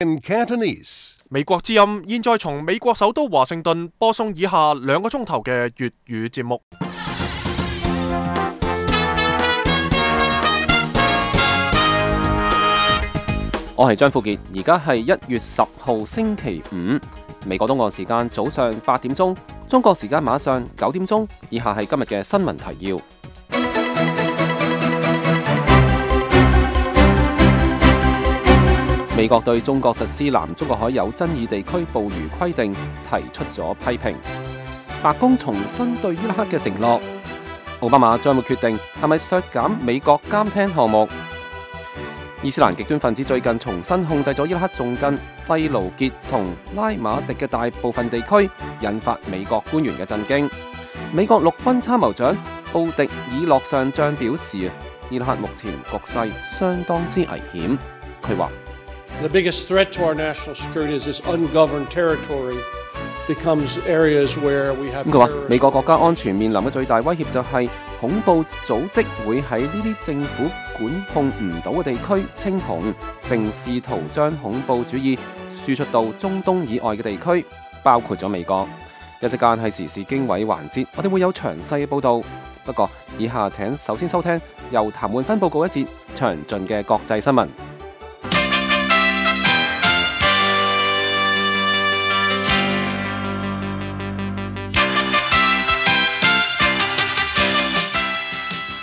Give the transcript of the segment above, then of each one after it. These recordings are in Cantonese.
In Cantonese，美國之音現在從美國首都華盛頓播送以下兩個鐘頭嘅粵語節目。 我係張富傑，而家係一月十號星期五，美國東岸時間早上八點鐘，中國時間晚上九點鐘。以下係今日嘅新聞提要。美國對中國實施南中國海有爭議地區捕魚規定提出咗批評。白宮重新對伊拉克嘅承諾，奧巴馬將會決定係咪削減美國監聽項目。伊斯蘭極端分子最近重新控制咗伊拉克重鎮費盧傑同拉馬迪嘅大部分地區，引發美國官員嘅震驚。美國陸軍參謀長奧迪爾諾上將表示，伊拉克目前局勢相當之危險。佢話。The biggest threat to our national security is this ungoverned territory becomes areas where we have。咁佢話：美國國家安全面臨嘅最大威脅就係恐怖組織會喺呢啲政府管控唔到嘅地區稱雄，並試圖將恐怖主義輸出到中東以外嘅地區，包括咗美國。一息間係時事經緯環節，我哋會有詳細報道。不過，以下請首先收聽由譚煥芬報告一節詳盡嘅國際新聞。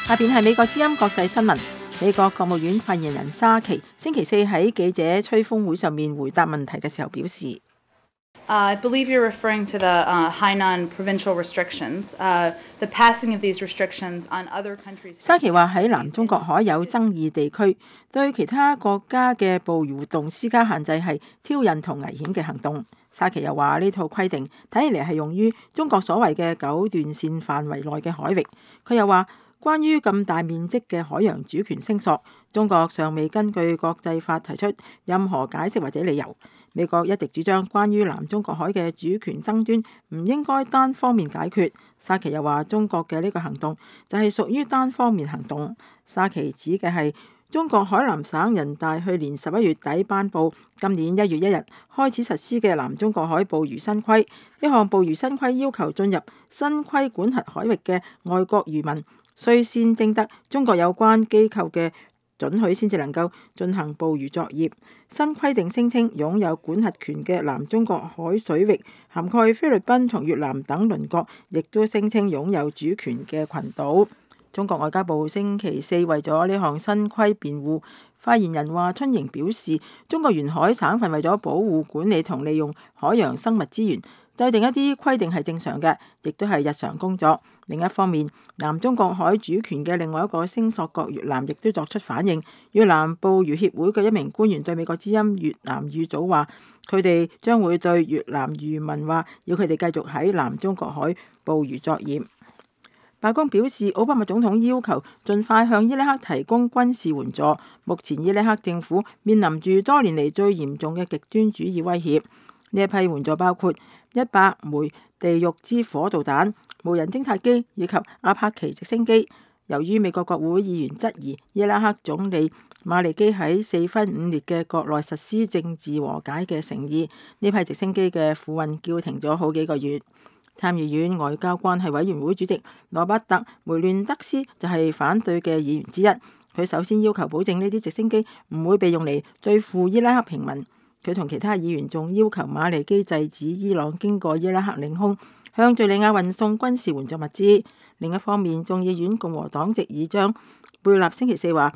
下邊係美國之音國際新聞。美國國務院發言人沙奇星期四喺記者吹風會上面回答問題嘅時候表示：沙奇話喺南中國海有爭議地區對其他國家嘅捕魚活動施加限制係挑釁同危險嘅行動。沙奇又話，呢套規定睇嚟係用於中國所謂嘅九段線範圍內嘅海域。佢又話。關於咁大面積嘅海洋主權聲索，中國尚未根據國際法提出任何解釋或者理由。美國一直主張關於南中國海嘅主權爭端唔應該單方面解決。沙奇又話，中國嘅呢個行動就係屬於單方面行動。沙奇指嘅係中國海南省人大去年十一月底頒布，今年一月一日開始實施嘅南中國海捕魚新規。一項捕魚新規要求進入新規管轄海域嘅外國漁民。須先徵得中國有關機構嘅准許先至能夠進行捕魚作業。新規定聲稱擁有管轄權嘅南中國海水域，涵蓋菲律賓同越南等鄰國，亦都聲稱擁有主權嘅群島。中國外交部星期四為咗呢項新規辯護，發言人話春瑩表示，中國沿海省份為咗保護管理同利用海洋生物資源，制定一啲規定係正常嘅，亦都係日常工作。另一方面，南中國海主權嘅另外一個聲索國越南亦都作出反應。越南捕魚協會嘅一名官員對美國之音越南語組話：佢哋將會對越南漁民話，要佢哋繼續喺南中國海捕魚作業。白宮表示，奧巴馬總統要求盡快向伊拉克提供軍事援助。目前伊拉克政府面臨住多年嚟最嚴重嘅極端主義威脅。呢一批援助包括一百枚地獄之火導彈、無人偵察機以及阿帕奇直升機，由於美國國會議員質疑伊拉克總理馬利基喺四分五裂嘅國內實施政治和解嘅誠意，呢批直升機嘅付運叫停咗好幾個月。參議院外交關係委員會主席羅伯特梅亂德斯就係反對嘅議員之一，佢首先要求保證呢啲直升機唔會被用嚟對付伊拉克平民。佢同其他議員仲要求馬利基制止伊朗經過伊拉克領空向敘利亞運送軍事援助物資。另一方面，眾議院共和黨籍議長貝納星期四話，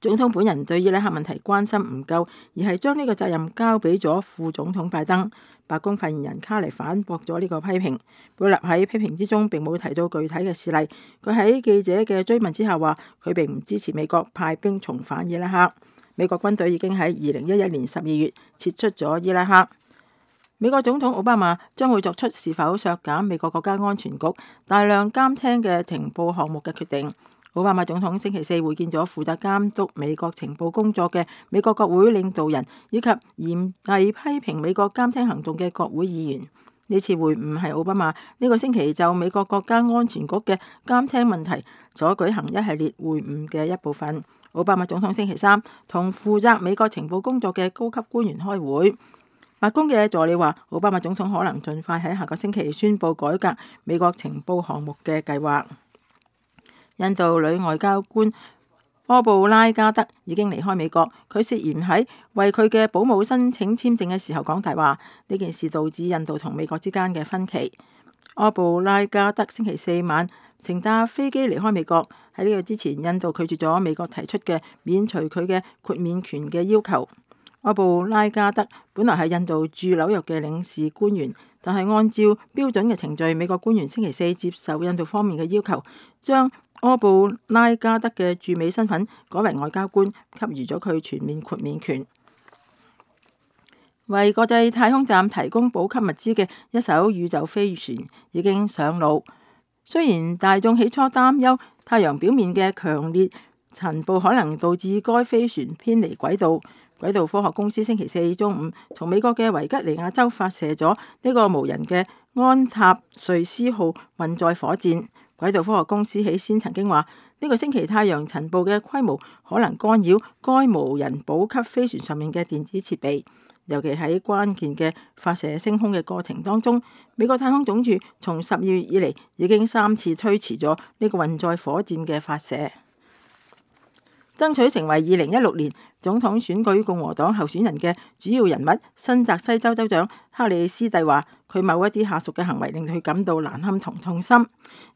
總統本人對伊拉克問題關心唔夠，而係將呢個責任交俾咗副總統拜登。白宮發言人卡尼反駁咗呢個批評。貝納喺批評之中並冇提到具體嘅事例。佢喺記者嘅追問之下話，佢並唔支持美國派兵重返伊拉克。美國軍隊已經喺二零一一年十二月撤出咗伊拉克。美國總統奧巴馬將會作出是否削減美國國家安全局大量監聽嘅情報項目嘅決定。奧巴馬總統星期四會見咗負責監督美國情報工作嘅美國國會領導人，以及嚴厲批評美國監聽行動嘅國會議員。呢次會晤係奧巴馬呢個星期就美國國家安全局嘅監聽問題所舉行一系列會晤嘅一部分。奧巴馬總統星期三同負責美國情報工作嘅高級官員開會。白宮嘅助理話，奧巴馬總統可能盡快喺下個星期宣佈改革美國情報項目嘅計劃。印度女外交官柯布拉加德已經離開美國，佢涉嫌喺為佢嘅保姆申請簽證嘅時候講大話，呢件事導致印度同美國之間嘅分歧。柯布拉加德星期四晚乘搭飛機離開美國。喺呢個之前，印度拒絕咗美國提出嘅免除佢嘅豁免權嘅要求。阿布拉加德本來係印度駐紐約嘅領事官員，但係按照標準嘅程序，美國官員星期四接受印度方面嘅要求，將阿布拉加德嘅駐美身份改為外交官，給予咗佢全面豁免權。為國際太空站提供補給物資嘅一艘宇宙飛船已經上路，雖然大眾起初擔憂。太陽表面嘅強烈塵暴可能導致該飛船偏離軌道。軌道科學公司星期四中午從美國嘅維吉尼亞州發射咗呢個無人嘅安塔瑞斯號運載火箭。軌道科學公司起先曾經話，呢個星期太陽塵暴嘅規模可能干擾該無人補給飛船上面嘅電子設備。尤其喺關鍵嘅發射升空嘅過程當中，美國太空總署從十二月以嚟已經三次推遲咗呢個運載火箭嘅發射。爭取成為二零一六年總統選舉共和黨候選人嘅主要人物，新澤西州州長克里斯蒂話，佢某一啲下屬嘅行為令佢感到難堪同痛，痛心。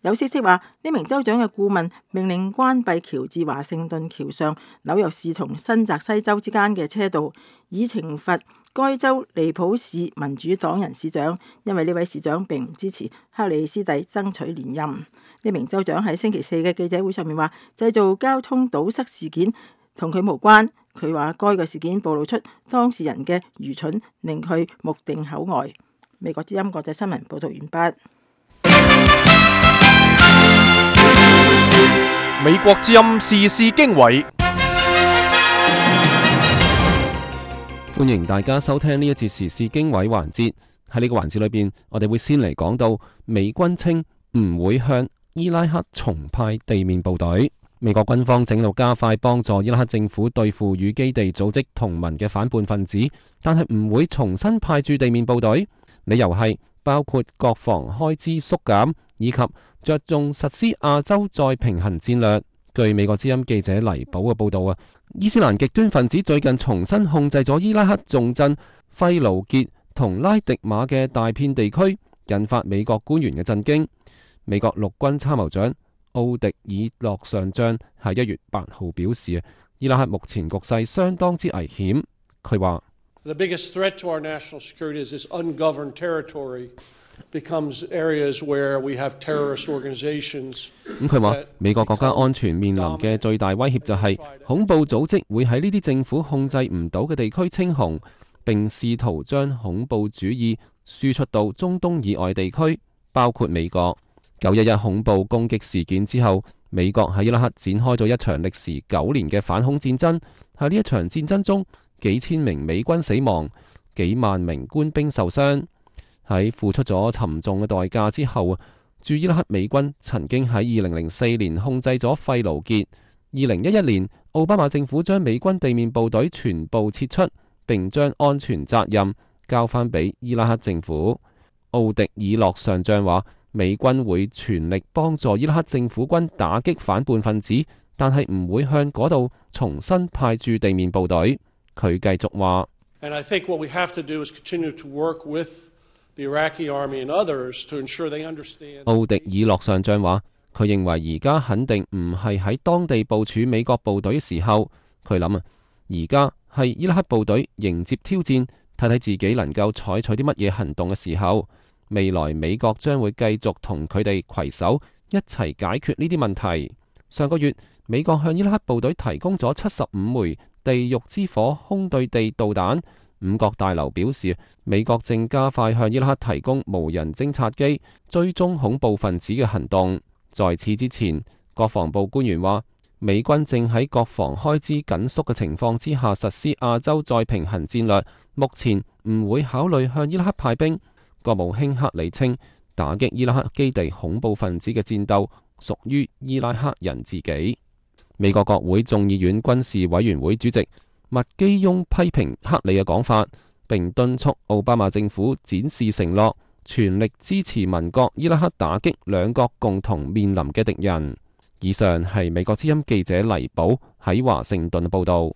有消息話，呢名州長嘅顧問命令關閉喬治華盛頓橋上紐約市同新澤西州之間嘅車道，以懲罰該州利普市民主黨人市長，因為呢位市長並唔支持克里斯蒂爭取連任。一名州長喺星期四嘅記者會上面話，製造交通堵塞事件同佢無關。佢話該個事件暴露出當事人嘅愚蠢，令佢目定口呆。美國之音國際新聞報道完畢。美國之音時事經緯，歡迎大家收聽呢一節時事經緯環節。喺呢個環節裏邊，我哋會先嚟講到美軍稱唔會向伊拉克重派地面部隊，美國軍方正度加快幫助伊拉克政府對付與基地組織同盟嘅反叛分子，但係唔會重新派駐地面部隊。理由係包括國防開支縮減以及着重實施亞洲再平衡戰略。據美國之音記者黎寶嘅報道啊，伊斯蘭極端分子最近重新控制咗伊拉克重鎮費盧傑同拉迪馬嘅大片地區，引發美國官員嘅震驚。美國陸軍參謀長奧迪爾諾上將喺一月八號表示，伊拉克目前局勢相當之危險。佢話，咁佢話美國國家安全面臨嘅最大威脅就係恐怖組織會喺呢啲政府控制唔到嘅地區稱雄，并試圖將恐怖主義輸出到中東以外地區，包括美國。九一一恐怖攻擊事件之後，美國喺伊拉克展開咗一場歷時九年嘅反恐戰爭。喺呢一場戰爭中，幾千名美軍死亡，幾萬名官兵受傷。喺付出咗沉重嘅代價之後，駐伊拉克美軍曾經喺二零零四年控制咗費盧傑。二零一一年，奧巴馬政府將美軍地面部隊全部撤出，並將安全責任交返俾伊拉克政府。奧迪爾洛上將話。美軍會全力幫助伊拉克政府軍打擊反叛分子，但係唔會向嗰度重新派駐地面部隊。佢繼續話，奧迪爾諾上將話，佢認為而家肯定唔係喺當地部署美國部隊嘅時候，佢諗啊，而家係伊拉克部隊迎接挑戰，睇睇自己能夠採取啲乜嘢行動嘅時候。未來美國將會繼續同佢哋攜手一齊解決呢啲問題。上個月，美國向伊拉克部隊提供咗七十五枚地獄之火空對地導彈。五角大樓表示，美國正加快向伊拉克提供無人偵察機，追蹤恐怖分子嘅行動。在此之前，國防部官員話，美軍正喺國防開支緊縮嘅情況之下實施亞洲再平衡戰略，目前唔會考慮向伊拉克派兵。國務卿克里稱，打擊伊拉克基地恐怖分子嘅戰鬥屬於伊拉克人自己。美國國會眾議院軍事委員會主席麥基翁批評克里嘅講法，並敦促奧巴馬政府展示承諾，全力支持民國伊拉克打擊兩國共同面臨嘅敵人。以上係美國之音記者黎堡喺華盛頓嘅報道。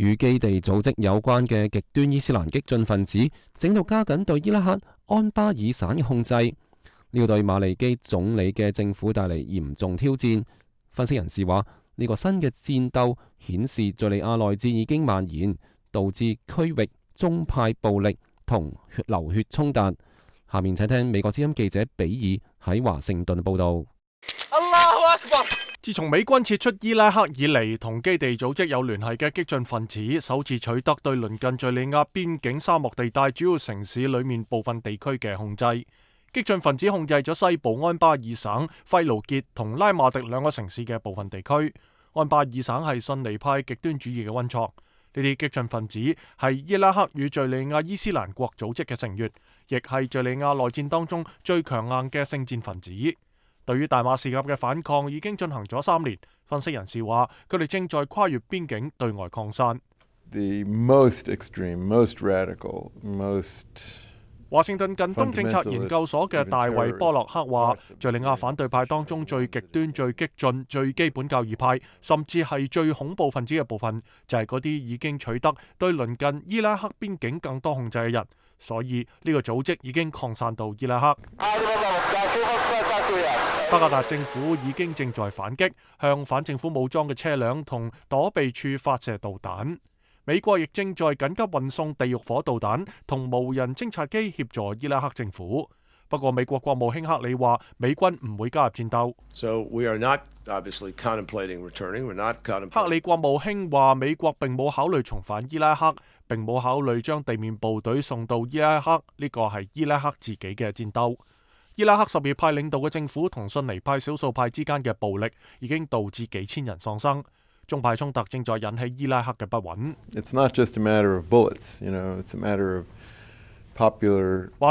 與基地組織有關嘅極端伊斯蘭激進分子，整到加緊對伊拉克安巴爾省嘅控制，呢個對馬利基總理嘅政府帶嚟嚴重挑戰。分析人士話，呢個新嘅戰鬥顯示敘利亞內戰已經蔓延，導致區域宗派暴力同流血衝突。下面請聽美國之音記者比爾喺華盛頓報道。自從美軍撤出伊拉克以嚟，同基地組織有聯繫嘅激進分子首次取得對鄰近叙利亞邊境沙漠地帶主要城市裏面部分地區嘅控制。激進分子控制咗西部安巴爾省費盧傑同拉馬迪兩個城市嘅部分地區。安巴爾省係遜尼派極端主義嘅温床。呢啲激進分子係伊拉克與叙利亞伊斯蘭國組織嘅成員，亦係叙利亞內戰當中最強硬嘅聖戰分子。對於大馬士革嘅反抗已經進行咗三年，分析人士話佢哋正在跨越邊境對外擴散。華盛頓近東政策研究所嘅大衛波洛克話：敘利亞反對派當中最極端、最激進、最基本教義派，甚至係最恐怖分子嘅部分，就係嗰啲已經取得對鄰近伊拉克邊境更多控制嘅人。所以呢、這個組織已經擴散到伊拉克。 巴格達政府已經正在反擊，向反政府武裝嘅車輛同躲避處發射導彈。美國亦正在緊急運送地獄火導彈同無人偵察機協助伊拉克政府。不過美國國務卿克里話，美軍唔會加入戰鬥。So、克里國務卿話，美國並冇考慮重返伊拉克。並冇考慮將地面部隊送到伊拉克，呢、這個係伊拉克自己嘅戰鬥。伊拉克什葉派領導嘅政府同遜尼派少數派之間嘅暴力，已經導致幾千人喪生。宗派衝突正在引起伊拉克嘅不穩。華 you know,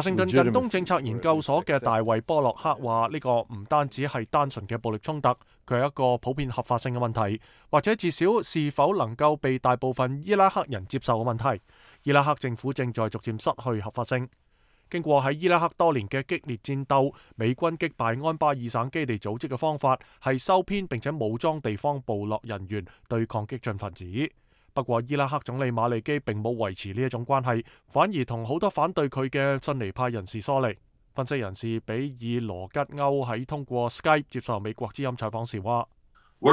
盛頓近東政策研究所嘅大衛波洛克話：呢、這個唔單止係單純嘅暴力衝突。佢係一個普遍合法性嘅問題，或者至少是否能夠被大部分伊拉克人接受嘅問題。伊拉克政府正在逐漸失去合法性。經過喺伊拉克多年嘅激烈戰鬥，美軍擊敗安巴爾省基地組織嘅方法係收編並且武裝地方部落人員對抗激進分子。不過，伊拉克總理馬利基並冇維持呢一種關係，反而同好多反對佢嘅遜尼派人士疏離。分析人士比爾羅吉歐喺通過 Skype 接受美國之音採訪時話，保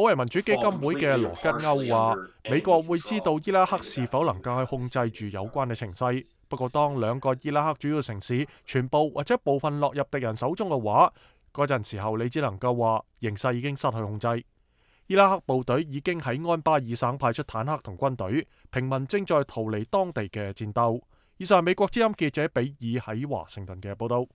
衛民主基金會嘅羅吉歐話，美國會知道伊拉克是否能夠去控制住有關嘅情勢。不過，當兩個伊拉克主要城市全部或者部分落入敵人手中嘅話，嗰陣時候你只能夠話形勢已經失去控制。伊拉克部隊已經喺安巴爾省派出坦克同軍隊，平民正在逃離當地嘅戰鬥。以上係美國之音記者比爾喺華盛頓嘅報道。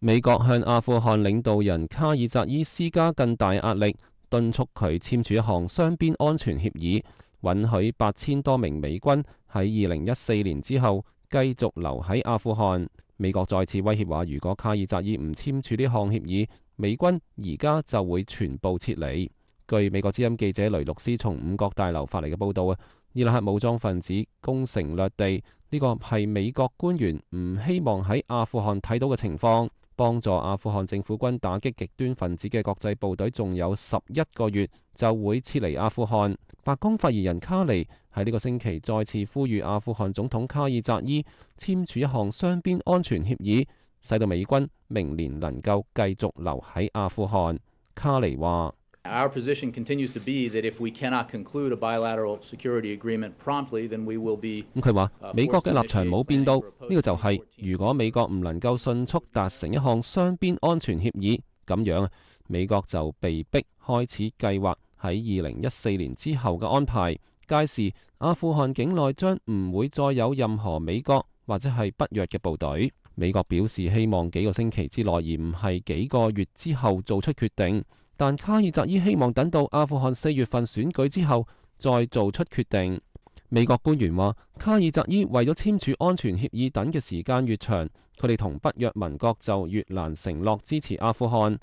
美國向阿富汗領導人卡爾扎伊施加更大壓力，敦促佢簽署一項雙邊安全協議，允許八千多名美軍喺二零一四年之後，繼續留喺阿富汗，美國再次威脅話，如果卡爾扎伊唔簽署呢項協議，美軍而家就會全部撤離。據美國之音記者雷諾斯從五角大樓發嚟嘅報導啊，伊拉克武裝分子攻城掠地，呢個係美國官員唔希望喺阿富汗睇到嘅情況。幫助阿富汗政府軍打擊極端分子嘅國際部隊，仲有十一個月就會撤離阿富汗。白宮發言人卡尼喺呢個星期再次呼籲阿富汗總統卡爾扎伊簽署一項雙邊安全協議，使到美軍明年能夠繼續留喺阿富汗。卡尼話：Our position continues to be that if we cannot conclude a bilateral security agreement promptly, then we will be. 咁佢話美國嘅立場冇變到呢個就係、是，如果美國唔能夠迅速達成一項雙邊安全協議，咁樣美國就被迫開始計劃喺二零一四年之後嘅安排，屆時阿富汗境內將唔會再有任何美國或者係北約嘅部隊。美國表示希望幾個星期之內，而唔係幾個月之後做出決定。但卡爾扎伊希望等到阿富汗四月份選舉之後再做出決定。美國官員話，卡爾扎伊為咗簽署安全協議，等嘅時間越長，佢哋同北約民國就越難承諾支持阿富汗。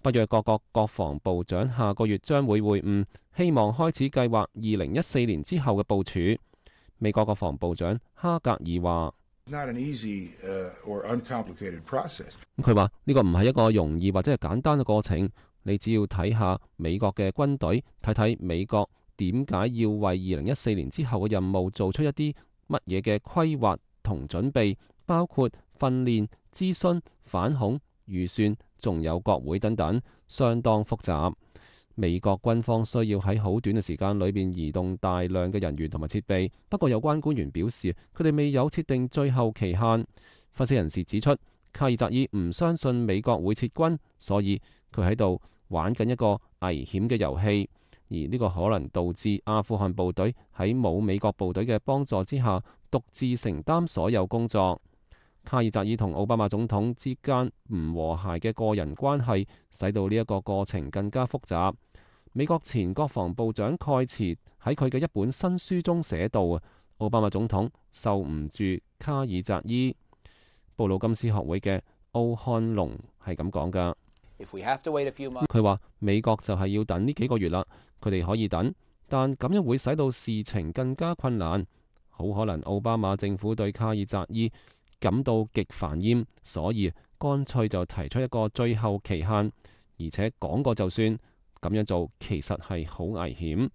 北約各國國防部長下個月將會會晤，希望開始計劃二零一四年之後嘅部署。美國國防部長哈格爾話：It's not an easy or uncomplicated process. 咁佢話呢個唔係一個容易或者係簡單嘅過程。你只要睇下美國嘅軍隊，睇睇美國點解要為二零一四年之後嘅任務做出一啲乜嘢嘅規劃同準備，包括訓練諮詢、反恐、預算，仲有國會等等，相當複雜。美國軍方需要喺好短嘅時間裏邊移動大量嘅人員同埋設備，不過有關官員表示，佢哋未有設定最後期限。分析人士指出，卡爾扎伊唔相信美國會撤軍，所以佢喺度玩緊一個危險嘅遊戲，而呢個可能導致阿富汗部隊喺冇美國部隊嘅幫助之下，獨自承擔所有工作。卡爾扎伊同奧巴馬總統之間唔和諧嘅個人關係，使到呢一個過程更加複雜。美國前國防部長蓋茨喺佢嘅一本新書中寫道：奧巴馬總統受唔住卡爾扎伊。布魯金斯學會嘅奧漢隆係噉講㗎。佢話美國就係要等呢幾個月啦，佢哋可以等，但咁樣會使到事情更加困難。好可能奧巴馬政府對卡爾扎伊感到極煩厭，所以乾脆就提出一個最後期限，而且講過就算。咁樣做其實係好危險。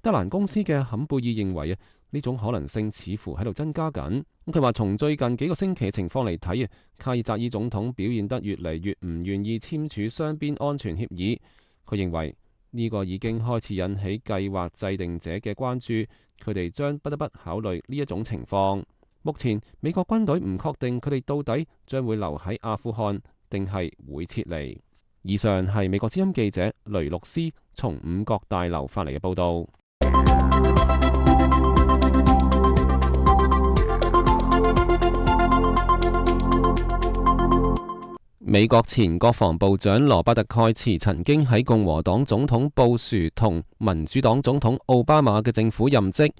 德蘭公司嘅坎貝爾認為啊。呢種可能性似乎喺度增加緊。咁佢話從最近幾個星期嘅情況嚟睇啊，卡爾扎伊總統表現得越嚟越唔願意簽署雙邊安全協議。佢認為呢個已經開始引起計劃制定者嘅關注，佢哋將不得不考慮呢一種情況。目前美國軍隊唔確定佢哋到底將會留喺阿富汗定係會撤離。以上係美國之音記者雷露斯從五角大樓發嚟嘅報道。美國前國防部長羅伯特蓋茨曾經喺共和黨總統布殊同民主黨總統奧巴馬嘅政府任職。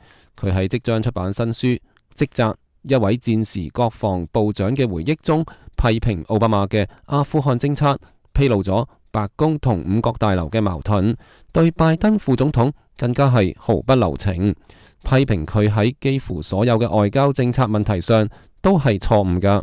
佢喺即將出版新書《職責：一位戰時國防部長嘅回憶》中批評奧巴馬嘅阿富汗政策，披露咗白宮同五角大樓嘅矛盾，對拜登副總統更加係毫不留情，批評佢喺幾乎所有嘅外交政策問題上都係錯誤噶。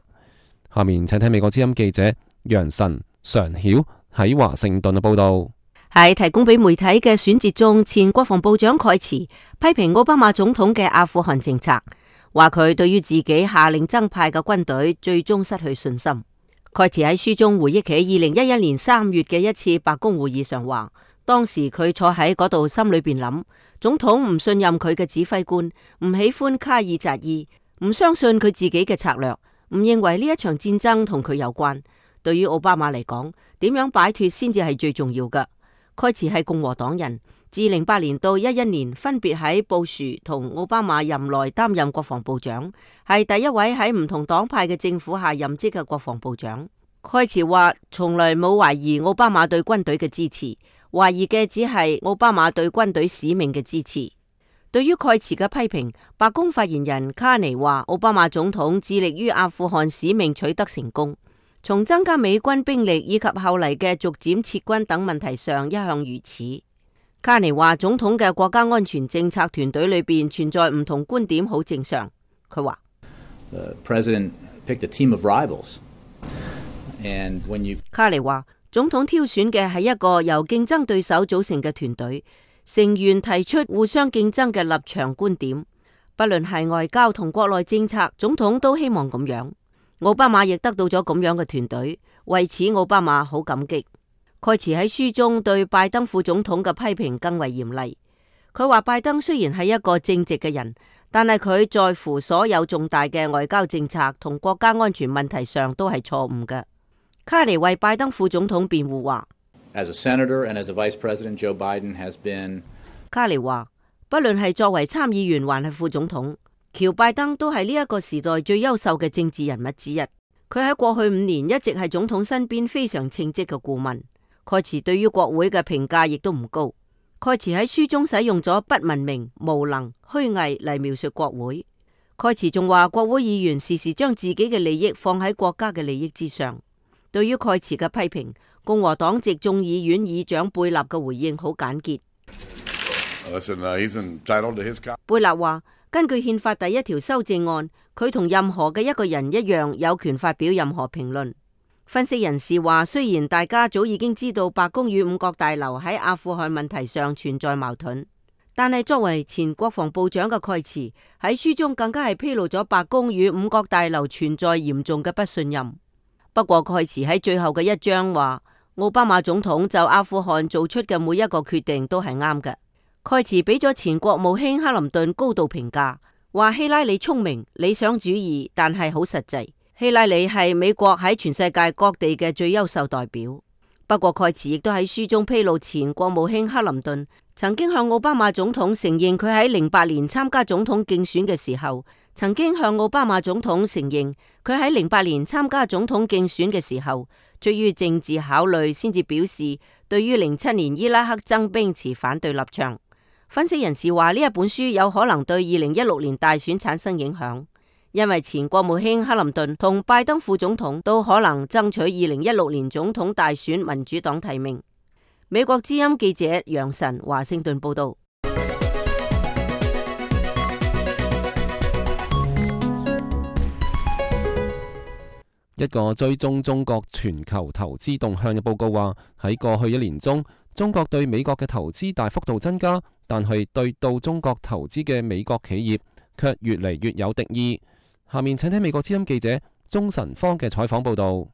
下面請聽美國之音記者。楊晨常曉喺華盛頓嘅報道，喺提供俾媒體嘅選節中，前國防部長蓋茨批評奧巴馬總統嘅阿富汗政策，話佢對於自己下令增派嘅軍隊最終失去信心。蓋茨喺書中回憶起二零一一年三月嘅一次白宮會議上話，當時佢坐喺嗰度，心裏邊諗，總統唔信任佢嘅指揮官，唔喜歡卡爾扎伊，唔相信佢自己嘅策略，唔認為呢一場戰爭同佢有關。對於奧巴馬嚟講，點樣擺脫先至係最重要嘅。蓋茨係共和黨人，自零八年到一一年，分別喺布殊同奧巴馬任內擔任國防部長，係第一位喺唔同黨派嘅政府下任職嘅國防部長。蓋茨話：從來冇懷疑奧巴馬對軍隊嘅支持，懷疑嘅只係奧巴馬對軍隊使命嘅支持。對於蓋茨嘅批評，白宮發言人卡尼話：奧巴馬總統致力於阿富汗使命取得成功。從增加美軍兵力以及後嚟嘅逐漸撤軍等問題上，一向如此。卡尼話：總統嘅國家安全政策團隊裏邊存在唔同觀點，好正常。佢話：The President picked a team of rivals, and when you... 卡尼話，總統挑選嘅係一個由競爭對手組成嘅團隊，成員提出互相競爭嘅立場觀點，不論係外交同國內政策，總統都希望咁樣。奧巴馬亦得到咗咁樣嘅團隊，為此奧巴馬好感激。蓋茨喺書中對拜登副總統嘅批評更為嚴厲。佢話拜登雖然係一個正直嘅人，但係佢在乎所有重大嘅外交政策同國家安全問題上都係錯誤嘅。卡尼為拜登副總統辯護話：As a Senator and as a Vice President, Joe Biden has been...，卡尼話，不論係作為參議員還係副總統。喬拜登都係呢一個時代最優秀嘅政治人物之一。佢喺過去五年一直係總統身邊非常稱職嘅顧問。蓋茨對於國會嘅評價亦都唔高。蓋茨喺書中使用咗不文明、無能、虛偽嚟描述國會。蓋茨仲話，國會議員時時將自己嘅利益放喺國家嘅利益之上。對於蓋茨嘅批評，共和黨籍眾議院議長貝納嘅回應好簡潔。貝納話：根據憲法第一條修正案，佢同任何嘅一個人一樣，有權發表任何評論。分析人士話，雖然大家早已經知道白宮與五角大樓喺阿富汗問題上存在矛盾，但係作為前國防部長嘅蓋茨喺書中更加係披露咗白宮與五角大樓存在嚴重嘅不信任。不過蓋茨喺最後嘅一章話，奧巴馬總統就阿富汗做出嘅每一個決定都係啱嘅。蓋茨俾咗前國務卿克林頓高度評價，話希拉里聰明、理想主義，但係好實際。希拉里係美國喺全世界各地嘅最優秀代表。不過，蓋茨亦都喺書中披露，前國務卿克林頓曾經向奧巴馬總統承認，佢喺零八年參加總統競選嘅時候，曾經向奧巴馬總統承認，佢喺零八年參加總統競選嘅時候，出於政治考慮，先至表示對於零七年伊拉克增兵持反對立場。分析人士話：呢一本書有可能對二零一六年大選產生影響，因為前國務卿克林頓同拜登副總統都可能爭取二零一六年總統大選民主黨提名。美國之音記者楊晨華盛頓報道。一個追蹤中國全球投資動向嘅報告話，喺過去一年中，中國對美國嘅投資大幅度增加。但係對到中國投資嘅美國企業，卻越嚟越有敵意。下面請聽美國之音記者鍾晨芳嘅採訪報道。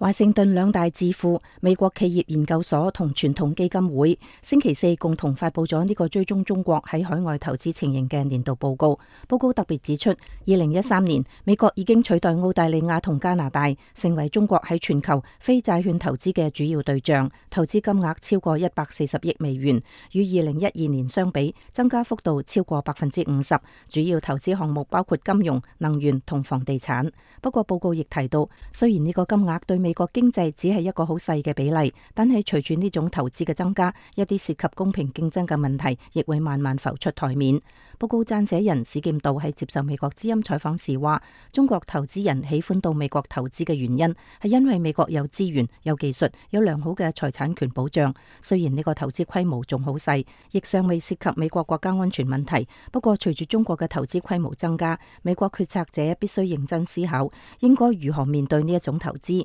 華盛頓兩大智庫美國企業研究所同傳統基金會星期四共同發佈咗呢個追蹤中國喺海外投資情形嘅年度報告。報告特別指出，二零一三年美國已經取代澳大利亞同加拿大，成為中國喺全球非債券投資嘅主要對象，投資金額超過一百四十億美元，與二零一二年相比增加幅度超過百分之五十。主要投資項目包括金融、能源同房地產。不過報告亦提到，雖然呢個金額對美美國經濟只係一個好細嘅比例，但係隨住呢種投資嘅增加，一啲涉及公平競爭嘅問題亦會慢慢浮出台面。報告撰寫人史劍道喺接受美國之音採訪時話，中國投資人喜歡到美國投資嘅原因係因為美國有資源、有技術、有良好嘅財產權保障。雖然呢個投資規模仲好細，亦尚未涉及美國國家安全問題。不過隨住中國嘅投資規模增加，美國決策者必須認真思考，應該如何面對呢一種投資。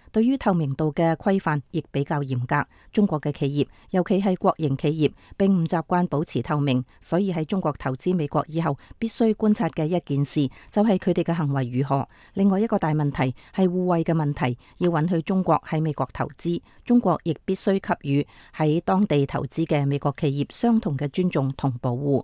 對於透明度嘅規範亦比較嚴格，中國嘅企業，尤其係國營企業，並唔習慣保持透明，所以喺中國投資美國以後，必須觀察嘅一件事就係佢哋嘅行為如何。另外一個大問題係互惠嘅問題，要允許中國喺美國投資，中國亦必須給予喺當地投資嘅美國企業相同嘅尊重同保護。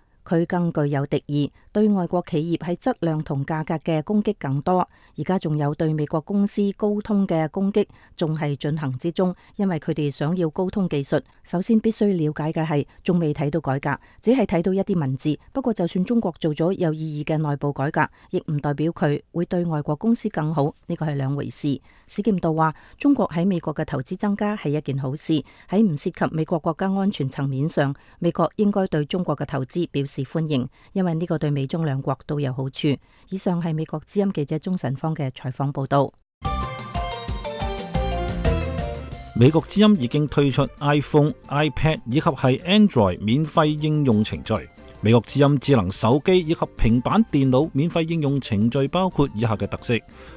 佢更具有敵意，對外國企業喺質量同價格嘅攻擊更多。而家仲有對美國公司高通嘅攻擊，仲係進行之中，因為佢哋想要高通技術。首先必須了解嘅係仲未睇到改革，只係睇到一啲文字。不過就算中國做咗有意義嘅內部改革，亦唔代表佢會對外國公司更好，呢個係兩回事。史劍道話：中國喺美國嘅投資增加係一件好事，喺唔涉及美國國家安全層面上，美國應該對中國嘅投資表示時歡迎，因為呢個對美中兩國都有好處。以上係美國之音記者鍾晨芳嘅採訪報道。美國之音已經推出 iPhone、iPad 以及係 Android 免費應用程序。美國之音智能手機以及平板電腦免費應用程序包括以下嘅特色：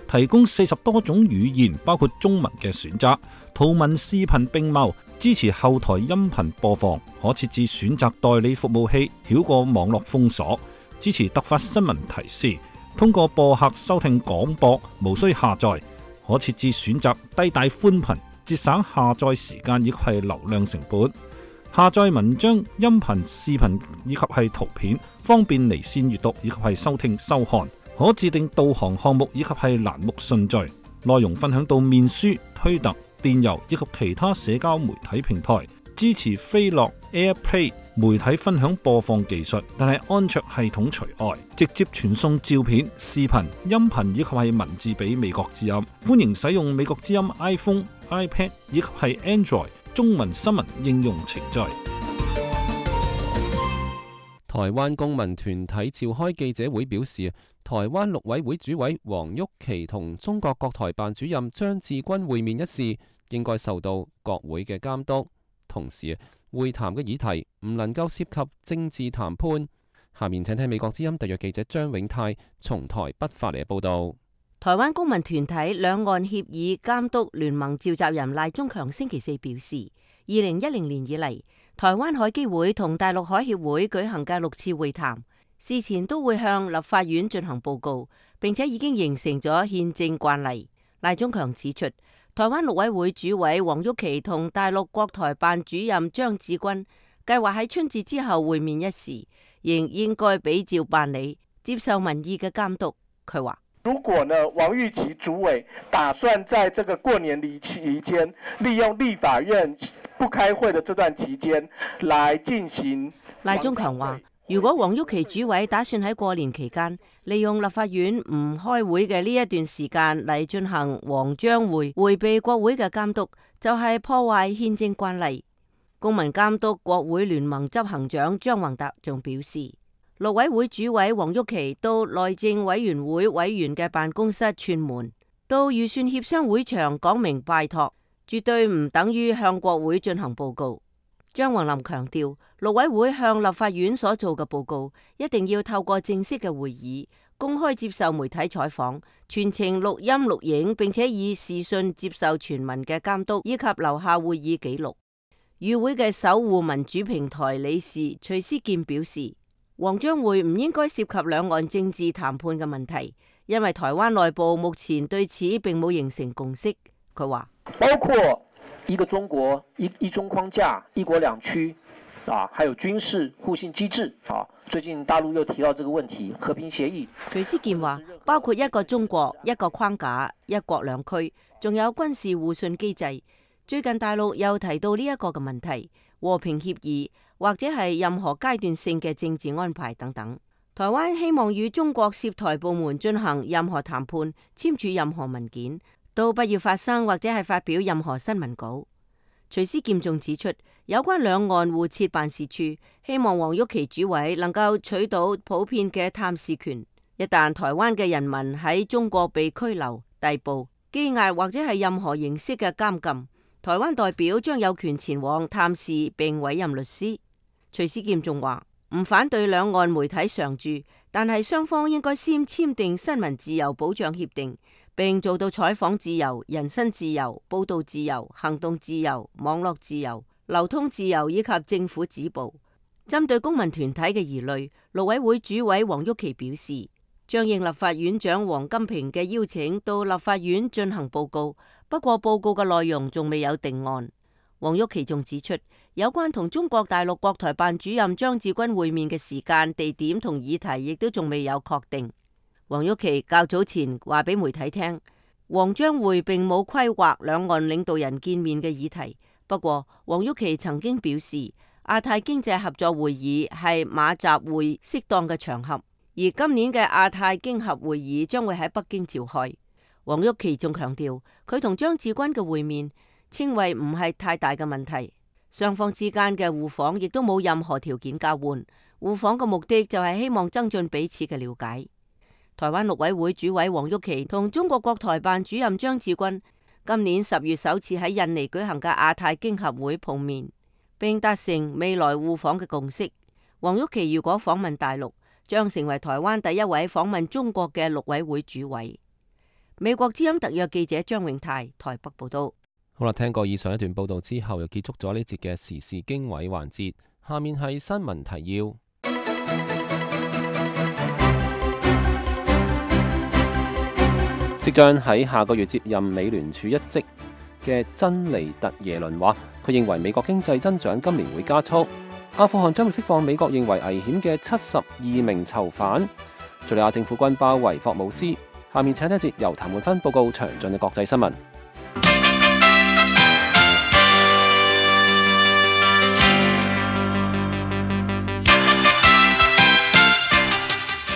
提供四十多種語言，包括中文嘅選擇；圖文視頻並茂。支持後台音頻播放，可設置選擇代理服務器，繞過網絡封鎖。支持突發新聞提示，通過播客收聽廣播，無需下載。可設置選擇低帶寬頻，節省下載時間以及係流量成本。下載文章、音頻、視頻以及係圖片，方便離線閱讀以及係收聽收看。可制定導航項目以及係欄目順序，內容分享到面書、推特。電郵以及其他社交媒體平台支持飛樂 AirPlay 媒體分享播放技術，但係安卓系統除外。直接傳送照片、視頻、音頻以及係文字俾美國之音。歡迎使用美國之音 iPhone、iPad 以及係 Android 中文新聞應用程序。台灣公民團體召開記者會表示，台灣陸委會主委黃旭琪同中國國台辦主任張志軍會面一事。應該受到國會嘅監督，同時會談嘅議題唔能夠涉及政治談判。下面請聽美國之音特約記者張永泰從台北發嚟嘅報道。台灣公民團體兩岸協議監督聯盟召集人賴中強星期四表示，二零一零年以來，台灣海基會同大陸海協會舉行嘅六次會談，事前都會向立法院進行報告，並且已經形成咗憲政慣例。賴中強指出。台灣陸委會主委王郁琦同大陸國台辦主任張志軍計劃喺春節之後會面一事，仍應該比照辦理，接受民意嘅監督。佢話：如果呢，王郁琦主委打算在這個過年期間利用立法院不開會的這段期間來進行。賴中強話。如果王郁琦主委打算喺過年期間利用立法院唔開會嘅呢一段時間嚟進行王張會，回避國會嘅監督，就係破壞憲政慣例。公民監督國會聯盟執行長張宏達仲表示，陸委會主委王郁琦到內政委員會委員嘅辦公室串門，到預算協商會場講明拜託，絕對唔等於向國會進行報告。張宏林強調，陸委會向立法院所做嘅報告一定要透過正式嘅會議公開接受媒體採訪，全程錄音錄影，並且以視訊接受全民嘅監督，以及留下會議記錄。與會嘅守護民主平台理事徐思健表示，王張會唔應該涉及兩岸政治談判嘅問題，因為台灣內部目前對此並冇形成共識。佢話包括。一個中國，一一中框架，一國兩區，啊，還有軍事互信機制，啊，最近大陸又提到這個問題，和平協議。徐思健話：包括一個中國，一個框架，一國兩區，仲有軍事互信機制。最近大陸又提到呢一個嘅問題，和平協議或者係任何階段性嘅政治安排等等。台灣希望與中國涉台部門進行任何談判，簽署任何文件，都不要發生或者係發表任何新聞稿。徐思劍仲指出，有關兩岸互設辦事處，希望王郁琦主委能夠取到普遍嘅探視權。一旦台灣嘅人民喺中國被拘留、逮捕、羈押或者係任何形式嘅監禁，台灣代表將有權前往探視並委任律師。徐思劍仲話，唔反對兩岸媒體常駐，但係雙方應該先簽訂新聞自由保障協定。並做到採訪自由、人身自由、報道自由、行動自由、網絡自由、流通自由以及政府止步。針對公民團體嘅疑慮，陸委會主委王郁琦表示，將應立法院長王金平嘅邀請到立法院進行報告，不過報告嘅內容仲未有定案。王郁琦仲指出，有關同中國大陸國台辦主任張志軍會面嘅時間、地點同議題，亦都仲未有確定。王郁琦較早前話俾媒體聽，王張會並冇規劃兩岸領導人見面嘅議題。不過，王郁琦曾經表示，亞太經濟合作會議係馬習會適當嘅場合，而今年嘅亞太經合會議將會喺北京召開。王郁琦仲強調，佢同張志軍嘅會面，稱謂唔係太大嘅問題。雙方之間嘅互訪亦都冇任何條件交換，互訪嘅目的就係希望增進彼此嘅了解。台灣陸委會主委王郁琦同中國國台辦主任張志軍今年十月首次喺印尼舉行嘅亞太經合會碰面，並達成未來互訪嘅共識。王郁琦如果訪問大陸，將成為台灣第一位訪問中國嘅陸委會主委。美國之音特約記者張永泰台北報道。好啦，聽過以上一段報道之後，又結束咗呢節嘅時事經緯環節。下面係新聞提要。即將喺下個月接任美聯儲一職嘅珍妮特耶倫話，佢認為美國經濟增長今年會加速。阿富汗將會釋放美國認為危險嘅七十二名囚犯。敘利亞政府軍包圍霍姆斯。下面請聽一節由譚滿芬報告詳盡嘅國際新聞。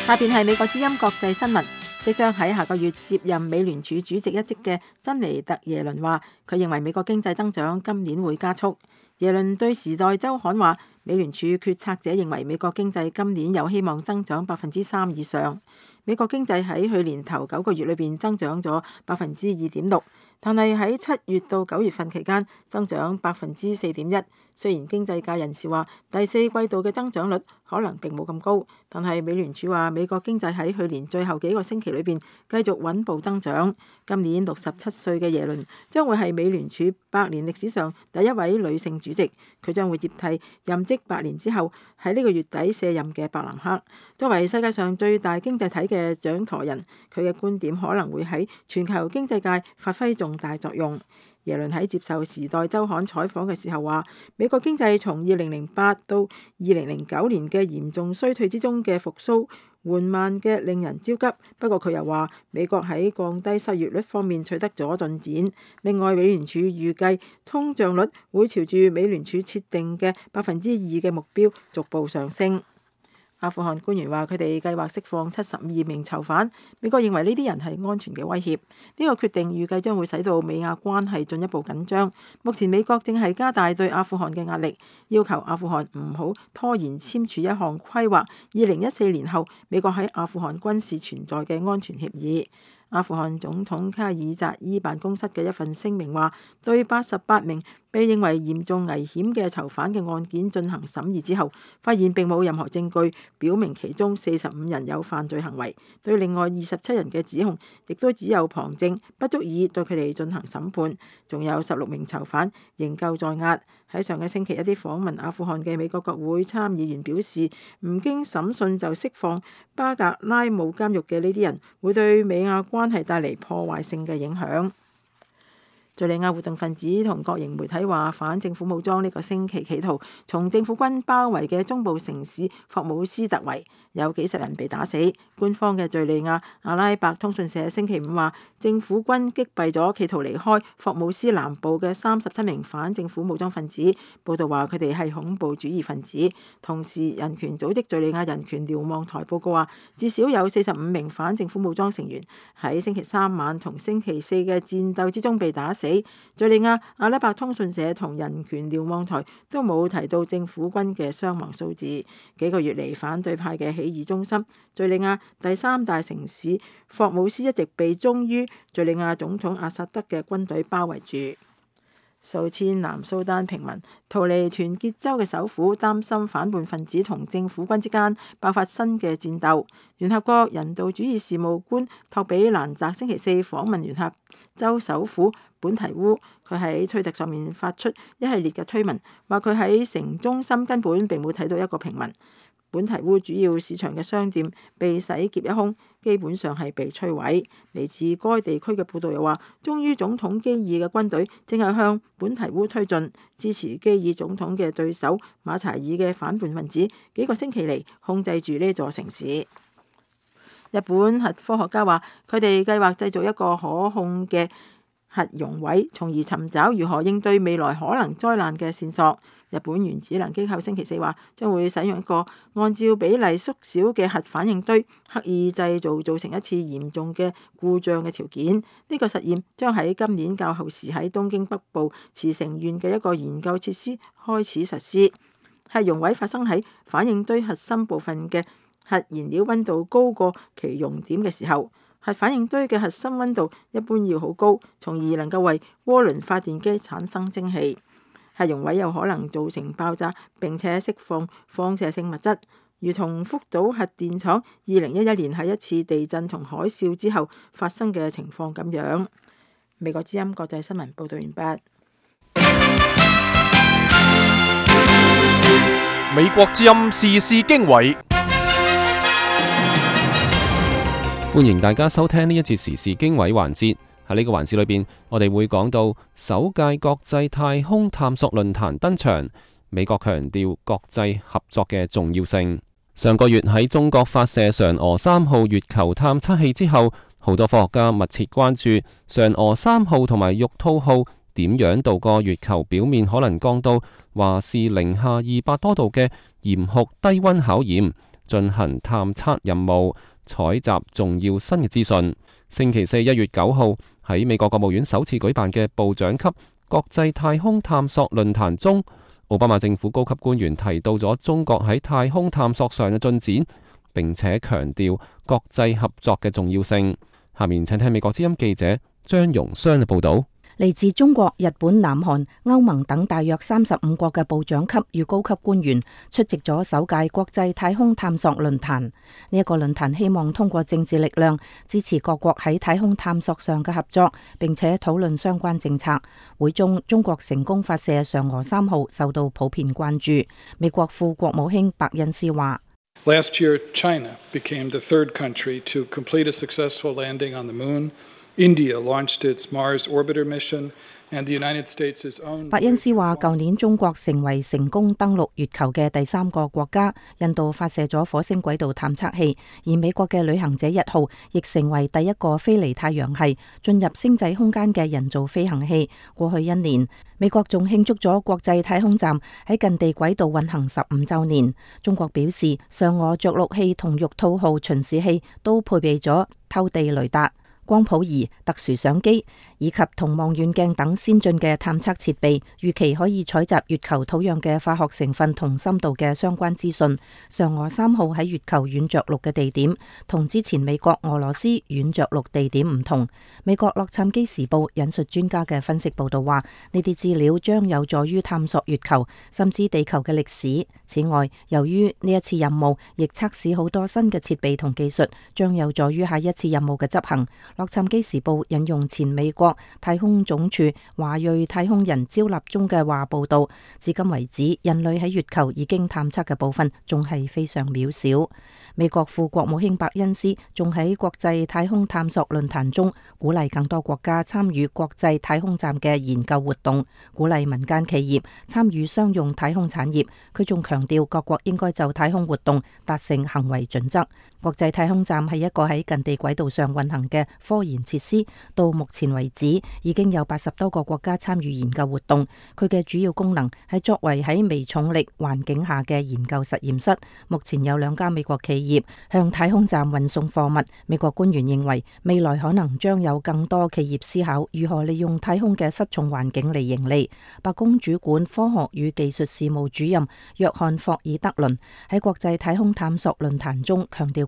下邊係美國之音國際新聞。即將喺下個月接任美聯儲主席一職嘅珍妮特·耶倫話，佢認為美國經濟增長今年會加速。耶倫對《時代週刊》話，美聯儲決策者認為美國經濟今年有希望增長百分之三以上。美國經濟喺去年頭九個月裏邊增長咗百分之二點六，但係喺七月到九月份期間增長百分之四點一。雖然經濟界人士話第四季度嘅增長率可能並冇咁高，但係美聯儲話美國經濟喺去年最後幾個星期裏邊繼續穩步增長。今年六十七歲嘅耶倫將會係美聯儲百年歷史上第一位女性主席，佢將會接替任職八年之後喺呢個月底卸任嘅伯南克。作為世界上最大經濟體嘅掌舵人，佢嘅觀點可能會喺全球經濟界發揮重大作用。耶倫喺接受《時代周刊》採訪嘅時候話：美國經濟從二零零八到二零零九年嘅嚴重衰退之中嘅復甦緩慢嘅，令人焦急。不過佢又話美國喺降低失業率方面取得咗進展。另外，美聯儲預計通脹率會朝住美聯儲設定嘅百分之二嘅目標逐步上升。阿富汗官員話：佢哋計劃釋放七十二名囚犯。美國認為呢啲人係安全嘅威脅。呢個決定預計將會使到美阿關係進一步緊張。目前美國正係加大對阿富汗嘅壓力，要求阿富汗唔好拖延簽署一項規劃。二零一四年後，美國喺阿富汗軍事存在嘅安全協議。阿富汗總統卡爾扎伊辦公室嘅一份聲明話，對八十八名被認為嚴重危險嘅囚犯嘅案件進行審議之後，發現並冇任何證據表明其中四十五人有犯罪行為。對另外二十七人嘅指控，亦都只有旁證，不足以對佢哋進行審判。仲有十六名囚犯仍舊在押。喺上個星期，一啲訪問阿富汗嘅美國國會參議員表示，唔經審訊就釋放巴格拉姆監獄嘅呢啲人，會對美亞關係帶嚟破壞性嘅影響。敘利亞活動分子同國營媒體話，反政府武裝呢個星期企圖從政府軍包圍嘅中部城市霍姆斯突圍，有幾十人被打死。官方嘅敘利亞阿拉伯通訊社星期五話，政府軍擊斃咗企圖離開霍姆斯南部嘅三十七名反政府武裝分子。報導話佢哋係恐怖主義分子。同時，人權組織敘利亞人權瞭望台報告話，至少有四十五名反政府武裝成員喺星期三晚同星期四嘅戰鬥之中被打死。敘利亞阿拉伯通訊社同人權瞭望台都冇提到政府軍嘅傷亡數字。幾個月嚟，反對派嘅起義中心敘利亞第三大城市霍姆斯一直被忠於敘利亞總統阿薩德嘅軍隊包圍住。數千南蘇丹平民逃離團結州嘅首府，擔心反叛分子同政府軍之間爆發新嘅戰鬥。聯合國人道主義事務官托比蘭澤星期四訪問聯合州首府。本提烏佢喺推特上面發出一系列嘅推文，話佢喺城中心根本並冇睇到一個平民。本提烏主要市場嘅商店被洗劫一空，基本上係被摧毀。嚟自該地區嘅報道又話，忠於總統基爾嘅軍隊正係向本提烏推進，支持基爾總統嘅對手馬查爾嘅反叛分子幾個星期嚟控制住呢座城市。日本核科學家話，佢哋計劃製造一個可控嘅。核融位，從而尋找如何應對未來可能災難嘅線索。日本原子能機構星期四話，將會使用一個按照比例縮小嘅核反應堆，刻意製造造成一次嚴重嘅故障嘅條件。呢個實驗將喺今年較後時喺東京北部茨城縣嘅一個研究設施開始實施。核融位發生喺反應堆核心部分嘅核燃料溫度高過其熔點嘅時候。核反應堆嘅核心溫度一般要好高，從而能夠為渦輪發電機產生蒸氣。核熔毀有可能造成爆炸並且釋放放射性物質，如同福島核電廠二零一一年喺一次地震同海嘯之後發生嘅情況咁樣。美國之音國際新聞報導完畢。美國之音時事經緯。歡迎大家收聽呢一節時事經緯環節。喺呢個環節裏邊，我哋會講到首屆國際太空探索論壇登場，美國強調國際合作嘅重要性。上個月喺中國發射嫦娥三號月球探測器之後，好多科學家密切關注嫦娥三號同埋玉兔號點樣度過月球表面可能降到華氏零下二百多度嘅嚴酷低温考驗，進行探測任務採集重要新嘅資訊。星期四一月九號喺美國國務院首次舉辦嘅部長級國際太空探索論壇中，奧巴馬政府高級官員提到咗中國喺太空探索上嘅進展，並且強調國際合作嘅重要性。下面請聽美國之音記者張榮湘嘅報道。嚟自中國、日本、南韓、歐盟等大約三十五國嘅部長級與高級官員出席咗首屆國際太空探索論壇。呢一個論壇希望通過政治力量支持各國喺太空探索上嘅合作，並且討論相關政策。會中中國成功發射嫦娥三號，受到普遍關注。美國副國務卿白恩斯話：Last year，China became the third country to complete a successful landing on the moon。白恩斯話，舊年中國成為成功登陸月球嘅第三個國家，印度發射咗火星軌道探測器，而美國嘅旅行者一號亦成為第一個飛離太陽系、進入星際空間嘅人造飛行器。過去一年，美國仲慶祝咗國際太空站喺近地軌道運行十五週年。中國表示，嫦娥着陸器同玉兔號巡視器都配備咗透地雷達。光譜儀、特殊相機，以及同望遠鏡等先進嘅探測設備，預期可以採集月球土壤嘅化學成分同深度嘅相關資訊。嫦娥三號喺月球軟着陸嘅地點，同之前美國、俄羅斯軟着陸地點唔同。美國《洛杉磯時報》引述專家嘅分析報道話，呢啲資料將有助於探索月球，甚至地球嘅歷史。此外，由於呢一次任務亦測試好多新嘅設備同技術，將有助於下一次任務嘅執行。《洛杉磯時報》引用前美國太空總署華裔太空人焦立中嘅話報道，至今為止，人類喺月球已經探測嘅部分仲係非常渺小。美國副國務卿伯恩斯仲喺國際太空探索論壇中，鼓勵更多國家參與國際太空站嘅研究活動，鼓勵民間企業參與商用太空產業。佢仲強調，各國應該就太空活動達成行為準則。國際太空站係一個喺近地軌道上運行嘅科研設施，到目前為止，已經有八十多個國家參與研究活動。佢嘅主要功能係作為喺微重力環境下嘅研究實驗室。目前有兩家美國企業向太空站運送貨物。美國官員認為，未來可能將有更多企業思考如何利用太空嘅失重環境嚟盈利。白宮主管科學與技術事務主任約翰·霍爾德倫喺國際太空探索論壇中強調。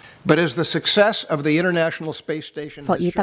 霍爾德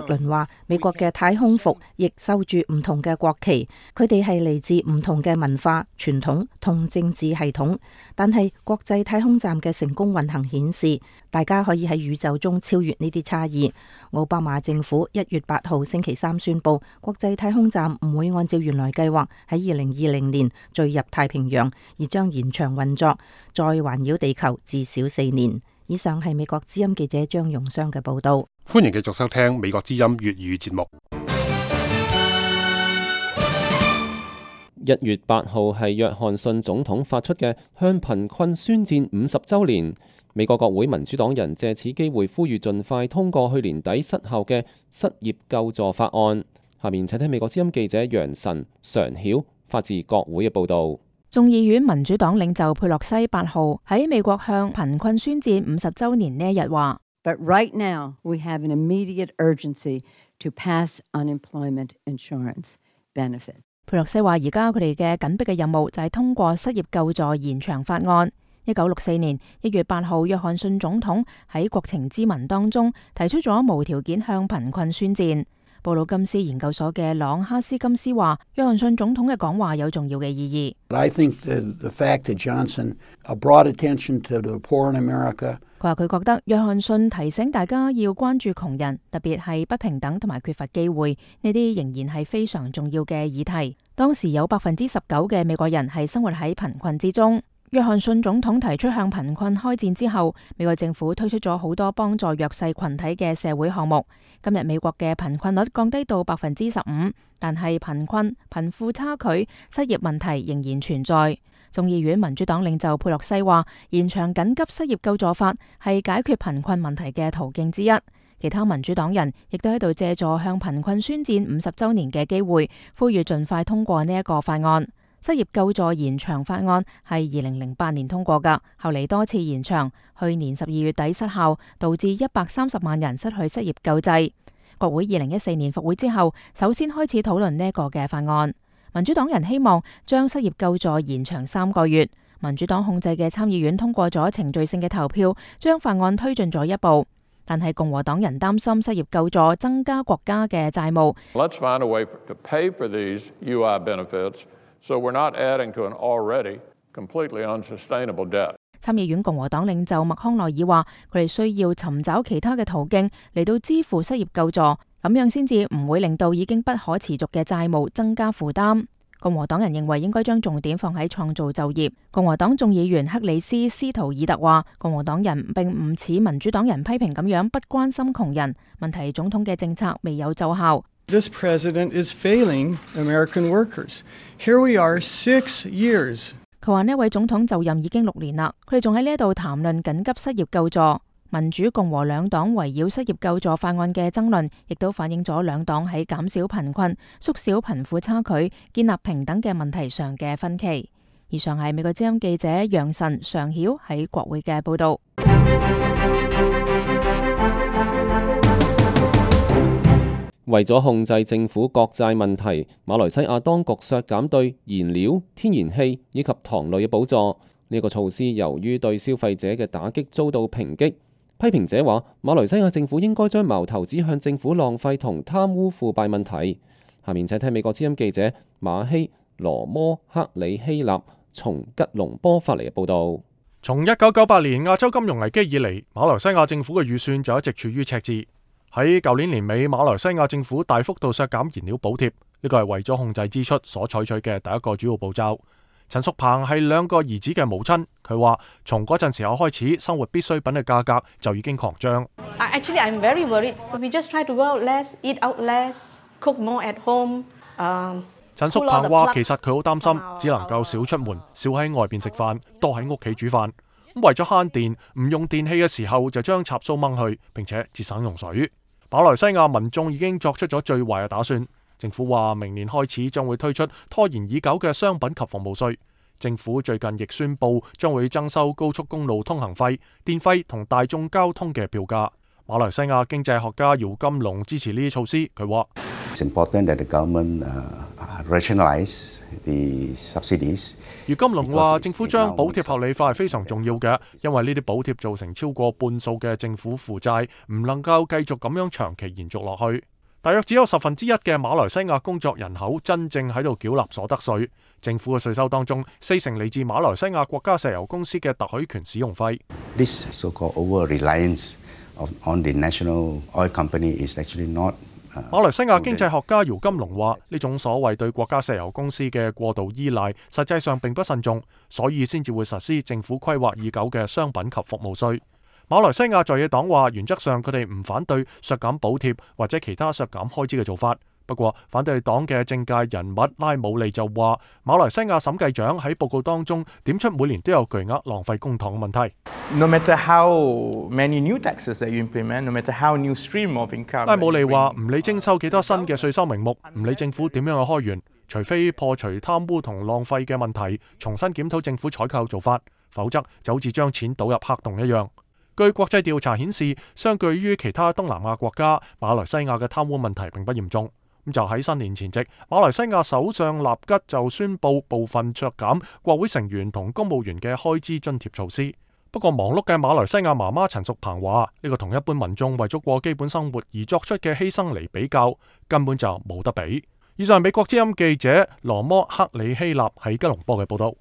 倫話：美國嘅太空服亦收住唔同嘅國旗，佢哋係嚟自唔同嘅文化、傳統同政治系統。但係國際太空站嘅成功運行顯示，大家可以喺宇宙中超越呢啲差異。奧巴馬政府一月八號星期三宣布，國際太空站唔會按照原來計劃喺二零二零年墜入太平洋，而將延長運作，再環繞地球至少四年。以上係美國之音記者張蓉湘嘅報道。歡迎繼續收聽美國之音粵語節目。一月八號係約翰遜總統發出嘅向貧困宣戰五十周年。美國國會民主黨人借此機會呼籲盡快通過去年底失效嘅失業救助法案。下面請聽美國之音記者楊晨常曉發自國會嘅報道。眾議院民主黨領袖佩洛西八號喺美國向貧困宣戰五十周年呢一日話，But right now we have an immediate urgency to pass unemployment insurance benefit。佩洛西話：而家佢哋嘅緊迫嘅任務就係通過失業救助延長法案。一九六四年一月八號，約翰遜總統喺國情咨文當中提出咗無條件向貧困宣戰。布魯金斯研究所嘅朗哈斯金斯話：約翰遜總統嘅講話有重要嘅意義。佢話佢覺得約翰遜提醒大家要關注窮人，特別係不平等同埋缺乏機會。呢啲仍然係非常重要嘅議題。當時有百分之十九嘅美國人係生活喺貧困之中。約翰遜總統提出向貧困開戰之後，美國政府推出咗好多幫助弱勢群體嘅社會項目。今日美國嘅貧困率降低到百分之十五，但係貧困、貧富差距、失業問題仍然存在。眾議院民主黨領袖佩洛西話：延長緊急失業救助法係解決貧困問題嘅途徑之一。其他民主黨人亦都喺度借助向貧困宣戰五十周年嘅機會，呼籲盡快通過呢一個法案。失業救助延長法案係二零零八年通過噶，後嚟多次延長，去年十二月底失效，導致一百三十萬人失去失業救濟。國會二零一四年復會之後，首先開始討論呢個嘅法案。民主黨人希望將失業救助延長三個月。民主黨控制嘅參議院通過咗程序性嘅投票，將法案推進咗一步，但係共和黨人擔心失業救助增加國家嘅債務。Let's find a way to pay for these UI benefits. So we're not adding to an already completely unsustainable debt。參議院共和黨領袖麥康奈爾話：佢哋需要尋找其他嘅途徑嚟到支付失業救助，咁樣先至唔會令到已經不可持續嘅債務增加負擔。共和黨人認為應該將重點放喺創造就業。共和黨眾議員克里斯·斯圖爾特話：共和黨人並唔似民主黨人批評咁樣不關心窮人。問題，總統嘅政策未有奏效。This president is failing American workers. Here we are, six years. 佢話呢位總統就任已經六年啦，佢哋仲喺呢度談論緊急失業救助。民主共和兩黨圍繞失業救助法案嘅爭論，亦都反映咗兩黨喺減少貧困、縮小貧富差距、建立平等嘅問題上嘅分歧。以上係美國之音記者楊晨、常曉喺國會嘅報道。為咗控制政府國債問題，馬來西亞當局削減對燃料、天然氣以及糖類嘅補助。呢、這個措施由於對消費者嘅打擊遭到抨擊。批評者話，馬來西亞政府應該將矛頭指向政府浪費同貪污腐敗問題。下面請聽美國之音記者馬希羅摩克里希納從吉隆坡發嚟嘅報道。從一九九八年亞洲金融危機以嚟，馬來西亞政府嘅預算就一直處於赤字。喺舊年年尾，馬來西亞政府大幅度削減燃料補貼，呢個係為咗控制支出所採取嘅第一個主要步驟。陳淑鵬係兩個兒子嘅母親，佢話從嗰陣時候開始，生活必需品嘅價格就已經狂漲。Actually, I'm very worried. We just try to go out less, eat out less, cook more at home. 陳淑鵬話，其實佢好擔心，只能夠少出門，少喺外邊食飯，多喺屋企煮飯。咁為咗慳電，唔用電器嘅時候就將插蘇掹去，並且節省用水。馬來西亞民眾已經作出咗最壞嘅打算。政府話明年開始將會推出拖延已久嘅商品及服務稅。政府最近亦宣布將會徵收高速公路通行費、電費同大眾交通嘅票價。馬來西亞經濟學家姚金龍支持呢啲措施，佢話，姚金龍話，政府將補貼合理化係非常重要嘅，因為呢啲補貼造成超過半數嘅政府負債，唔能夠繼續咁樣長期延續落去。大約只有十分之一嘅馬來西亞工作人口真正喺度繳納所得稅，政府嘅稅收當中四成嚟自馬來西亞國家石油公司嘅特許權使用費。馬來西亞經濟學家姚金龍話：呢種所謂對國家石油公司嘅過度依賴，實際上並不慎重，所以先至會實施政府規劃已久嘅商品及服務稅。馬來西亞在野黨話：原則上佢哋唔反對削減補貼或者其他削減開支嘅做法。不過反對黨嘅政界人物拉姆利就話，馬來西亞審計長喺報告當中點出每年都有巨額浪費公帑嘅問題。拉姆利話：唔理徵收幾多新嘅稅收名目，唔理政府點樣去開源，除非破除貪污同浪費嘅問題，重新檢討政府採購做法，否則就好似將錢倒入黑洞一樣。據國際調查顯示，相對於其他東南亞國家，馬來西亞嘅貪污問題並不嚴重。就喺新年前夕，馬來西亞首相納吉就宣布部分削減國會成員同公務員嘅開支津貼措施。不過忙碌嘅馬來西亞媽媽陳淑鵬話：呢個同一般民眾為咗過基本生活而作出嘅犧牲嚟比較，根本就冇得比。以上係美國之音記者羅摩克里希納喺吉隆坡嘅報道。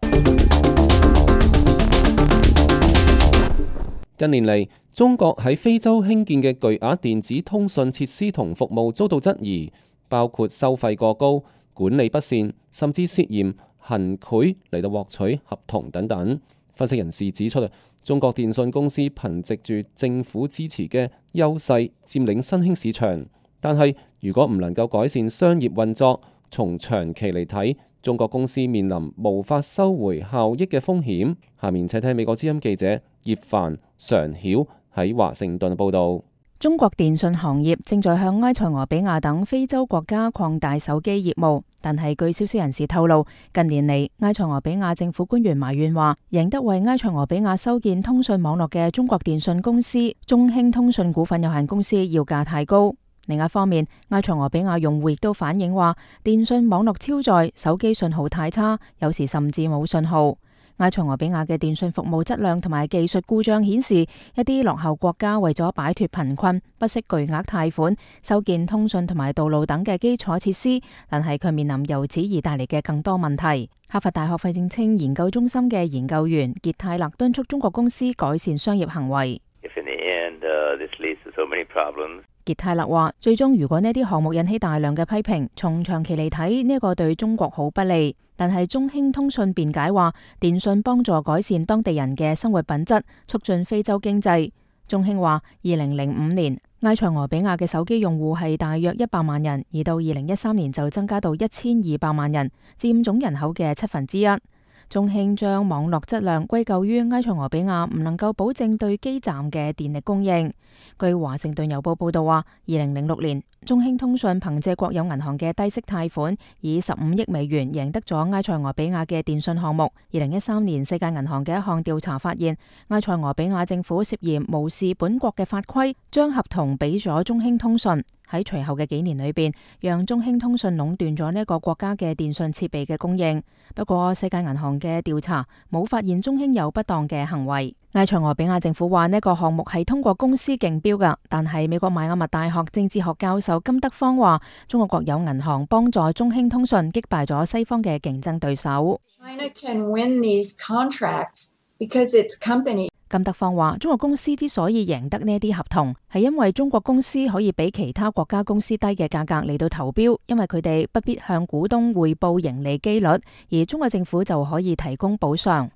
近年嚟，中國喺非洲興建嘅巨額電子通訊設施同服務遭到質疑。包括收費過高、管理不善，甚至涉嫌行賄嚟到獲取合同等等。分析人士指出，中國電信公司憑藉住政府支持嘅優勢，佔領新興市場。但係如果唔能夠改善商業運作，從長期嚟睇，中國公司面臨無法收回效益嘅風險。下面請聽美國之音記者葉帆常曉喺華盛頓報道。中國電信行業正在向埃塞俄比亞等非洲國家擴大手機業務，但係據消息人士透露，近年嚟埃塞俄比亞政府官員埋怨話，贏得為埃塞俄比亞修建通訊網絡嘅中國電信公司中興通訊股份有限公司要價太高。另一方面，埃塞俄比亞用戶亦都反映話，電信網絡超載，手機信號太差，有時甚至冇信號。埃塞俄比亞嘅電信服務質量同埋技術故障顯示，一啲落後國家為咗擺脫貧困，不惜巨額貸款修建通訊同埋道路等嘅基礎設施，但係佢面臨由此而帶嚟嘅更多問題。哈佛大學費正清研究中心嘅研究員傑泰勒敦促中國公司改善商業行為。傑泰勒話：最終，如果呢啲項目引起大量嘅批評，從長期嚟睇，呢個對中國好不利。但係中興通訊辯解話，電信幫助改善當地人嘅生活品質，促進非洲經濟。中興話：二零零五年埃塞俄比亞嘅手機用戶係大約一百萬人，而到二零一三年就增加到一千二百萬人，佔總人口嘅七分之一。中興將網絡質量歸咎於埃塞俄比亞唔能夠保證對基站嘅電力供應。據華盛頓郵報報道話，二零零六年，中興通訊憑借國有銀行嘅低息貸款，以十五億美元贏得咗埃塞俄比亞嘅電信項目。二零一三年世界銀行嘅一項調查發現，埃塞俄比亞政府涉嫌無視本國嘅法規，將合同俾咗中興通訊。喺隨後嘅幾年裏邊，讓中興通訊壟斷咗呢一個國家嘅電信設備嘅供應。不過世界銀行嘅調查冇發現中興有不當嘅行為。埃塞俄比亞政府話呢一個項目係通過公司競標噶，但係美國邁阿密大學政治學教授金德芳話，中國國有銀行幫助中興通訊擊敗咗西方嘅競爭對手。S 金德芳話，中國公司之所以贏得呢啲合同，係因為中國公司可以比其他國家公司低嘅價格嚟到投標，因為佢哋不必向股東匯報盈利機率，而中國政府就可以提供補償。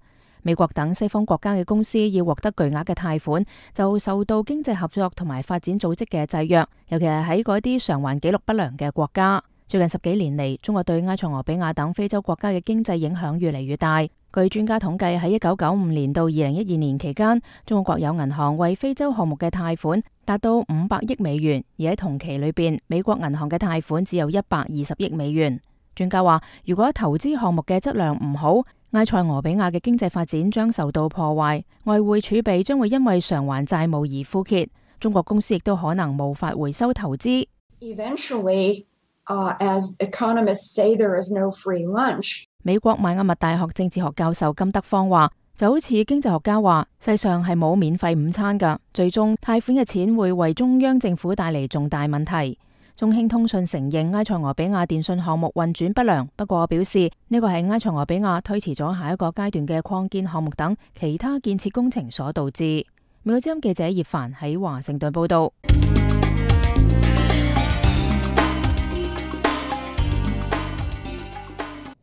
美國等西方國家嘅公司要獲得巨額嘅貸款，就受到經濟合作同埋發展組織嘅制約，尤其係喺嗰啲償還記錄不良嘅國家。最近十幾年嚟，中國對埃塞俄比亞等非洲國家嘅經濟影響越嚟越大。據專家統計，喺一九九五年到二零一二年期間，中國國有銀行為非洲項目嘅貸款達到五百億美元，而喺同期裏邊，美國銀行嘅貸款只有一百二十億美元。專家話，如果投資項目嘅質量唔好，埃塞俄比亞嘅經濟發展將受到破壞，外匯儲備將會因為償還債務而枯竭。中國公司亦都可能無法回收投資。 美國邁阿密大學政治學教授金德芳話：就好似經濟學家話，世上係冇免費午餐噶。最終，貸款嘅錢會為中央政府帶嚟重大問題。中興通訊承認埃塞俄比亞電信項目運轉不良，不過表示呢個係埃塞俄比亞推遲咗下一個階段嘅擴建項目等其他建設工程所導致。美國之音記者葉凡喺華盛頓報道。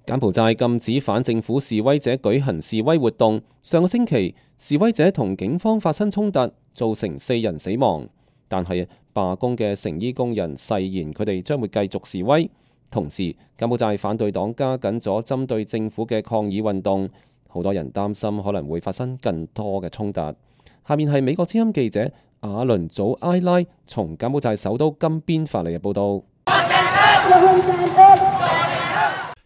柬埔寨禁止反政府示威者舉行示威活動。上個星期，示威者同警方發生衝突，造成四人死亡。但係，罷工嘅成衣工人誓言，佢哋將會繼續示威。同時，柬埔寨反對黨加緊咗針對政府嘅抗議運動。好多人擔心可能會發生更多嘅衝突。下面係美國之音記者阿倫祖埃拉從柬埔寨首都金邊發嚟嘅報道。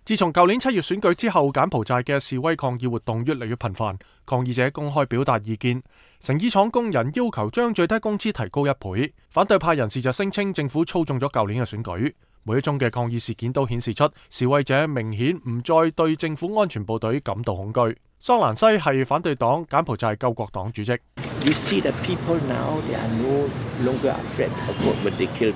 自從舊年七月選舉之後，柬埔寨嘅示威抗議活動越嚟越頻繁，抗議者公開表達意見。成衣廠工人要求將最低工資提高一倍，反對派人士就聲稱政府操縱咗舊年嘅選舉。每一宗嘅抗議事件都顯示出示威者明顯唔再對政府安全部隊感到恐懼。桑蘭西係反對黨，柬埔寨救國黨主席。Now, no、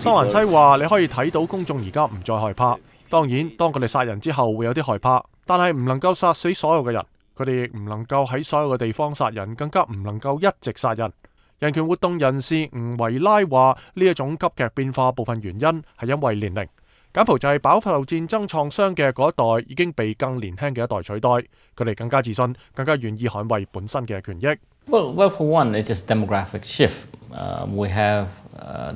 桑蘭西話，你可以睇到公眾而家唔再害怕。當然，當佢哋殺人之後會有啲害怕，但係唔能夠殺死所有嘅人。佢哋亦唔能夠喺所有嘅地方殺人，更加唔能夠一直殺人。人權活動人士吳維拉話：呢一種急劇變化部分原因係因為年齡。柬埔寨飽受戰爭創傷嘅嗰一代已經被更年輕嘅一代取代，佢哋更加自信，更加願意捍衞本身嘅權益。Well, well, for one, it's just demographic shift. We have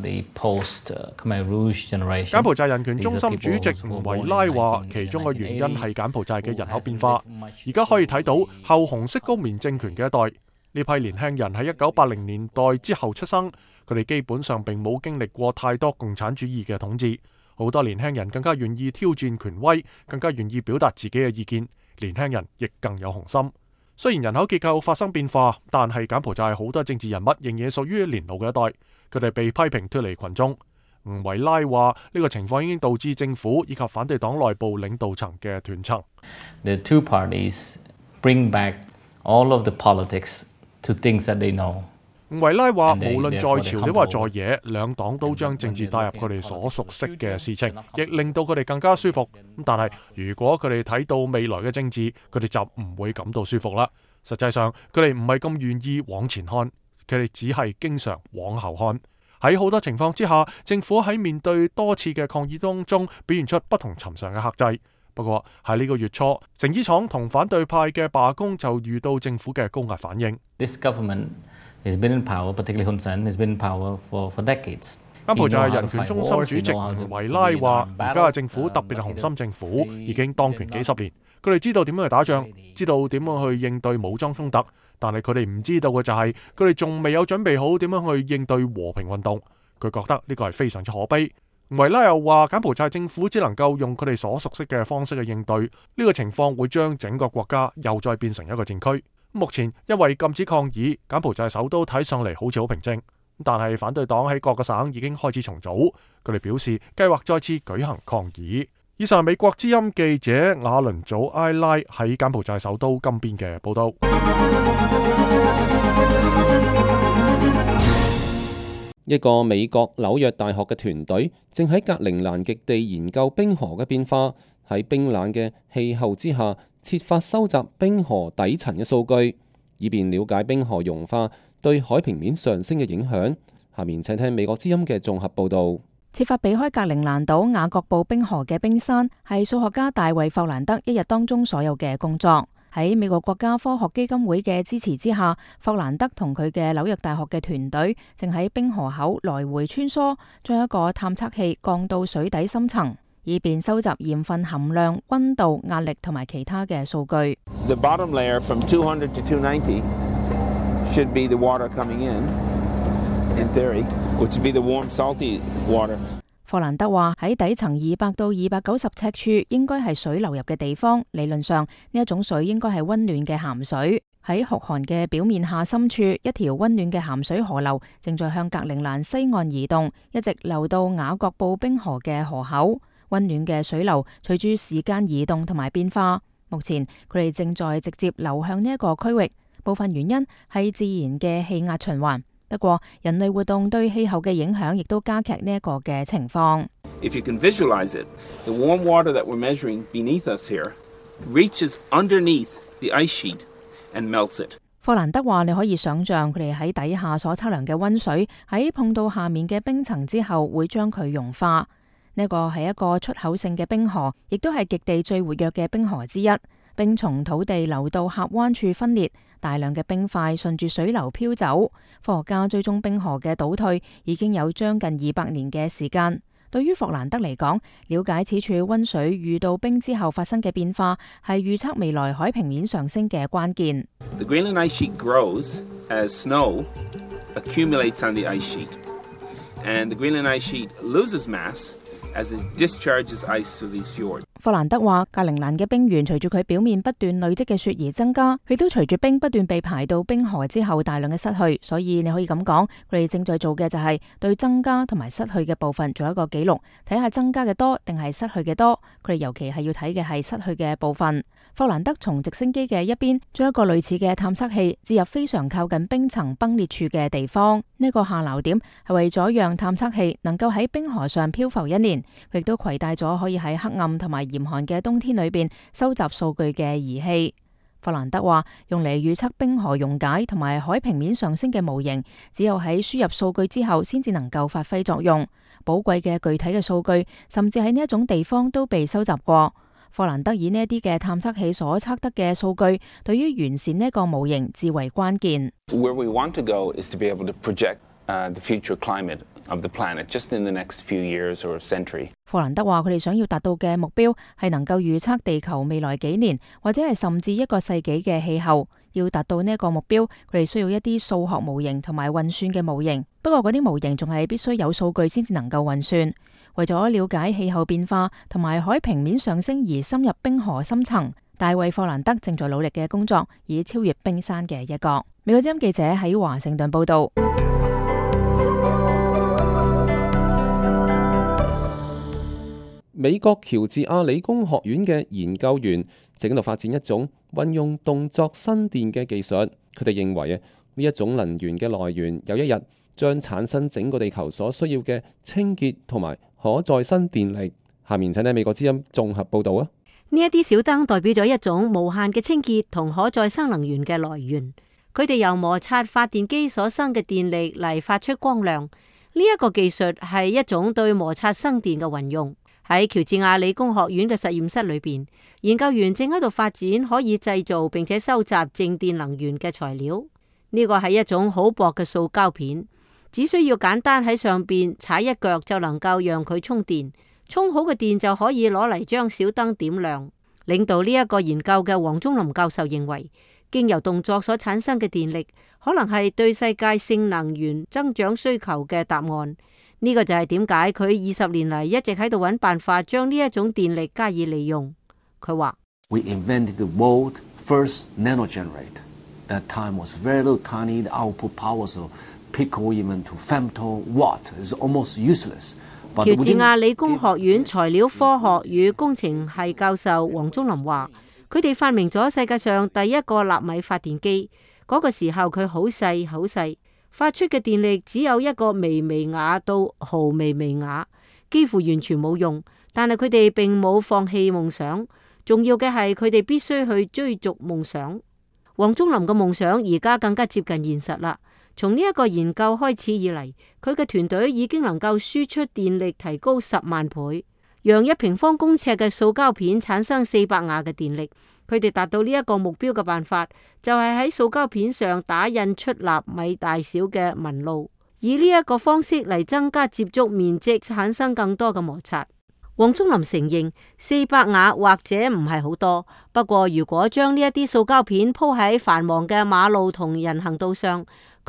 the post Khmer Rouge generation. 柬埔寨人權中心主席吳維拉話：其中嘅原因係柬埔寨嘅人口變化。而家可以睇到後紅色高棉政權嘅一代，呢批年輕人喺一九八零年代之後出生，佢哋基本上並冇經歷過太多共產主義嘅統治。好多年輕人更加願意挑戰權威，更加願意表達自己嘅意見。年輕人亦更有雄心。雖然人口結構發生變化，但係柬埔寨好多政治人物仍然屬於年老嘅一代，佢哋被批評脫離群眾。吳維拉話：呢個情況已經導致政府以及反對黨內部領導層嘅斷層。The two parties bring back all of the politics to things that they know. 維拉話：無論在朝定或在野，兩黨都將政治帶入佢哋所熟悉嘅事情，亦令到佢哋更加舒服。咁但係，如果佢哋睇到未來嘅政治，佢哋就唔會感到舒服啦。實際上，佢哋唔係咁願意往前看，佢哋只係經常往後看。喺好多情況之下，政府喺面對多次嘅抗議當中，表現出不同尋常嘅克制。不過喺呢個月初，成衣廠同反對派嘅罷工就遇到政府嘅高壓反應。This 佢哋喺權力，特別紅心，佢哋喺權力 for for decades。柬埔寨係人權中心主席維拉話：而家嘅政府特別係紅心政府已經當權幾十年，佢哋知道點樣去打仗，知道點樣去應對武裝衝突，但係佢哋唔知道嘅就係佢哋仲未有準備好點樣去應對和平運動。佢覺得呢個係非常之可悲。維拉又話：柬埔寨政府只能夠用佢哋所熟悉嘅方式去應對，呢個情況會將整個國家又再變成一個戰區。目前因為禁止抗議，柬埔寨首都睇上嚟好似好平靜。但係，反對黨喺各個省已經開始重組，佢哋表示計劃再次舉行抗議。以上係美國之音記者亞倫祖埃拉喺柬埔寨首都金邊嘅報導。一個美國紐約大學嘅團隊正喺格陵蘭極地研究冰河嘅變化，喺冰冷嘅氣候之下，設法收集冰河底層嘅數據，以便了解冰河融化對海平面上升嘅影響。下面請聽美國之音嘅綜合報道。設法避開格陵蘭島雅各布冰河嘅冰山，係數學家大衛霍蘭德一日當中所有嘅工作。喺美國國家科學基金會嘅支持之下，霍蘭德同佢嘅紐約大學嘅團隊正喺冰河口來回穿梭，將一個探測器降到水底深層。以便收集鹽分含量、溫度、壓力同埋其他嘅數據 the bottom layer from 200 to 290霍蘭德話喺底層二百到二百九十尺處，應該係水流入嘅地方。理論上呢一種水應該係溫暖嘅鹹水，喺酷寒嘅表面下深處，一條溫暖嘅鹹水河流正在向格陵蘭西岸移動，一直流到雅各布冰河嘅河口。溫暖嘅水流隨住時間移動同埋變化，目前佢哋正在直接流向呢一個區域。部分原因係自然嘅氣壓循環，不過人類活動對氣候嘅影響亦都加劇呢一個嘅情況。It，霍蘭德話，你可以想象佢哋喺底下所測量嘅温水喺碰到下面嘅冰層之後，會將佢融化。呢個係一個出口性嘅冰河，亦都係極地最活躍嘅冰河之一。冰從土地流到峽灣處分裂，大量嘅冰塊順住水流飄走。科學家追蹤冰河嘅倒退已經有將近二百年嘅時間。對於弗蘭德嚟講，了解此處溫水遇到冰之後發生嘅變化，係預測未來海平面上升嘅關鍵。The Greenland ice sheet grows as snow accumulates on the ice sheet, and the Greenland ice sheet loses mass. 弗蘭德話：格陵蘭嘅冰原隨住佢表面不斷累積嘅雪而增加，佢都隨住冰不斷被排到冰河之後大量嘅失去。所以你可以咁講，佢哋正在做嘅就係對增加同埋失去嘅部分做一個記錄，睇下增加嘅多定係失去嘅多。佢哋尤其係要睇嘅係失去嘅部分。霍蘭德從直升機嘅一邊將一個類似嘅探測器置入非常靠近冰層崩裂處嘅地方。呢個下流點係為咗讓探測器能夠喺冰河上漂浮一年。佢亦都攜帶咗可以喺黑暗同埋嚴寒嘅冬天裏邊收集數據嘅儀器。霍蘭德話，用嚟預測冰河溶解同埋海平面上升嘅模型，只有喺輸入數據之後先至能夠發揮作用。寶貴嘅具體嘅數據，甚至喺呢一種地方都被收集過。霍蘭德以呢一啲嘅探測器所測得嘅數據，對於完善呢個模型至為關鍵。Where we want to go is to be able to project the future climate of the planet just in the next few years or a century. 霍蘭德話：佢哋想要達到嘅目標係能夠預測地球未來幾年或者係甚至一個世紀嘅氣候。要達到呢一個目標，佢哋需要一啲數學模型同埋運算嘅模型。不過嗰啲模型仲係必須有數據先至能夠運算。為咗了，了解氣候變化同埋海平面上升而深入冰河深層，大衛霍蘭德正在努力嘅工作，以超越冰山嘅一角。美國之音記者喺華盛頓報道。美國喬治亞理工學院嘅研究員正喺度發展一種運用動作新電嘅技術。佢哋認為啊，呢一種能源嘅來源有一日將產生整個地球所需要嘅清潔同埋。可再生電力，下面請睇美國之音綜合報道啊！呢一啲小燈代表咗一種無限嘅清潔同可再生能源嘅來源。佢哋由摩擦發電機所生嘅電力嚟發出光亮。呢、這、一個技術係一種對摩擦生電嘅運用。喺喬治亞理工學院嘅實驗室裏邊，研究員正喺度發展可以製造並且收集正電能源嘅材料。呢個係一種好薄嘅塑膠片。只需要簡單喺上邊踩一腳就能夠讓佢充電，充好嘅電就可以攞嚟將小燈點亮。領導呢一個研究嘅黃忠林教授認為，經由動作所產生嘅電力可能係對世界性能源增長需求嘅答案。呢個就係點解佢二十年嚟一直喺度揾辦法將呢一種電力加以利用。佢話：，We invented the world first nanogenerator. That time was very little tiny the output power so. 喬治亞理工學院材料科學與工程系教授王中林話：佢哋發明咗世界上第一個納米發電機。嗰、那個時候佢好細，好細，發出嘅電力只有一個微微瓦到毫微微瓦，幾乎完全冇用。但係佢哋並冇放棄夢想。重要嘅係佢哋必須去追逐夢想。王中林嘅夢想而家更加接近現實啦。從呢一個研究開始以嚟，佢嘅團隊已經能夠輸出電力提高十萬倍，讓一平方公尺嘅塑膠片產生四百瓦嘅電力。佢哋達到呢一個目標嘅辦法就係、是、喺塑膠片上打印出納米大小嘅紋路，以呢一個方式嚟增加接觸面積，產生更多嘅摩擦。王中林承認，四百瓦或者唔係好多，不過如果將呢一啲塑膠片鋪喺繁忙嘅馬路同人行道上，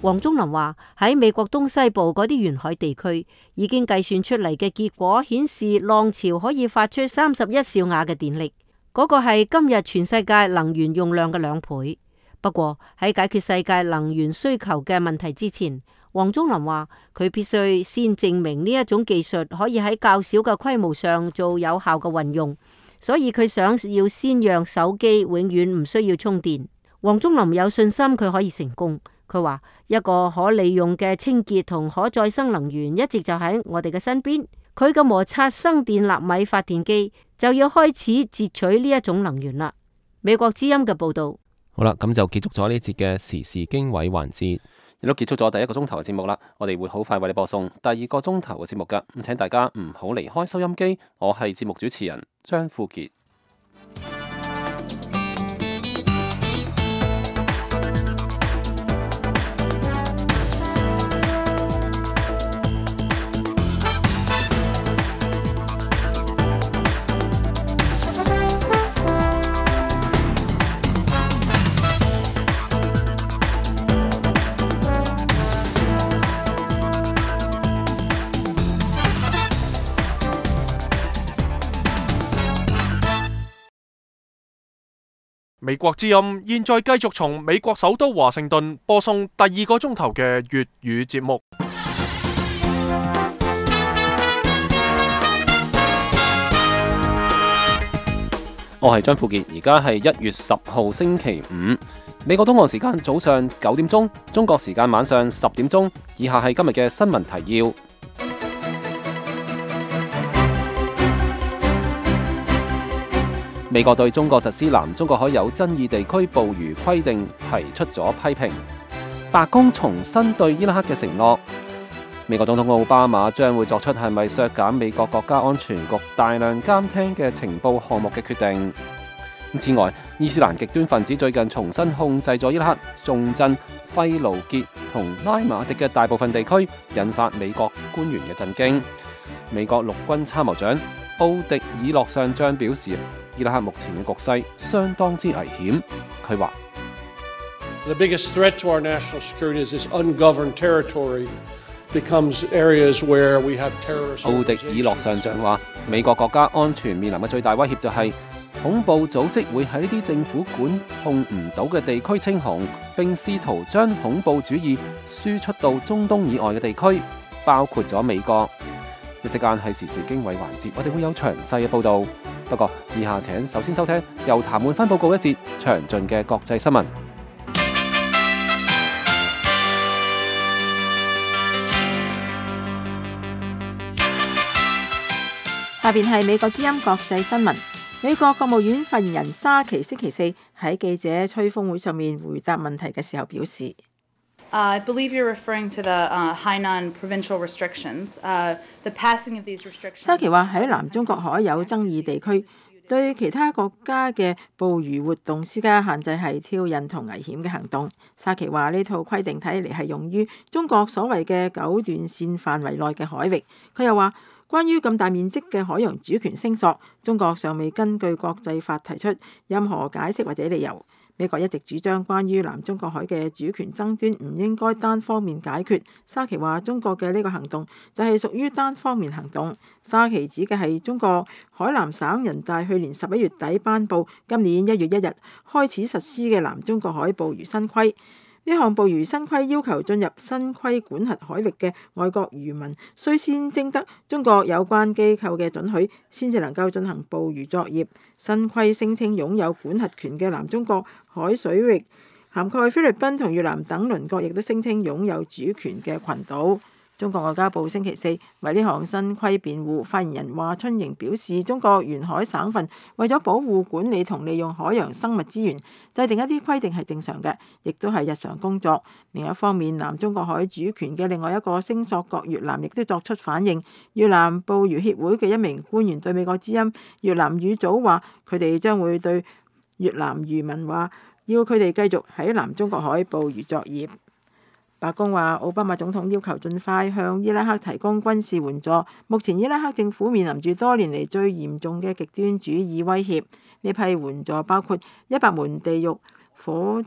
王中林話：喺美國東西部嗰啲沿海地區，已經計算出嚟嘅結果顯示，浪潮可以發出三十一兆瓦嘅電力，嗰、那個係今日全世界能源用量嘅兩倍。不過喺解決世界能源需求嘅問題之前，王中林話佢必須先證明呢一種技術可以喺較少嘅規模上做有效嘅運用。所以佢想要先讓手機永遠唔需要充電。王中林有信心佢可以成功。佢話，一個可利用嘅清潔同可再生能源一直就喺我哋嘅身邊。佢嘅摩擦生電納米發電機就要開始截取呢一種能源啦。美國之音嘅報道。好啦，咁就結束咗呢節嘅時事經緯環節。你都結束咗第一個鐘頭嘅節目啦，我哋會好快為你播送第二個鐘頭嘅節目㗎，咁請大家唔好離開收音機。我係節目主持人張富傑。美國之音現在繼續從美國首都華盛頓播送第二個鐘頭嘅粵語節目。我係張富傑，而家係一月十號星期五，美國東岸時間早上九點鐘，中國時間晚上十點鐘。以下係今日嘅新聞提要。美國對中國實施南中國海有爭議地區捕魚規定提出咗批評。白宮重新對伊拉克嘅承諾。美國總統奧巴馬將會作出係咪削減美國國家安全局大量監聽嘅情報項目嘅決定。此外，伊斯蘭極端分子最近重新控制咗伊拉克重鎮費盧傑同拉馬迪嘅大部分地區，引發美國官員嘅震驚。美國陸軍參謀長。奧迪爾洛上將表示：伊拉克目前嘅局勢相當之危險。佢話：奧迪爾洛上將話，美國國家安全面臨嘅最大威脅就係、是、恐怖組織會喺呢啲政府管控唔到嘅地區稱雄，並試圖將恐怖主義輸出到中東以外嘅地區，包括咗美國。嘅時間係時事經緯環節，我哋會有詳細嘅報道。不過，以下請首先收聽由談換翻報告一節詳盡嘅國際新聞。下邊係美國之音國際新聞。美國國務院發言人沙奇星期四喺記者吹風會上面，回答問題嘅時候表示。I believe you're referring to the Hainan provincial restrictions, the passing of these restrictions. 沙奇話：喺南中國海有爭議地區，對其他國家嘅捕魚活動施加限制係挑釁同危險嘅行動。沙奇話，呢套規定睇嚟係用於中國所謂嘅九段線範圍內嘅海域。佢又話：關於咁大面積嘅海洋主權聲索，中國尚未根據國際法提出任何解釋或者理由。美國一直主張關於南中國海嘅主權爭端唔應該單方面解決。沙奇話：中國嘅呢個行動就係屬於單方面行動。沙奇指嘅係中國海南省人大去年十一月底頒布，今年一月一日開始實施嘅南中國海捕魚新規。呢項捕魚新規要求進入新規管轄海域嘅外國漁民，需先徵得中國有關機構嘅准許，先至能夠進行捕魚作業。新規聲稱擁有管轄權嘅南中國海水域，涵蓋菲律賓同越南等鄰國，亦都聲稱擁有主權嘅群島。中國外交部星期四為呢項新規辯護，發言人華春瑩表示，中國沿海省份為咗保護管理同利用海洋生物資源，制定一啲規定係正常嘅，亦都係日常工作。另一方面，南中國海主權嘅另外一個聲索國越南亦都作出反應，越南捕魚協會嘅一名官員對美國之音越南語組話，佢哋將會對越南漁民話，要佢哋繼續喺南中國海捕魚作業。白宮話，奧巴馬總統要求盡快向伊拉克提供軍事援助。目前伊拉克政府面臨住多年嚟最嚴重嘅極端主義威脅。呢批援助包括一百門地獄火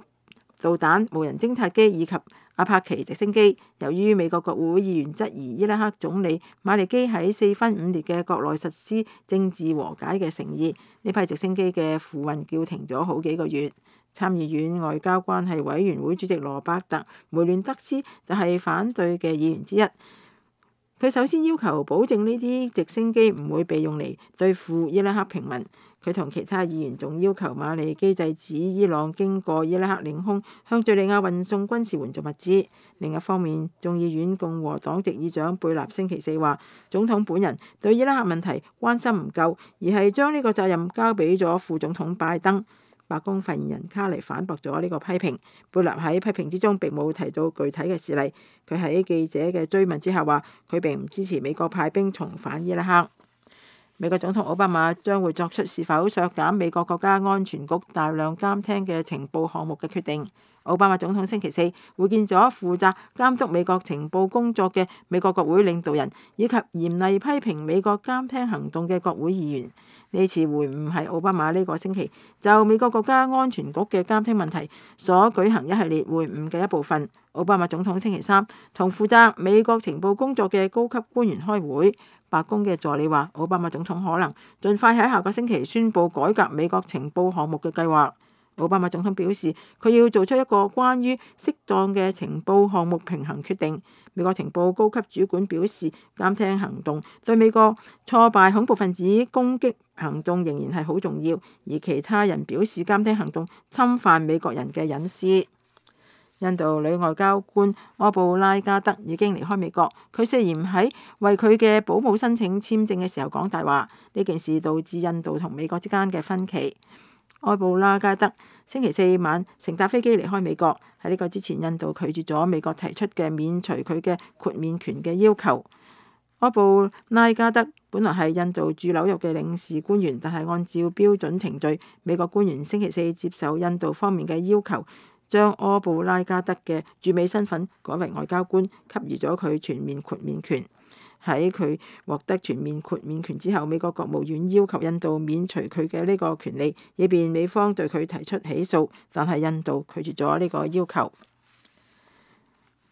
導彈、無人偵察機以及阿帕奇直升機。由於美國國會議員質疑伊拉克總理馬利基喺四分五裂嘅國內實施政治和解嘅誠意，呢批直升機嘅付運叫停咗好幾個月。參議院外交關係委員會主席羅伯特梅亂德斯就係反對嘅議員之一。佢首先要求保證呢啲直升機唔會被用嚟對付伊拉克平民。佢同其他議員仲要求馬利基制止伊朗經過伊拉克領空向敍利亞運送軍事援助物資。另一方面，眾議院共和黨籍議長貝納星期四話，總統本人對伊拉克問題關心唔夠，而係將呢個責任交俾咗副總統拜登。白宮發言人卡尼反駁咗呢個批評，貝納喺批評之中並冇提到具體嘅事例。佢喺記者嘅追問之下話，佢並唔支持美國派兵重返伊拉克。美國總統奧巴馬將會作出是否削減美國國家安全局大量監聽嘅情報項目嘅決定。奧巴馬總統星期四會見咗負責監督美國情報工作嘅美國國會領導人，以及嚴厲批評美國監聽行動嘅國會議員。呢次會晤係奧巴馬呢個星期就美國國家安全局嘅監聽問題所舉行一系列會晤嘅一部分。奧巴馬總統星期三同負責美國情報工作嘅高級官員開會。白宮嘅助理話，奧巴馬總統可能盡快喺下個星期宣佈改革美國情報項目嘅計劃。奧巴馬總統表示，佢要做出一個關於適當嘅情報項目平衡決定。美國情報高級主管表示，監聽行動對美國挫敗恐怖分子攻擊行動仍然係好重要。而其他人表示，監聽行動侵犯美國人嘅隱私。印度女外交官阿布拉加德已經離開美國，佢涉嫌喺為佢嘅保姆申請簽證嘅時候講大話，呢件事導致印度同美國之間嘅分歧。阿布拉加德，星期四晚，乘搭飛機離開美國。喺呢個之前，印度拒絕咗美國提出嘅免除佢嘅豁免權嘅要求。柯布拉加德本來係印度駐紐約嘅領事官員，但係按照標準程序，美國官員星期四接受印度方面嘅要求，將柯布拉加德嘅駐美身份改為外交官，給予咗佢全面豁免權。喺佢獲得全面豁免權之後，美國國務院要求印度免除佢嘅呢個權利，以便美方對佢提出起訴。但係印度拒絕咗呢個要求。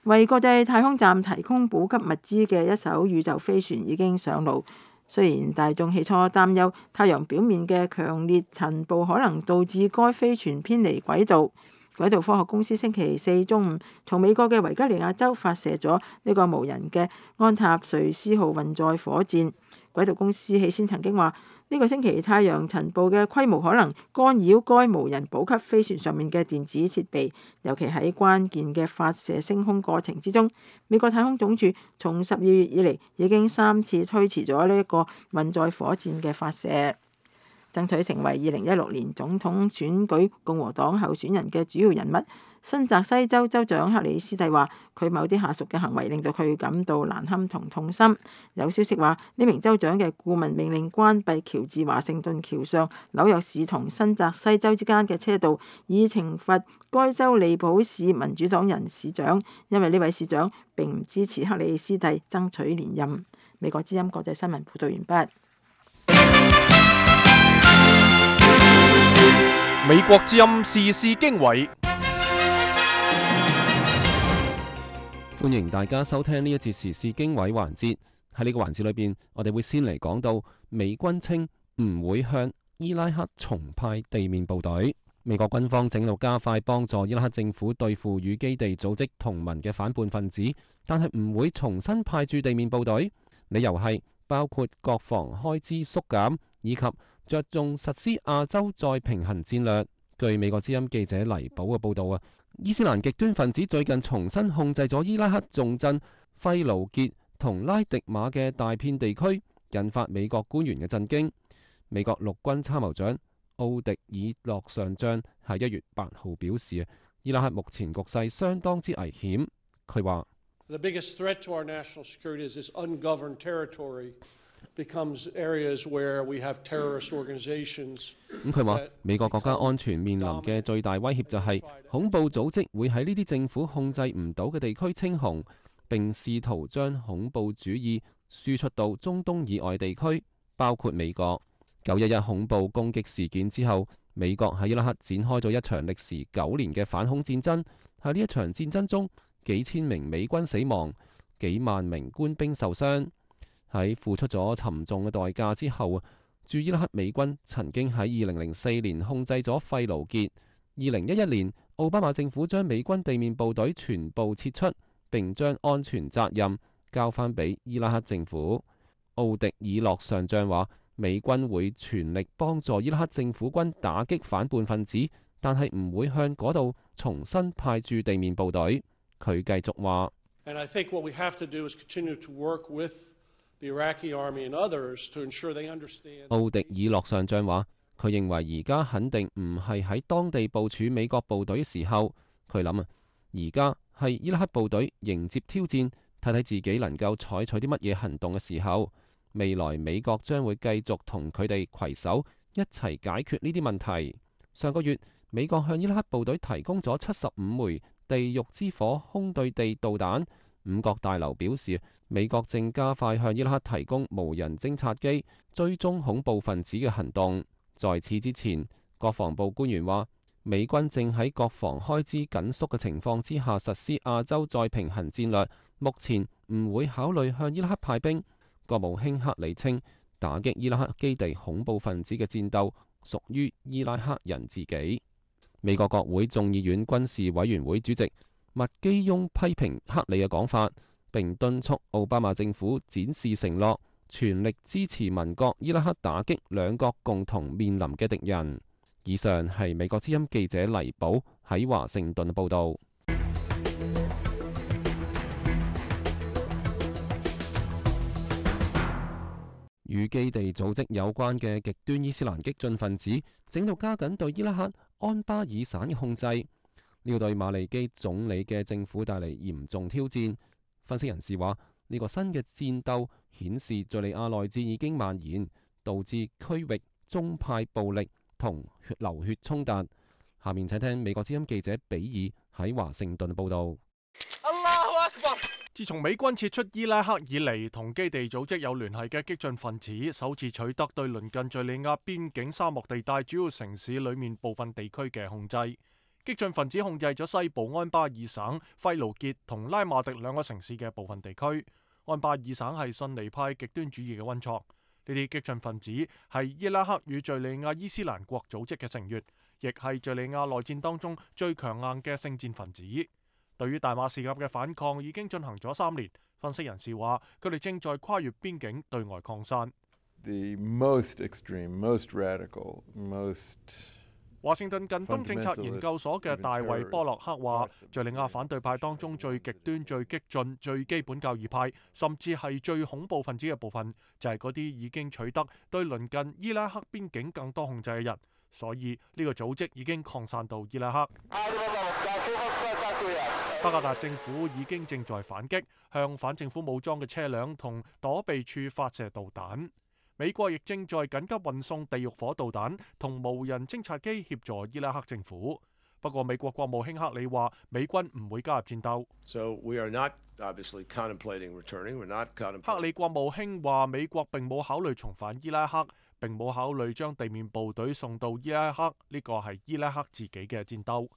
為國際太空站提供補給物資嘅一艘宇宙飛船已經上路，雖然大眾起初擔憂，太陽表面嘅強烈塵暴可能導致該飛船偏離軌道。軌道科學公司星期四中午從美國嘅維吉尼亞州發射咗呢個無人嘅安塔瑞斯號運載火箭。軌道公司起先曾經話，呢個星期太陽塵暴嘅規模可能干擾該無人補給飛船上面嘅電子設備，尤其喺關鍵嘅發射升空過程之中。美國太空總署從十二月以嚟已經三次推遲咗呢一個運載火箭嘅發射。爭取成為二零一六年總統選舉共和黨候選人嘅主要人物，新澤西州州長克里斯蒂話：佢某啲下屬嘅行為令到佢感到難堪同痛心。有消息話，呢名州長嘅顧問命令關閉喬治華盛頓橋上紐約市同新澤西州之間嘅車道，以懲罰該州利堡市民主黨人市長，因為呢位市長並唔支持克里斯蒂爭取連任。美國之音國際新聞報導完畢。美國之音時事經緯，歡迎大家收聽呢一節時事經緯環節。喺呢個環節裏邊，我哋會先嚟講到美軍稱唔會向伊拉克重派地面部隊。美國軍方正路加快幫助伊拉克政府對付與基地組織同盟嘅反叛分子，但係唔會重新派駐地面部隊。理由係包括國防開支縮減以及，着重實施亞洲再平衡戰略。據美國之音記者黎堡嘅報道啊，伊斯蘭極端分子最近重新控制咗伊拉克重鎮費盧傑同拉迪馬嘅大片地區，引發美國官員嘅震驚。美國陸軍參謀長奧迪爾洛上將喺一月八號表示啊，伊拉克目前局勢相當之危險。佢話：The 咁佢話：美國國家安全面臨嘅最大威脅就係恐怖組織會喺呢啲政府控制唔到嘅地區稱雄，並試圖將恐怖主義輸出到中東以外地區，包括美國。九一一恐怖攻擊事件之後，美國喺伊拉克展開咗一場歷時九年嘅反恐戰爭。喺呢一場戰爭中，幾千名美軍死亡，幾萬名官兵受傷。喺付出咗沉重嘅代價之後，啊，駐伊拉克美軍曾經喺二零零四年控制咗費盧傑。二零一一年，奧巴馬政府將美軍地面部隊全部撤出，並將安全責任交翻俾伊拉克政府。奧迪爾諾上將話：美軍會全力幫助伊拉克政府軍打擊反叛分子，但係唔會向嗰度重新派駐地面部隊。佢繼續話：And I think what we have to do is continue to work with 奧迪爾諾上將話，佢認為而家肯定唔係喺當地部署美國部隊嘅時候，佢諗啊，而家係伊拉克部隊迎接挑戰，睇睇自己能夠採取啲乜嘢行動嘅時候。未來美國將會繼續同佢哋攜手一齊解決呢啲問題。上個月，美國向伊拉克部隊提供咗七十五枚地獄之火空對地導彈。五角大樓表示，美國正加快向伊拉克提供無人偵察機，追蹤恐怖分子嘅行動。在此之前，國防部官員話，美軍正喺國防開支緊縮嘅情況之下，實施亞洲再平衡戰略，目前唔會考慮向伊拉克派兵。國務卿克里稱，打擊伊拉克基地恐怖分子嘅戰鬥屬於伊拉克人自己。美國國會眾議院軍事委員會主席，麥基翁批評克里嘅講法，並敦促奧巴馬政府展示承諾，全力支持民國伊拉克打擊兩國共同面臨嘅敵人。以上係美國之音記者黎寶喺華盛頓嘅報道。與基地組織有關嘅極端伊斯蘭激進分子，整到加緊對伊拉克安巴爾省嘅控制。呢個對馬利基總理嘅政府帶嚟嚴重挑戰，分析人士話：呢個新嘅戰鬥顯示敘利亞內戰已經蔓延，導致區域宗派暴力同流血衝突。下面請聽美國之音記者比爾喺華盛頓報道。自從美軍撤出伊拉克以嚟，同基地組織有聯繫嘅激進分子首次取得對鄰近敘利亞邊境沙漠地帶主要城市裏面部分地區嘅控制。激進分子控制咗西部安巴爾省、費盧傑同拉馬迪兩個城市嘅部分地區。安巴爾省係遜尼派極端主義嘅溫床。呢啲激進分子係伊拉克與敘利亞伊斯蘭國組織嘅成員，亦係敘利亞內戰當中最強硬嘅聖戰分子。對於大馬士革嘅反抗已經進行咗三年，分析人士話佢哋正在跨越邊境對外擴散。The most extreme, most radical, most 華盛頓近東政策研究所嘅大衛波洛克話：敘利亞反對派當中最極端、最激進、最基本教義派，甚至係最恐怖分子嘅部分，就係嗰啲已經取得對鄰近伊拉克邊境更多控制嘅人。所以呢個組織已經擴散到伊拉克。 巴格達政府已經正在反擊，向反政府武裝嘅車輛同躲避處發射導彈。美國亦正在緊急運送地獄火導彈同無人偵察機，協助伊拉克政府。不過，美國國務卿克里話，美軍唔會加入戰鬥。So、克里國務卿話，美國並冇考慮重返伊拉克，並冇考慮將地面部隊送到伊拉克。呢個係伊拉克自己嘅戰鬥。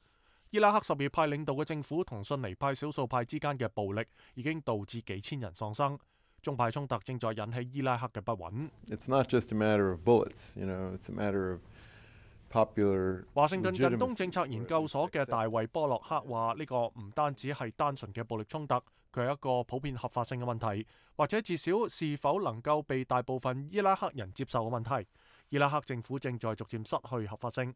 伊拉克什葉派領導嘅政府同遜尼派少數派之間嘅暴力已經導致幾千人喪生。宗派衝突正在引起伊拉克嘅不穩。華 you know, 盛頓近東政策研究所嘅大衛波洛克話：呢個唔單止係單純嘅暴力衝突，佢係一個普遍合法性嘅問題，或者至少是否能夠被大部分伊拉克人接受嘅問題。伊拉克政府正在逐漸失去合法性。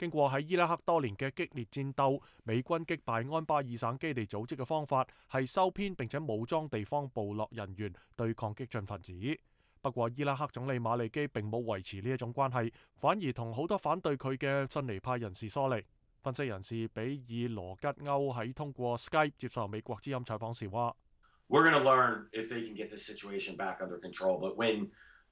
經過喺伊拉克多年嘅激烈戰鬥，美軍擊敗安巴爾省基地組織嘅方法係收編並且武裝地方部落人員對抗激進分子。不過，伊拉克總理馬利基並冇維持呢一種關係，反而同好多反對佢嘅遜尼派人士疏離。分析人士比爾羅吉歐喺通過 Skype 接受美國之音採訪時話：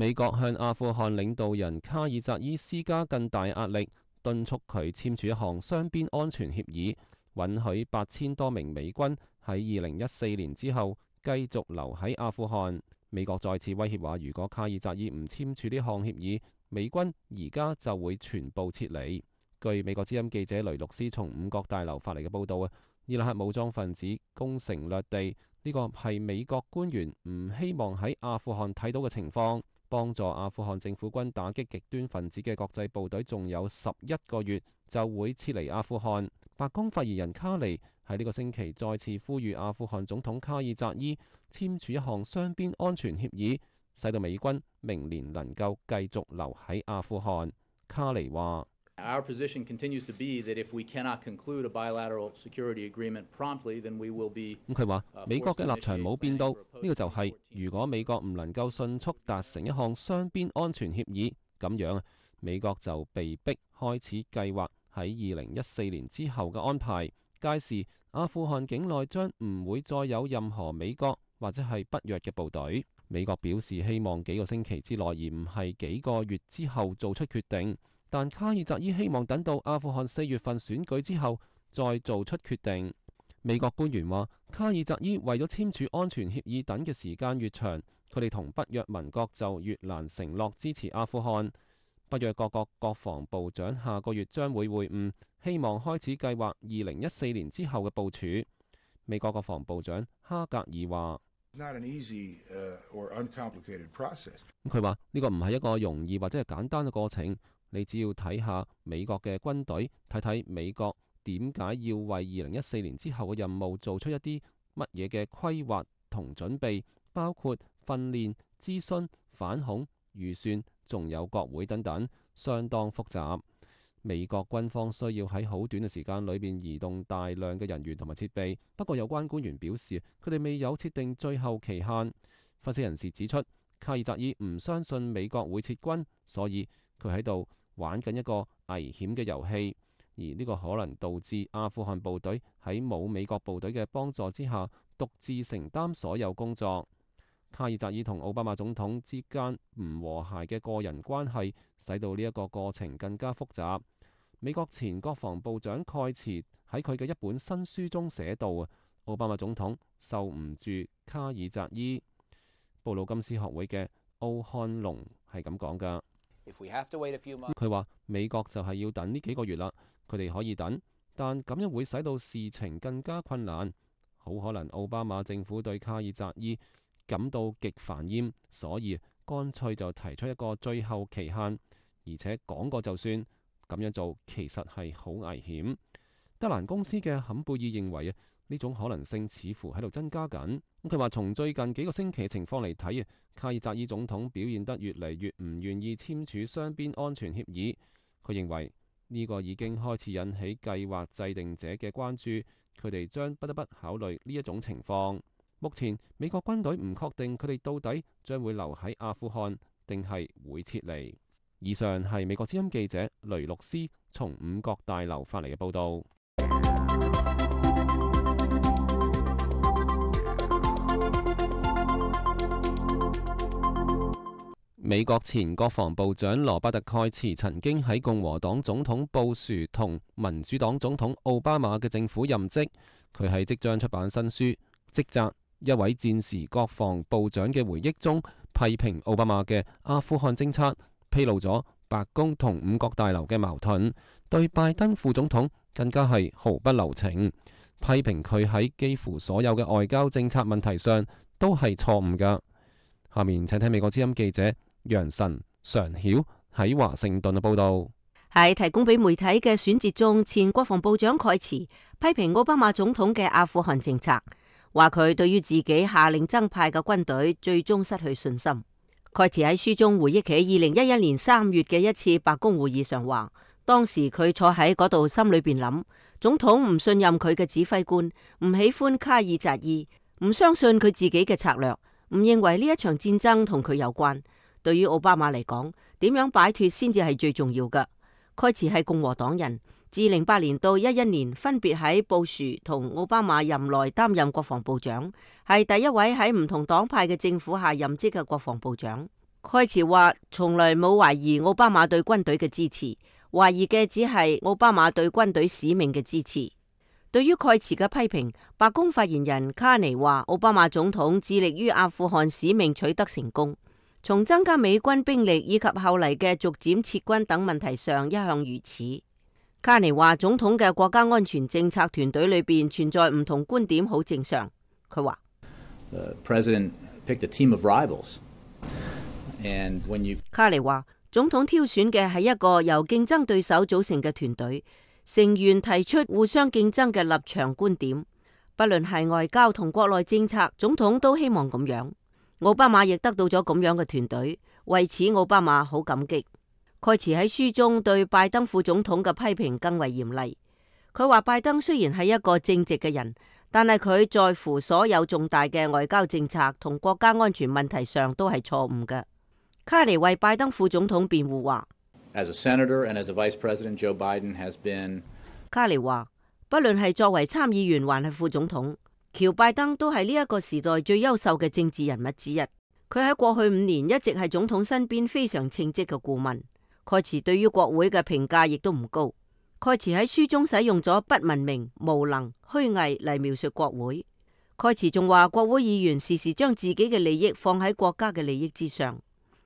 美國向阿富汗領導人卡爾扎伊施加更大壓力，敦促佢簽署一項雙邊安全協議，允許八千多名美軍喺二零一四年之後繼續留喺阿富汗。美國再次威脅話，如果卡爾扎伊唔簽署呢項協議，美軍而家就會全部撤離。據美國之音記者雷六斯從五角大樓發嚟嘅報道啊，伊拉克武裝分子攻城略地，呢個係美國官員唔希望喺阿富汗睇到嘅情況。幫助阿富汗政府軍打擊極端分子嘅國際部隊，仲有十一個月就會撤離阿富汗。白宮發言人卡尼喺呢個星期再次呼籲阿富汗總統卡爾扎伊簽署一項雙邊安全協議，使到美軍明年能夠繼續留喺阿富汗。卡尼話。Our position continues to be that if we cannot conclude a bilateral security agreement promptly, then we will be. 咁佢話美國嘅立場冇變到，呢個就係，如果美國唔能夠迅速達成一項雙邊安全協議，咁樣美國就被迫開始計劃喺二零一四年之後嘅安排，屆時阿富汗境內將唔會再有任何美國或者係北約嘅部隊。美國表示希望幾個星期之內，而唔係幾個月之後做出決定。但卡爾扎伊希望等到阿富汗四月份選舉之後再做出決定。美國官員話，卡爾扎伊為咗簽署安全協議，等嘅時間越長，佢哋同北約盟國就越難承諾支持阿富汗。北約各國國防部長下個月將會會晤，希望開始計劃二零一四年之後嘅部署。美國國防部長哈格爾話：It's not an easy or uncomplicated process. 咁佢話呢個唔係一個容易或者係簡單嘅過程。你只要睇下美國嘅軍隊，睇睇美國點解要為二零一四年之後嘅任務做出一啲乜嘢嘅規劃同準備，包括訓練、諮詢、反恐、預算，仲有國會等等，相當複雜。美國軍方需要喺好短嘅時間裏邊移動大量嘅人員同埋設備。不過，有關官員表示，佢哋未有設定最後期限。分析人士指出，卡爾扎伊唔相信美國會撤軍，所以佢喺度玩緊一個危險嘅遊戲，而呢個可能導致阿富汗部隊喺冇美國部隊嘅幫助之下，獨自承擔所有工作。卡爾扎爾同奧巴馬總統之間唔和諧嘅個人關係，使到呢一個過程更加複雜。美國前國防部長蓋茨喺佢嘅一本新書中寫道：奧巴馬總統受唔住卡爾扎爾。布魯金斯學會嘅奧漢隆係咁講㗎。佢話：美國就係要等呢幾個月啦，佢哋可以等，但咁樣會使到事情更加困難。好可能奧巴馬政府對卡爾扎伊感到極煩厭，所以乾脆就提出一個最後期限，而且講過就算。咁樣做其實係好危險。德蘭公司嘅坎貝爾認為啊。呢種可能性似乎喺度增加緊。佢話：從最近幾個星期情況嚟睇，卡爾扎伊總統表現得越嚟越唔願意簽署雙邊安全協議。佢認為呢個已經開始引起計劃制定者嘅關注，佢哋將不得不考慮呢一種情況。目前美國軍隊唔確定佢哋到底將會留喺阿富汗，定係會撤離。以上係美國之音記者雷洛斯從五角大樓發嚟嘅報導。美國前國防部長羅伯特蓋茨曾經喺共和黨總統布殊同民主黨總統奧巴馬嘅政府任職，佢喺即將出版新書《職責：一位戰時國防部長嘅回憶》中批評奧巴馬嘅阿富汗政策，披露咗白宮同五角大樓嘅矛盾，對拜登副總統更加係毫不留情，批評佢喺幾乎所有嘅外交政策問題上都係錯誤噶。下面請睇美國之音記者。楊晨常曉喺華盛頓嘅報道，喺提供俾媒體嘅選擇中，前國防部長蓋茨批評奧巴馬總統嘅阿富汗政策，話佢對於自己下令增派嘅軍隊最終失去信心。蓋茨喺書中回憶起二零一一年三月嘅一次白宮會議上話，當時佢坐喺嗰度，心裏邊諗，總統唔信任佢嘅指揮官，唔喜歡卡爾扎伊，唔相信佢自己嘅策略，唔認為呢一場戰爭同佢有關。對於奧巴馬嚟講，點樣擺脫先至係最重要嘅。蓋茨係共和黨人，自零八年到一一年，分別喺布殊同奧巴馬任內擔任國防部長，係第一位喺唔同黨派嘅政府下任職嘅國防部長。蓋茨話：從來冇懷疑奧巴馬對軍隊嘅支持，懷疑嘅只係奧巴馬對軍隊使命嘅支持。對於蓋茨嘅批評，白宮發言人卡尼話：奧巴馬總統致力於阿富汗使命取得成功。從增加美軍兵力以及後嚟嘅逐漸撤軍等問題上，一向如此。卡尼話：總統嘅國家安全政策團隊裏邊存在唔同觀點，好正常。佢話：rivals, 卡尼話總統挑選嘅係一個由競爭對手組成嘅團隊，成員提出互相競爭嘅立場觀點，不論係外交同國內政策，總統都希望咁樣。奧巴馬亦得到咗咁樣嘅團隊，為此奧巴馬好感激。蓋茨喺書中對拜登副總統嘅批評更為嚴厲，佢話，拜登雖然係一個正直嘅人，但係佢在乎所有重大嘅外交政策同國家安全問題上都係錯誤嘅。卡尼為拜登副總統辯護話：As a Senator and as a Vice President, Joe Biden has been...，卡尼話，不論係作為參議員還係副總統。喬拜登都係呢一個時代最優秀嘅政治人物之一。佢喺過去五年一直係總統身邊非常稱職嘅顧問。蓋茨對於國會嘅評價亦都唔高。蓋茨喺書中使用咗不文明、無能、虛偽嚟描述國會。蓋茨仲話，國會議員時時將自己嘅利益放喺國家嘅利益之上。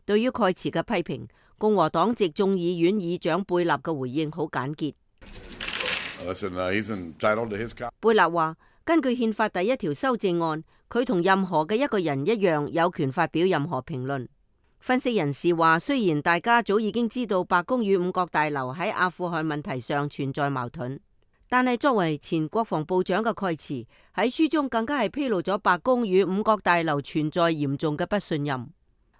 對於蓋茨嘅批評，共和黨籍眾議院議長貝納嘅回應好簡潔。貝納話：根據憲法第一條修正案，佢同任何嘅一個人一樣，有權發表任何評論。分析人士話，雖然大家早已經知道白宮與五角大樓喺阿富汗問題上存在矛盾，但係作為前國防部長嘅蓋茨喺書中更加係披露咗白宮與五角大樓存在嚴重嘅不信任。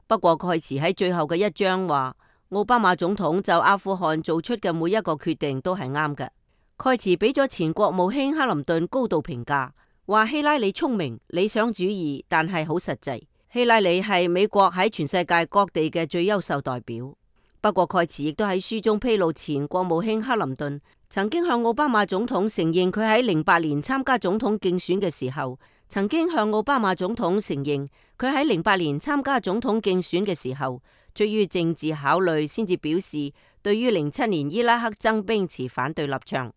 不過蓋茨喺最後嘅一章話，奧巴馬總統就阿富汗做出嘅每一個決定都係啱嘅。蓋茨俾咗前國務卿克林頓高度評價，話希拉里聰明、理想主義，但係好實際。希拉里係美國喺全世界各地嘅最優秀代表。不過蓋茨亦都喺書中披露前，前國務卿克林頓曾經向奧巴馬總統承認，佢喺零八年參加總統競選嘅時候，曾經向奧巴馬總統承認，佢喺零八年參加總統競選嘅時候，出於政治考慮先至表示，對於零七年伊拉克增兵持反對立場。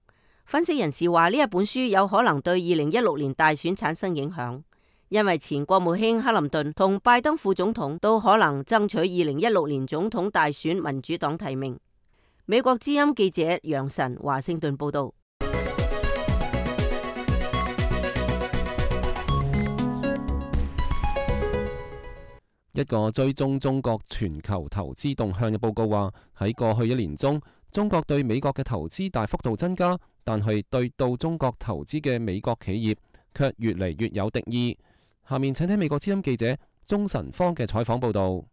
分析人士話：呢一本書有可能對二零一六年大選產生影響，因為前國務卿克林頓同拜登副總統都可能爭取二零一六年總統大選民主黨提名。美國之音記者楊晨華盛頓報道。一個追蹤中國全球投資動向嘅報告話：喺過去一年中，中國對美國嘅投資大幅度增加。但係對到中國投資嘅美國企業，卻越嚟越有敵意。下面請聽美國之音記者鐘晨芳嘅採訪報導。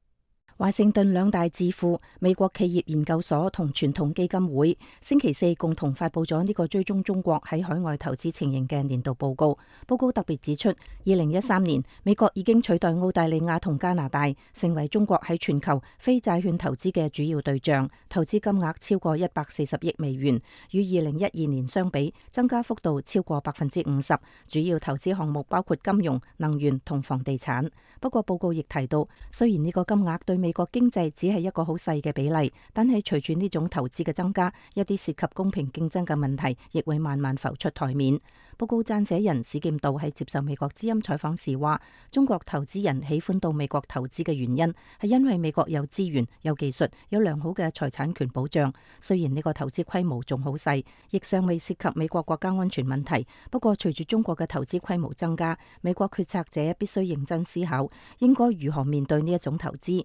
華盛頓兩大智庫美國企業研究所同傳統基金會星期四共同發佈咗呢個追蹤中國喺海外投資情形嘅年度報告。報告特別指出，二零一三年美國已經取代澳大利亞同加拿大，成為中國喺全球非債券投資嘅主要對象，投資金額超過一百四十億美元，與二零一二年相比，增加幅度超過百分之五十。主要投資項目包括金融、能源同房地產。不過報告亦提到，雖然呢個金額對，美國經濟只係一個好細嘅比例，但係隨住呢種投資嘅增加，一啲涉及公平競爭嘅問題，亦會慢慢浮出台面。報告撰寫人史劍道喺接受美國之音採訪時話，中國投資人喜歡到美國投資嘅原因，係因為美國有資源、有技術、有良好嘅財產權保障。雖然呢個投資規模仲好細，亦尚未涉及美國國家安全問題。不過，隨住中國嘅投資規模增加，美國決策者必須認真思考，應該如何面對呢一種投資。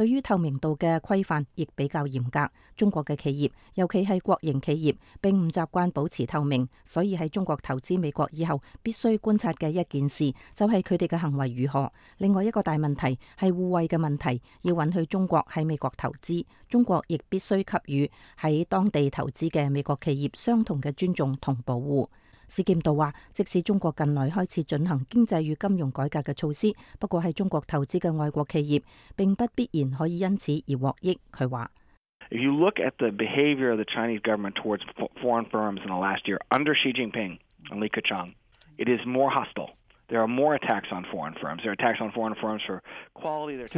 對於透明度嘅規範亦比較嚴格，中國嘅企業，尤其係國營企業，並唔習慣保持透明，所以喺中國投資美國以後，必須觀察嘅一件事，就係佢哋嘅行為如何。另外一個大問題係互惠嘅問題，要允許中國喺美國投資，中國亦必須給予喺當地投資嘅美國企業相同嘅尊重同保護。史劍道話，即使中國近來開始進行經濟與金融改革嘅措施，不過喺中國投資嘅外國企業並不必然可以因此而獲益。佢話，史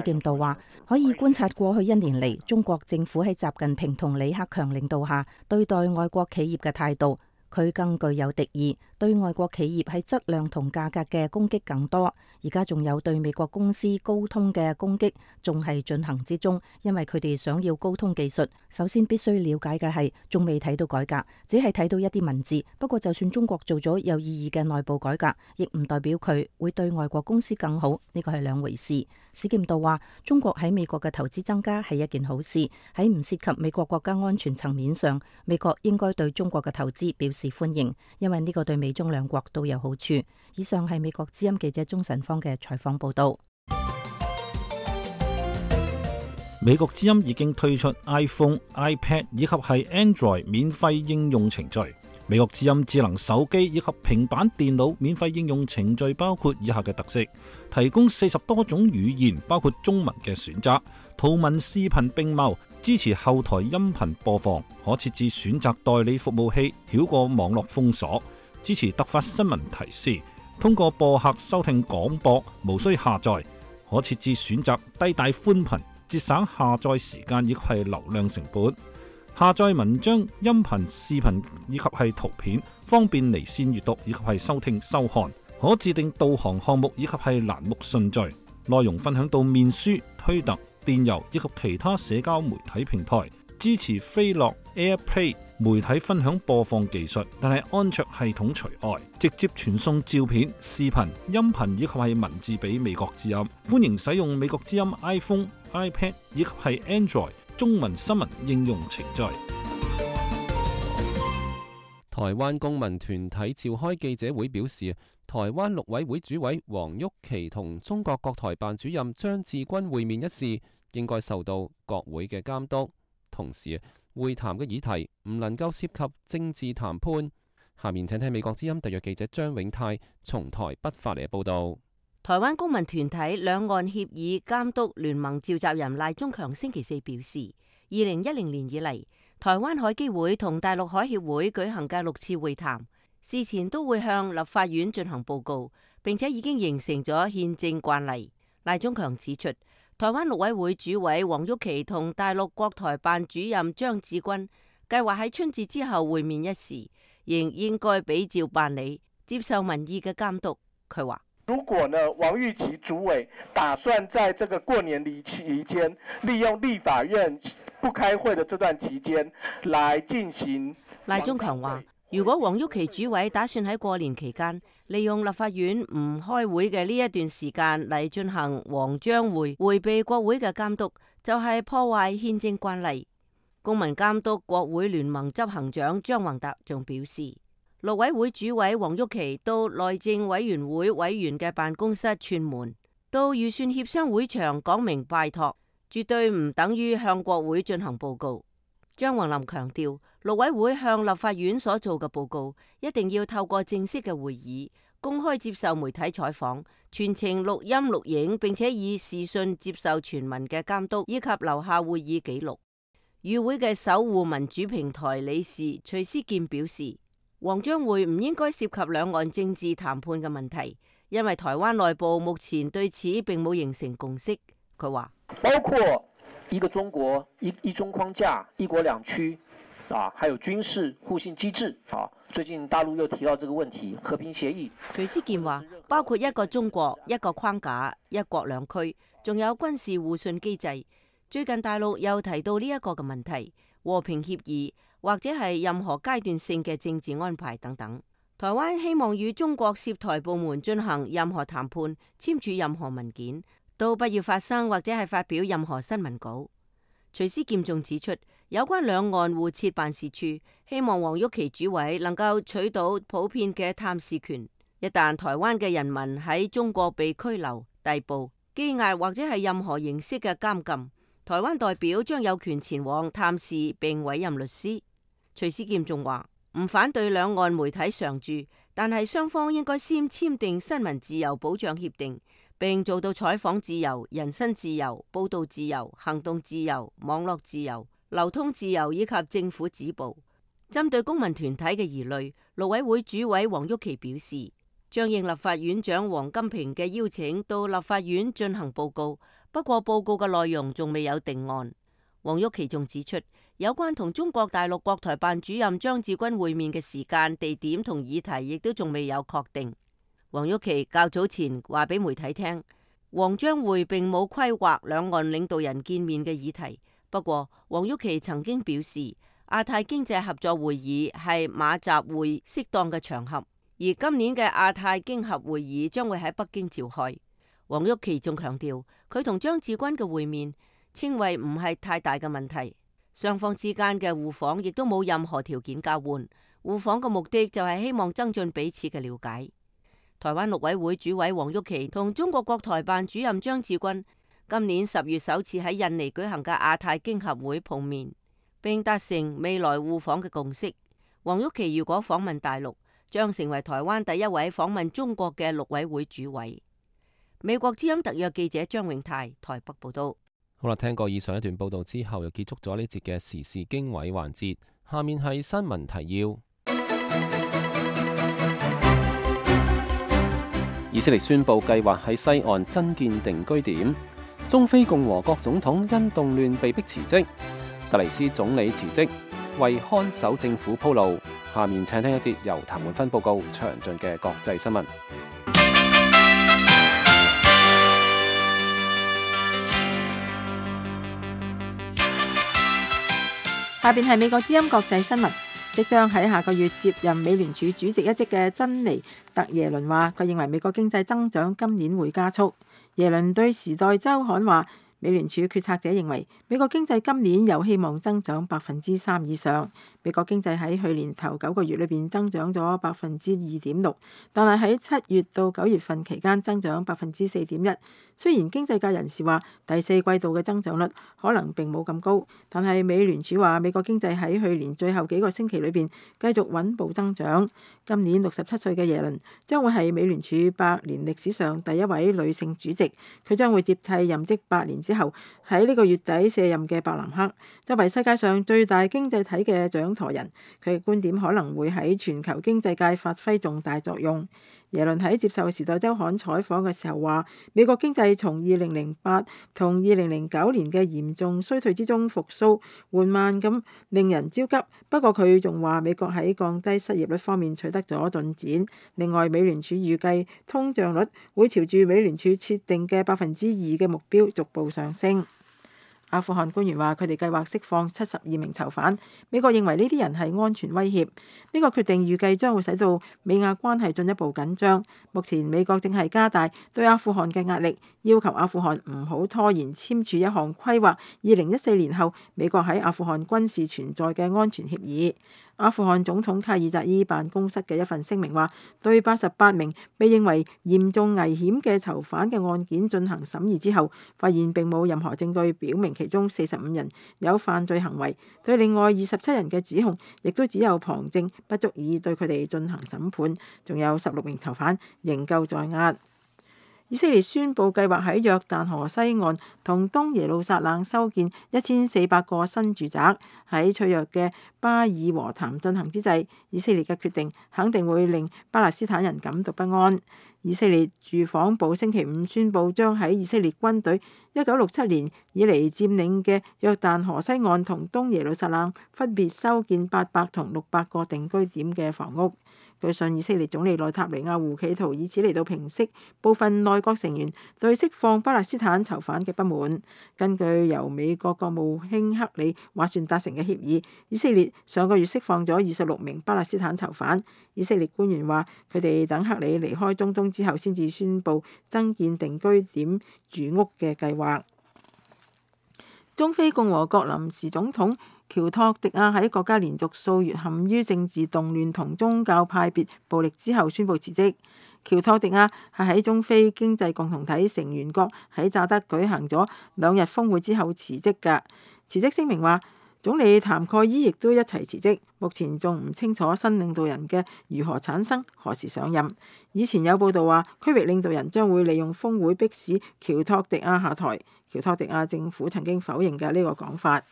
劍道話可以觀察過去一年嚟中國政府喺習近平同李克強領導下對待外國企業嘅態度。佢更具有敵意，對外國企業喺質量同價格嘅攻擊更多。而家仲有對美國公司高通嘅攻擊，仲係進行之中。因為佢哋想要高通技術，首先必須了解嘅係，仲未睇到改革，只係睇到一啲文字。不過就算中國做咗有意義嘅內部改革，亦唔代表佢會對外國公司更好，呢個係兩回事。史劍道話：中國喺美國嘅投資增加係一件好事，喺唔涉及美國國家安全層面上，美國應該對中國嘅投資表示歡迎，因為呢個對美中兩國都有好處。以上係美國之音記者鍾晨芳嘅採訪報道。美國之音已經推出 iPhone、iPad 以及係 Android 免費應用程序。美國之音智能手機以及平板電腦免費應用程序包括以下嘅特色：提供四十多種語言，包括中文嘅選擇；圖文視頻並茂，支持後台音頻播放；可設置選擇代理服務器，繞過網絡封鎖；支持突發新聞提示；通過播客收聽廣播，無需下載；可設置選擇低帶寬頻，節省下載時間亦係流量成本。下載文章、音頻、視頻以及係圖片，方便離線閱讀以及係收聽收看。可制定導航項目以及係欄目順序。內容分享到面書、推特、電郵以及其他社交媒體平台。支持飛落 AirPlay 媒體分享播放技術，但係安卓系統除外。直接傳送照片、視頻、音頻以及係文字俾美國之音。歡迎使用美國之音 iPhone、iPad 以及係 Android。中文新聞應用程序。台灣公民團體召開記者會表示，台灣陸委會主委王郁琦同中國國台辦主任張志軍會面一事，應該受到國會嘅監督。同時，會談嘅議題唔能夠涉及政治談判。下面請聽美國之音特約記者張永泰從台北發嚟嘅報導。台灣公民團體兩岸協議監督聯盟召集人賴中強星期四表示，二零一零年以嚟，台灣海基會同大陸海協會舉行嘅六次會談，事前都會向立法院進行報告，並且已經形成咗憲政慣例。賴中強指出，台灣陸委會主委王郁琦同大陸國台辦主任張志軍計劃喺春節之後會面一事，仍應該比照辦理，接受民意嘅監督。佢話。如果呢，王郁琦主委打算在這個過年期間利用立法院不開會的這段期間來進行，賴中強話，如果王郁琦主委打算喺過年期間利用立法院唔開會嘅呢一段時間嚟進行王張會，回避國會嘅監督，就係、是、破壞憲政慣例。公民監督國會聯盟執行長張宏達仲表示。六委會主委王毓祺到內政委員會委員嘅辦公室串門，到預算協商會場講明拜託，絕對唔等於向國會進行報告。張宏林強調，六委會向立法院所做嘅報告一定要透過正式嘅會議，公開接受媒體採訪，全程錄音錄影，並且以視訊接受全民嘅監督，以及留下會議記錄。與會嘅守護民主平台理事徐思健表示。黃章會唔應該涉及兩岸政治談判嘅問題，因為台灣內部目前對此並冇形成共識。佢話包括一個中國、一一中框架、一國兩區，啊，還有軍事互信機制。啊，最近大陸又提到這個問題，和平協議。徐思健話：包括一個中國、一個框架、一國兩區，仲有軍事互信機制。最近大陸又提到呢一個嘅問題，和平協議。或者係任何階段性嘅政治安排等等，台灣希望與中國涉台部門進行任何談判、簽署任何文件，都不要發生或者係發表任何新聞稿。徐思劍仲指出，有關兩岸互設辦事處，希望王郁琦主委能夠取到普遍嘅探視權。一旦台灣嘅人民喺中國被拘留、逮捕、羈押或者係任何形式嘅監禁，台灣代表將有權前往探視並委任律師。徐思劍仲話唔反對兩岸媒體常駐，但係雙方應該先簽訂新聞自由保障協定，並做到採訪自由、人身自由、報道自由、行動自由、網絡自由、流通自由以及政府止步。針對公民團體嘅疑慮，陸委會主委王郁琦表示，將應立法院長王金平嘅邀請到立法院進行報告，不過報告嘅內容仲未有定案。王郁琦仲指出。有關同中國大陸國台辦主任張志軍會面嘅時間、地點同議題，亦都仲未有確定。王郁琦較早前話俾媒體聽，王張會並冇規劃兩岸領導人見面嘅議題。不過，王郁琦曾經表示，亞太經濟合作會議係馬習會適當嘅場合，而今年嘅亞太經合會議將會喺北京召開。王郁琦仲強調，佢同張志軍嘅會面，稱謂唔係太大嘅問題。雙方之間嘅互訪亦都冇任何條件，交換，互訪嘅目的就係希望增進彼此嘅了解。台灣陸委會主委王郁琦同中國國台辦主任張志軍今年十月首次喺印尼舉行嘅亞太經合會碰面，並達成未來互訪嘅共識。王郁琦如果訪問大陸，將成為台灣第一位訪問中國嘅陸委會主委。美國之音特約記者張永泰台北報道。好啦，聽過以上一段報道之後，又結束咗呢節嘅時事經緯環節。下面係新聞提要：以色列宣布計劃喺西岸增建定居點；中非共和國總統因動亂被迫辭職；突尼斯總理辭職，為看守政府鋪路。下面請聽一節由譚滿芬報告詳盡嘅國際新聞。下邊係美國《之音國際新聞》。即將喺下個月接任美聯儲主席一職嘅珍妮特耶倫話，佢認為美國經濟增長今年會加速。耶倫對《時代周刊》話，美聯儲決策者認為美國經濟今年有希望增長百分之三以上。美國經濟喺去年頭九個月裏邊增長咗百分之二點六，但係喺七月到九月份期間增長百分之四點一。雖然經濟界人士話第四季度嘅增長率可能並冇咁高，但係美聯儲話美國經濟喺去年最後幾個星期裏邊繼續穩步增長。今年六十七歲嘅耶倫將會係美聯儲百年歷史上第一位女性主席，佢將會接替任職八年之後喺呢個月底卸任嘅伯南克。作為世界上最大經濟體嘅長，台人佢嘅觀點可能會喺全球經濟界發揮重大作用。耶倫喺接受《時代週刊》採訪嘅時候話，美國經濟從二零零八同二零零九年嘅嚴重衰退之中復甦，緩慢咁令人焦急。不過佢仲話美國喺降低失業率方面取得咗進展。另外，美聯儲預計通脹率會朝住美聯儲設定嘅百分之二嘅目標逐步上升。阿富汗官員話：佢哋計劃釋放七十二名囚犯。美國認為呢啲人係安全威脅。呢個決定預計將會使到美亞關係進一步緊張。目前美國正係加大對阿富汗嘅壓力，要求阿富汗唔好拖延簽署一項規劃。二零一四年後，美國喺阿富汗軍事存在嘅安全協議。阿富汗總統卡爾扎伊辦公室嘅一份聲明話，對八十八名被認為嚴重危險嘅囚犯嘅案件進行審議之後，發現並冇任何證據表明其中四十五人有犯罪行為。對另外二十七人嘅指控，亦都只有旁證，不足以對佢哋進行審判。仲有十六名囚犯仍舊在押。以色列宣布計劃喺約旦河西岸同東耶路撒冷修建一千四百個新住宅，喺脆弱嘅巴以和談進行之際，以色列嘅決定肯定會令巴勒斯坦人感到不安。以色列住房部星期五宣布，將喺以色列軍隊一九六七年以嚟佔領嘅約旦河西岸同東耶路撒冷分別修建八百同六百個定居點嘅房屋。據信，以色列總理內塔尼亞胡企圖以此嚟到平息部分內國內閣成員對釋放巴勒斯坦囚犯嘅不滿。根據由美國國務卿克里斡旋達成嘅協議，以色列上個月釋放咗二十六名巴勒斯坦囚犯。以色列官員話，佢哋等克里離開中東之後，先至宣布增建定居點住屋嘅計劃。中非共和國臨時總統。喬托迪亞喺國家連續數月陷於政治動亂同宗教派別暴力之後，宣布辭職。喬托迪亞係喺中非經濟共同體成員國喺乍得舉行咗兩日峰會之後辭職嘅。辭職聲明話，總理譚蓋伊亦都一齊辭職。目前仲唔清楚新領導人嘅如何產生，何時上任。以前有報道話區域領導人將會利用峰會迫使喬托迪亞下台。喬托迪亞政府曾經否認嘅呢個講法。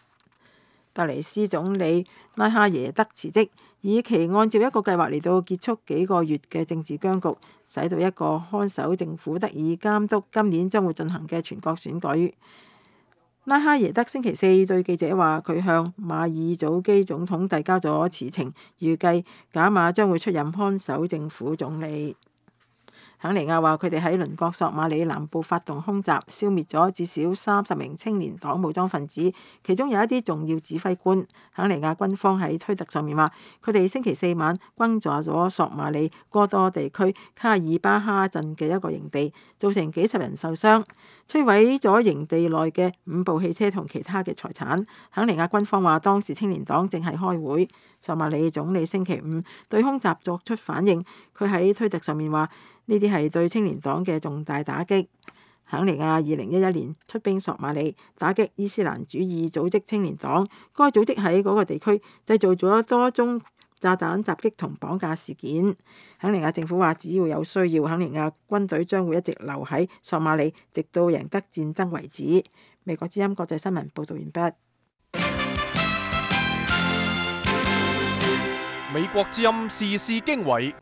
突尼斯總理拉哈耶德辭職，以期按照一個計劃嚟到結束幾個月嘅政治僵局，使到一個看守政府得以監督今年將會進行嘅全國選舉。拉哈耶德星期四對記者話：佢向馬爾祖基總統遞交咗辭呈，預計賈馬將會出任看守政府總理。肯尼亞話佢哋喺鄰國索馬里南部發動空襲，消滅咗至少三十名青年黨武裝分子，其中有一啲重要指揮官。肯尼亞軍方喺推特上面話，佢哋星期四晚轟炸咗索馬里戈多地區卡爾巴哈鎮嘅一個營地，造成幾十人受傷，摧毀咗營地內嘅五部汽車同其他嘅財產。肯尼亞軍方話當時青年黨正係開會。索馬里總理星期五對空襲作出反應，佢喺推特上面話。呢啲係對青年黨嘅重大打擊。肯尼亞二零一一年出兵索馬里，打擊伊斯蘭主義組織青年黨。該組織喺嗰個地區製造咗多宗炸彈襲擊同綁架事件。肯尼亞政府話，只要有需要，肯尼亞軍隊將會一直留喺索馬里，直到贏得戰爭為止。美國之音國際新聞報導完畢。美國之音時事經緯。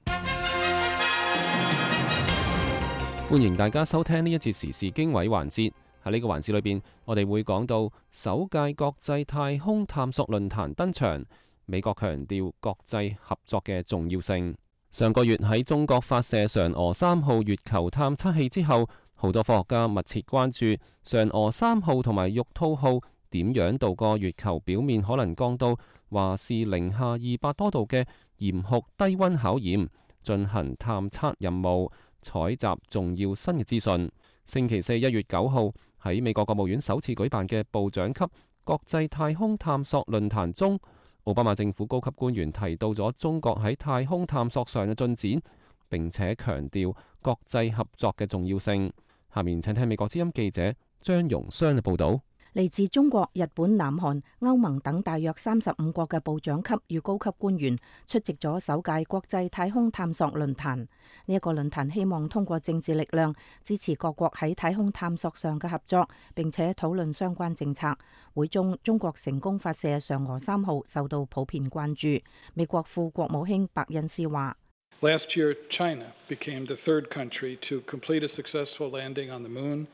歡迎大家收聽呢一節時事經緯環節。喺呢個環節裏邊，我哋會講到首屆國際太空探索論壇登場，美國強調國際合作嘅重要性。上個月喺中國發射嫦娥三號月球探測器之後，好多科學家密切關注嫦娥三號同埋玉兔號點樣度過月球表面可能降到華氏零下二百多度嘅嚴酷低温考驗，進行探測任務。採集重要新嘅資訊。星期四一月九號喺美國國務院首次舉辦嘅部長級國際太空探索論壇中，奧巴馬政府高級官員提到咗中國喺太空探索上嘅進展，並且強調國際合作嘅重要性。下面請聽美國之音記者張榮湘嘅報道。嚟自中國、日本、南韓、歐盟等大約三十五國嘅部長級與高級官員出席咗首屆國際太空探索論壇。呢一個論壇希望通過政治力量支持各國喺太空探索上嘅合作，並且討論相關政策。會中中國成功發射嫦娥三號受到普遍關注。美國副國務卿白恩斯話：Last year，China became the third country to complete a successful landing on the moon。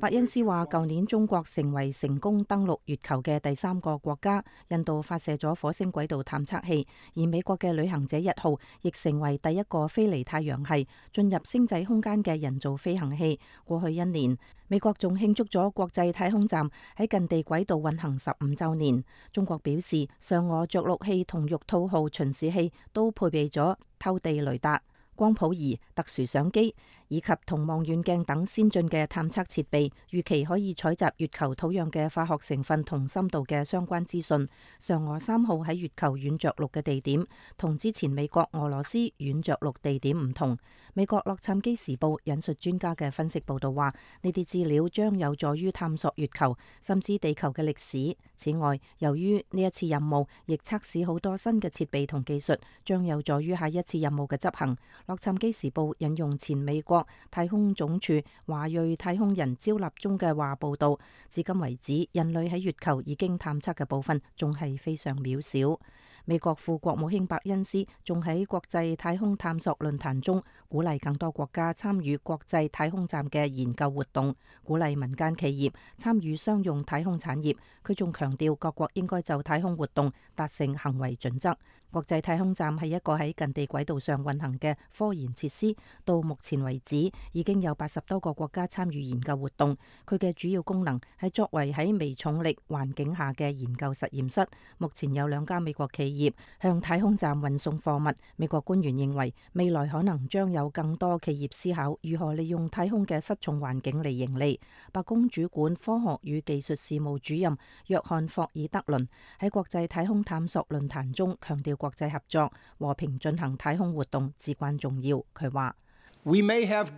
白恩斯話，舊年中國成為成功登陸月球嘅第三個國家，印度發射咗火星軌道探測器，而美國嘅旅行者一號亦成為第一個飛離太陽系、進入星際空間嘅人造飛行器。過去一年，美國仲慶祝咗國際太空站喺近地軌道運行十五週年。中國表示，嫦娥着陸器同玉兔號巡視器都配備咗透地雷達。光譜儀、特殊相機以及同望遠鏡等先進嘅探測設備，預期可以採集月球土壤嘅化學成分同深度嘅相關資訊。嫦娥三號喺月球軟着陸嘅地點同之前美國、俄羅斯軟着陸地點唔同。美國《洛杉磯時報》引述專家嘅分析報道話，呢啲資料將有助於探索月球甚至地球嘅歷史。此外，由於呢一次任務亦測試好多新嘅設備同技術，將有助於下一次任務嘅執行。《洛杉磯時報》引用前美國。太空總署華裔太空人焦立中嘅話報道，至今為止，人類喺月球已經探測嘅部分，仲係非常渺小。美國副國務卿伯恩斯仲喺國際太空探索論壇中鼓勵更多國家參與國際太空站嘅研究活動，鼓勵民間企業參與商用太空產業。佢仲強調各國應該就太空活動達成行為準則。國際太空站係一個喺近地軌道上運行嘅科研設施，到目前為止已經有八十多個國家參與研究活動。佢嘅主要功能係作為喺微重力環境下嘅研究實驗室。目前有兩家美國企業。業向太空站運送貨物。美國官員認為，未來可能將有更多企業思考如何利用太空嘅失重環境嚟盈利。白宮主管科學與技術事務主任約翰·霍爾德倫喺國際太空探索論壇中強調，國際合作和平進行太空活動至關重要。佢話：We may have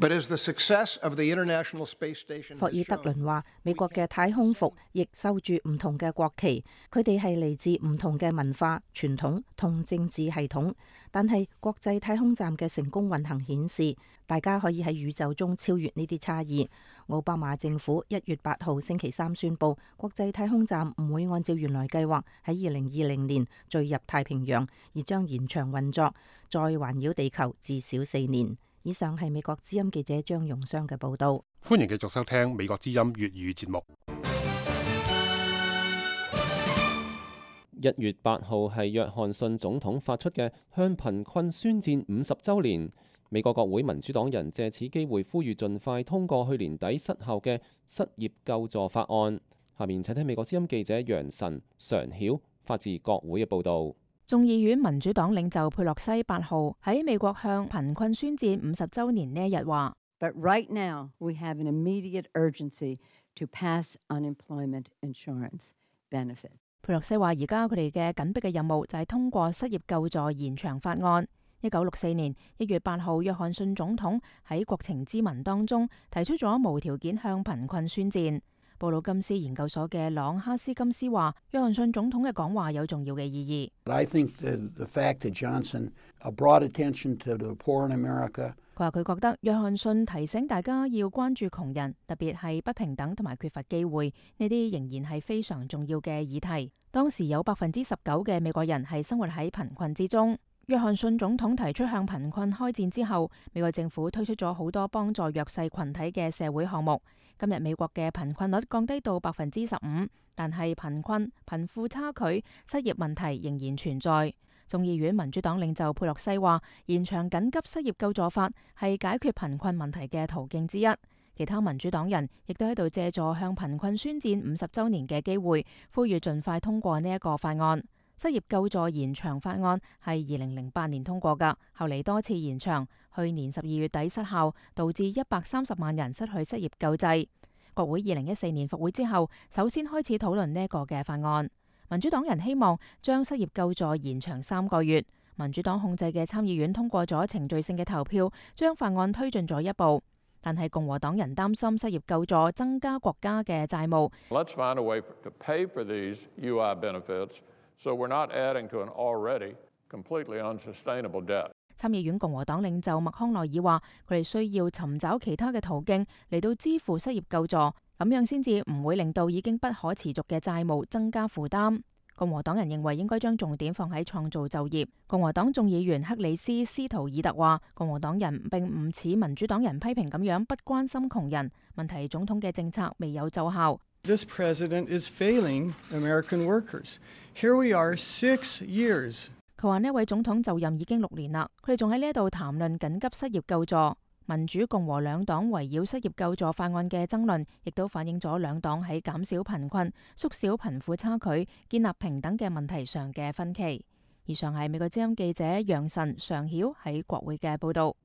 霍爾德倫話：美國嘅太空服亦收住唔同嘅國旗，佢哋係嚟自唔同嘅文化、傳統同政治系統。但係國際太空站嘅成功運行顯示，大家可以喺宇宙中超越呢啲差異。奧巴馬政府一月八號星期三宣布，國際太空站唔會按照原來計劃喺二零二零年墜入太平洋，而將延長運作，再環繞地球至少四年。以上係美國之音記者張蓉湘嘅報道。歡迎繼續收聽美國之音粵語節目。一月八號係約翰遜總統發出嘅向貧困宣戰五十週年。美國國會民主黨人借此機會呼籲盡快通過去年底失效嘅失業救助法案。下面請聽美國之音記者楊晨常曉發自國會嘅報道。眾議院民主黨領袖佩洛西八號喺美國向貧困宣戰五十周年呢一日話，But，right now，we have an immediate urgency to pass unemployment insurance benefit。佩洛西話，而家佢哋嘅緊迫嘅任務就係通過失業救助延長法案。一九六四年一月八號，約翰遜總統喺國情諮文當中提出咗無條件向貧困宣戰。布魯金斯研究所嘅朗哈斯金斯話，約翰遜總統嘅講話有重要嘅意義。佢話佢覺得約翰遜提醒大家要關注窮人，特別係不平等同埋缺乏機會，呢啲仍然係非常重要嘅議題。當時有百分之十九嘅美國人係生活喺貧困之中。約翰遜總統提出向貧困開戰之後，美國政府推出咗好多幫助弱勢群體嘅社會項目。今日美國嘅貧困率降低到百分之十五，但係貧困、貧富差距、失業問題仍然存在。眾議院民主黨領袖佩洛西話，延長緊急失業救助法係解決貧困問題嘅途徑之一。其他民主黨人亦都喺度借助向貧困宣戰五十周年嘅機會，呼籲盡快通過呢一個法案。失業救助延長法案係二零零八年通過噶，後嚟多次延長。去年十二月底失效，導致一百三十萬人失去失業救濟。國會二零一四年復會之後，首先開始討論呢個嘅法案。民主黨人希望將失業救助延長三個月。民主黨控制嘅參議院通過咗程序性嘅投票，將法案推進咗一步。但係共和黨人擔心失業救助增加國家嘅債務。Let's find a way to pay for these UI benefits, so we're not adding to an already completely unsustainable debt. 參議院共和黨領袖麥康奈爾話：佢哋需要尋找其他嘅途徑嚟到支付失業救助，咁樣先至唔會令到已經不可持續嘅債務增加負擔。共和黨人認為應該將重點放喺創造就業。共和黨眾議員克里斯·斯圖爾特話：共和黨人並唔似民主黨人批評咁樣不關心窮人。問題總統嘅政策未有奏效。This 佢話呢位總統就任已經六年啦，佢哋仲喺呢一度談論緊急失業救助。民主共和兩黨圍繞失業救助法案嘅爭論，亦都反映咗兩黨喺減少貧困、縮小貧富差距、建立平等嘅問題上嘅分歧。以上係美國之音記者楊晨常曉喺國會嘅報道。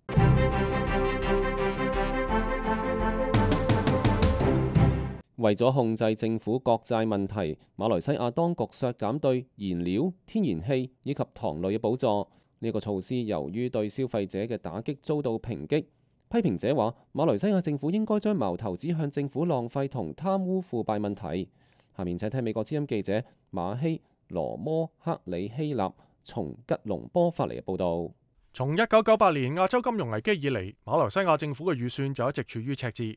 為咗控制政府國債問題，馬來西亞當局削減對燃料、天然氣以及糖類嘅補助。呢個措施由於對消費者嘅打擊遭到抨擊。批評者話，馬來西亞政府應該將矛頭指向政府浪費同貪污腐敗問題。下面請聽美國之音記者馬希羅摩克里希納從吉隆坡發嚟嘅報道。從一九九八年亞洲金融危機以嚟，馬來西亞政府嘅預算就一直處於赤字。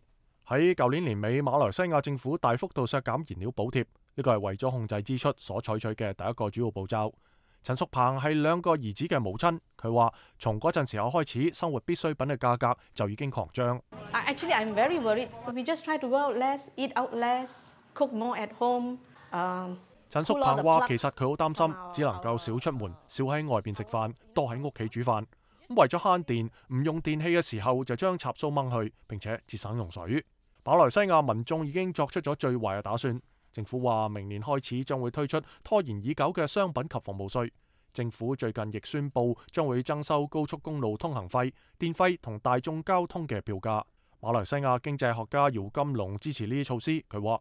喺舊年年尾，馬來西亞政府大幅度削減燃料補貼，呢個係為咗控制支出所採取嘅第一個主要步驟。陳淑鵬係兩個兒子嘅母親，佢話從嗰陣時候開始，生活必需品嘅價格就已經狂漲。Actually, I'm very worried. We just try to go out less, eat out less, cook more at home. 陳淑鵬話：其實佢好擔心，只能夠少出門、少喺外邊食飯、多喺屋企煮飯。咁為咗慳電，唔用電器嘅時候就將插蘇掹去，並且節省用水。馬來西亞民眾已經作出咗最壞嘅打算。政府話明年開始將會推出拖延已久嘅商品及服務稅。政府最近亦宣布將會徵收高速公路通行費、電費同大眾交通嘅票價。馬來西亞經濟學家姚金龍支持呢啲措施，佢話：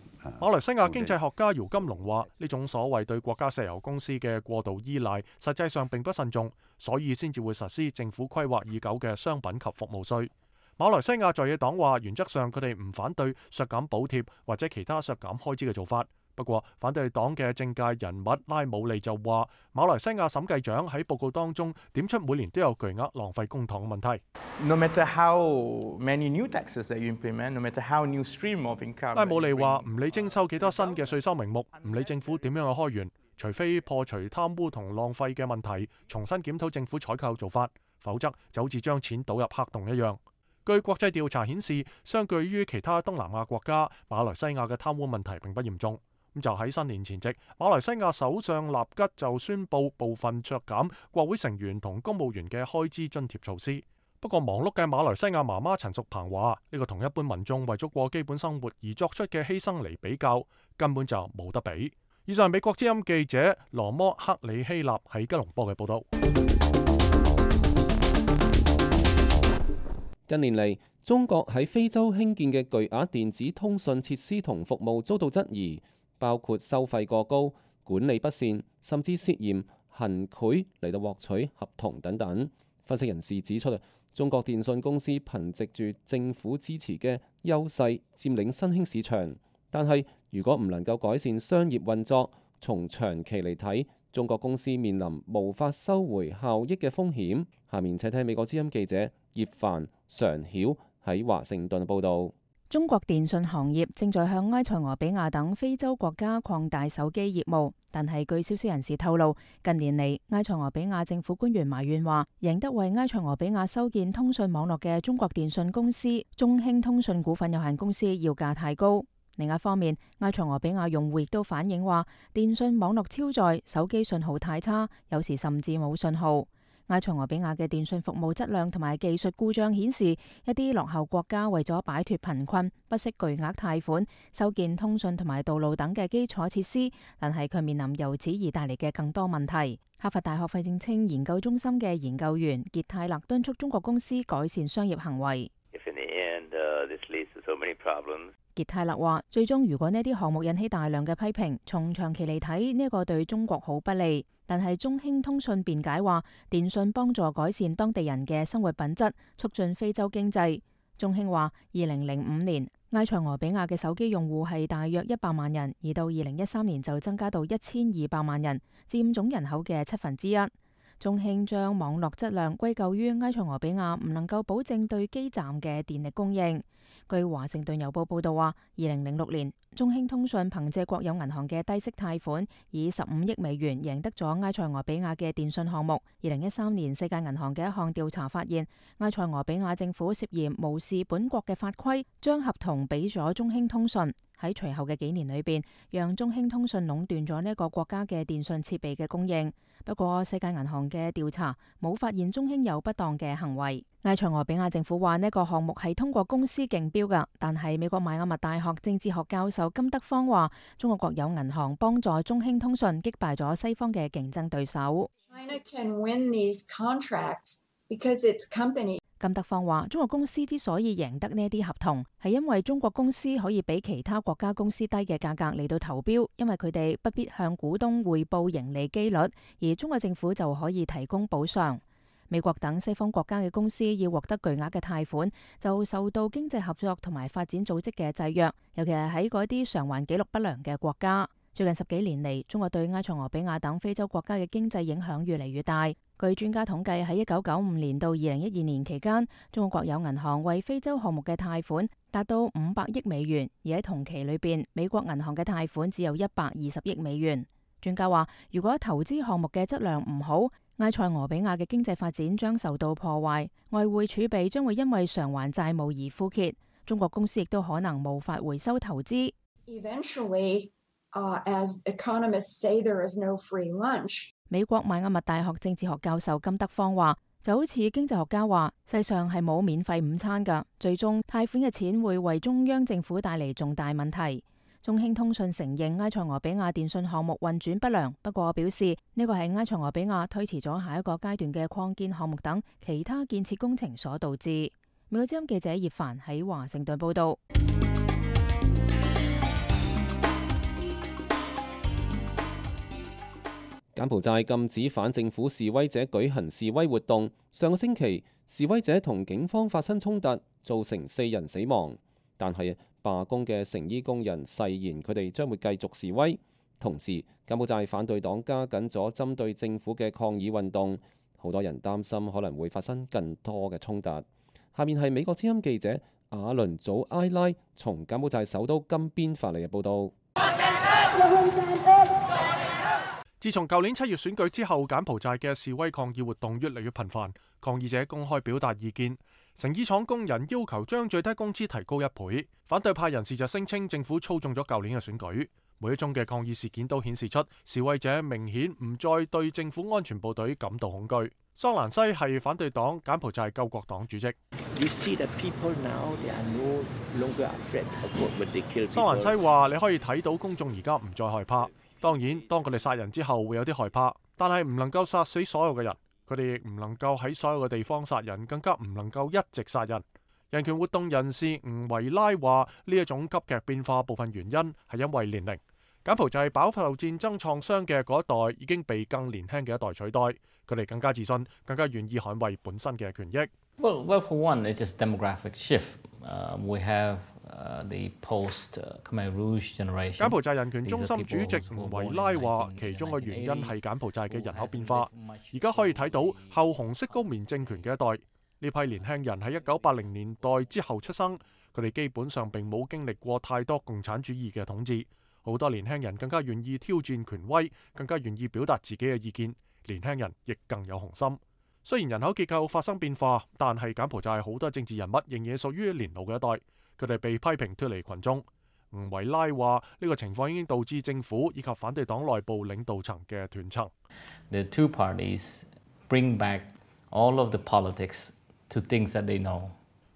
馬來西亞經濟學家姚金龍話：呢種所謂對國家石油公司嘅過度依賴，實際上並不慎重，所以先至會實施政府規劃已久嘅商品及服務稅。馬來西亞在野黨話：原則上佢哋唔反對削減補貼或者其他削減開支嘅做法。不過反對黨嘅政界人物拉姆利就話，馬來西亞審計長喺報告當中點出每年都有巨額浪費公帑嘅問題。No matter how many new taxes that you implement, no matter how new stream of income，拉姆利話，唔理徵收幾多新嘅稅收名目，唔理政府點樣去開源，除非破除貪污同浪費嘅問題，重新檢討政府採購做法，否則就好似將錢倒入黑洞一樣。據國際調查顯示，相對於其他東南亞國家，馬來西亞嘅貪污問題並不嚴重。咁就喺新年前夕，馬來西亞首相納吉就宣布部分削減國會成員同公務員嘅開支津貼措施。不過忙碌嘅馬來西亞媽媽陳淑鵬話：呢個同一般民眾為咗過基本生活而作出嘅犧牲嚟比較，根本就冇得比。以上係美國之音記者羅摩克里希納喺吉隆坡嘅報道。近年嚟，中國喺非洲興建嘅巨額電子通訊設施同服務遭到質疑。包括收費過高、管理不善，甚至涉嫌行賄嚟到獲取合同等等。分析人士指出，中國電信公司憑藉住政府支持嘅優勢，佔領新興市場。但係如果唔能夠改善商業運作，從長期嚟睇，中國公司面臨無法收回效益嘅風險。下面請睇美國之音記者葉帆、常曉喺華盛頓報導。中國電信行業正在向埃塞俄比亞等非洲國家擴大手機業務，但係據消息人士透露，近年嚟埃塞俄比亞政府官員埋怨話，贏得為埃塞俄比亞修建通訊網絡嘅中國電信公司中興通訊股份有限公司要價太高。另一方面，埃塞俄比亞用戶亦都反映話，電信網絡超載，手機信號太差，有時甚至冇信號。埃塞俄比亞嘅電信服務質量同埋技術故障顯示，一啲落後國家為咗擺脫貧困，不惜巨額貸款修建通訊同埋道路等嘅基礎設施，但係佢面臨由此而帶嚟嘅更多問題。哈佛大學費正清研究中心嘅研究員傑泰勒敦促中國公司改善商業行為。傑、uh, so、泰勒話，最終如果呢啲項目引起大量嘅批評，從長期嚟睇，呢、這、一個對中國好不利。但係，中興通訊辯解話，電信幫助改善當地人嘅生活品質，促進非洲經濟。中興話，二零零五年埃塞俄比亞嘅手機用戶係大約一百萬人，而到二零一三年就增加到一千二百萬人，佔總人口嘅七分之一。中興將網絡質量歸咎於埃塞俄比亞唔能夠保證對基站嘅電力供應。據華盛頓郵報報道話，二零零六年，中興通訊憑借國有銀行嘅低息貸款，以十五億美元贏得咗埃塞俄比亞嘅電信項目。二零一三年，世界銀行嘅一項調查發現，埃塞俄比亞政府涉嫌無視本國嘅法規，將合同俾咗中興通訊。喺隨後嘅幾年裏邊，讓中興通訊壟斷咗呢一個國家嘅電信設備嘅供應。不過，世界銀行嘅調查冇發現中興有不當嘅行為。埃塞俄比亞政府話呢一個項目係通過公司競標㗎，但係美國邁阿密大學政治學教授金德芳話，中國國有銀行幫助中興通訊擊敗咗西方嘅競爭對手。金德方話：中國公司之所以贏得呢啲合同，係因為中國公司可以比其他國家公司低嘅價格嚟到投標，因為佢哋不必向股東匯報盈利機率，而中國政府就可以提供補償。美國等西方國家嘅公司要獲得巨額嘅貸款，就受到經濟合作同埋發展組織嘅制約，尤其係喺嗰啲償還記錄不良嘅國家。最近十幾年嚟，中國對埃塞俄比亞等非洲國家嘅經濟影響越嚟越大。據專家統計，喺一九九五年到二零一二年期間，中國國有銀行為非洲項目嘅貸款達到五百億美元，而喺同期裏邊，美國銀行嘅貸款只有一百二十億美元。專家話，如果投資項目嘅質量唔好，埃塞俄比亞嘅經濟發展將受到破壞，外匯儲備將會因為償還債務而枯竭，中國公司亦都可能無法回收投資。 美國邁阿密大學政治學教授金德芳話：就好似經濟學家話，世上係冇免費午餐噶。最終，貸款嘅錢會為中央政府帶嚟重大問題。中興通訊承認埃塞俄比亞電信項目運轉不良，不過表示呢個係埃塞俄比亞推遲咗下一個階段嘅擴建項目等其他建設工程所導致。美國之音記者葉帆喺華盛頓報道。柬埔寨禁止反政府示威者舉行示威活動。上個星期，示威者同警方發生衝突，造成四人死亡。但係罷工嘅成衣工人誓言佢哋將會繼續示威。同時，柬埔寨反對黨加緊咗針對政府嘅抗議運動。好多人擔心可能會發生更多嘅衝突。下面係美國之音記者亞倫祖埃拉從柬埔寨首都金邊發嚟嘅報道。自從舊年七月選舉之後，柬埔寨嘅示威抗議活動越嚟越頻繁，抗議者公開表達意見。成衣廠工人要求將最低工資提高一倍，反對派人士就聲稱政府操縱咗舊年嘅選舉。每一宗嘅抗議事件都顯示出示威者明顯唔再對政府安全部隊感到恐懼。桑蘭西係反對黨柬埔寨救國黨主席。Now, no、桑蘭西話，你可以睇到公眾而家唔再害怕。當然，當佢哋殺人之後會有啲害怕，但係唔能夠殺死所有嘅人，佢哋亦唔能夠喺所有嘅地方殺人，更加唔能夠一直殺人。人權活動人士吳維拉話：呢一種急劇變化部分原因係因為年齡，柬埔寨飽受戰爭創傷嘅嗰一代已經被更年輕嘅一代取代，佢哋更加自信，更加願意捍衞本身嘅權益。Well, well, for one, it's just demographic shift. Um, we have 柬埔寨人權中心主席吳維拉話，其中嘅原因係柬埔寨嘅人口變化。而家可以睇到後紅色高棉政權嘅一代呢批年輕人喺一九八零年代之後出生，佢哋基本上並冇經歷過太多共產主義嘅統治。好多年輕人更加願意挑戰權威，更加願意表達自己嘅意見。年輕人亦更有雄心。雖然人口結構發生變化，但係柬埔寨好多政治人物仍然屬於年老嘅一代。佢哋被批評脱離群眾。吳維拉話：呢個情況已經導致政府以及反對黨內部領導層嘅斷層。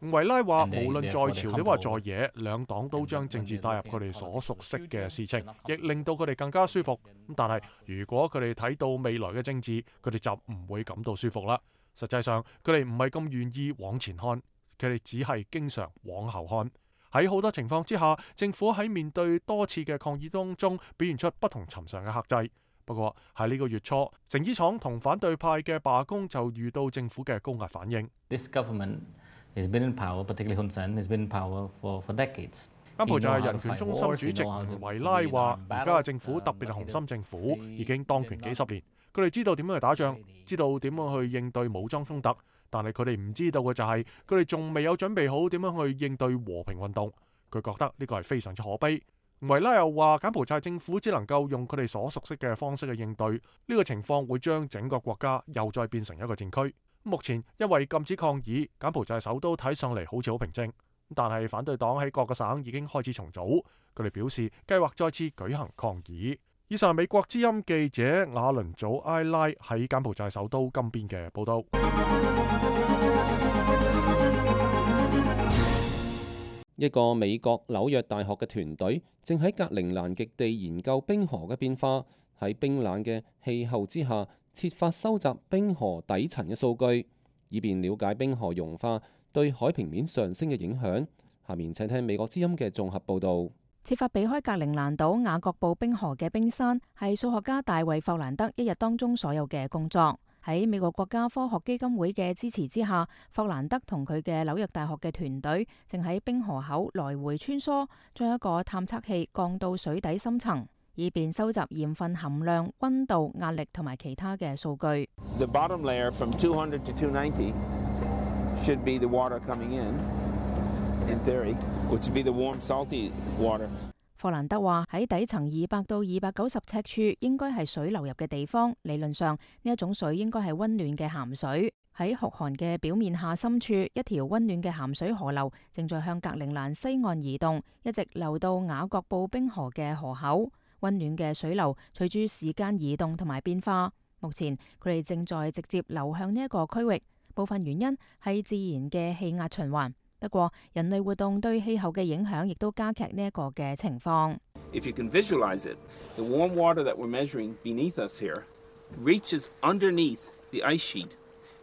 吳維拉話：無論在朝亦或在野，兩黨都將政治帶入佢哋所熟悉嘅事情，亦令到佢哋更加舒服。咁但係，如果佢哋睇到未來嘅政治，佢哋就唔會感到舒服啦。實際上，佢哋唔係咁願意往前看。佢哋只係經常往後看，喺好多情況之下，政府喺面對多次嘅抗議當中，表現出不同尋常嘅克制。不過喺呢個月初，成衣廠同反對派嘅罷工就遇到政府嘅高壓反應。t h 就係人權中心主席維拉話：而家嘅政府特別係紅心政府，已經當權幾十年，佢哋知道點樣去打仗，知道點樣去應對武裝衝突，但係佢哋唔知道嘅就係佢哋仲未有準備好點樣去應對和平運動。佢覺得呢個係非常之可悲。維拉又話柬埔寨政府只能夠用佢哋所熟悉嘅方式去應對呢個情況，會將整個國家又再變成一個戰區。目前因為禁止抗議，柬埔寨首都睇上嚟好似好平靜，但係反對黨喺各個省已經開始重組。佢哋表示計劃再次舉行抗議。以上係美國之音記者亞倫祖埃拉喺柬埔寨首都金邊嘅報道。一個美國紐約大學嘅團隊正喺格陵蘭極地研究冰河嘅變化，喺冰冷嘅氣候之下，設法收集冰河底層嘅數據，以便了解冰河融化對海平面上升嘅影響。下面請聽美國之音嘅綜合報道。設法避開格陵蘭島雅各布冰河嘅冰山，係數學家大衛霍蘭德一日當中所有嘅工作。喺美國國家科學基金會嘅支持之下，霍蘭德同佢嘅紐約大學嘅團隊正喺冰河口來回穿梭，將一個探測器降到水底深層，以便收集鹽分含量、温度、壓力同埋其他嘅數據。The 霍蘭德話：喺底層二百到二百九十尺處，應該係水流入嘅地方。理論上，呢一種水應該係温暖嘅鹹水。喺酷寒嘅表面下深處，一條温暖嘅鹹水河流正在向格陵蘭西岸移動，一直流到雅各布冰河嘅河口。温暖嘅水流隨住時間移動同埋變化。目前佢哋正在直接流向呢一個區域。部分原因係自然嘅氣壓循環。不過，人類活動對氣候嘅影響亦都加劇呢一個嘅情況。If you can visualize it, the warm water that we're measuring beneath us here reaches underneath the ice sheet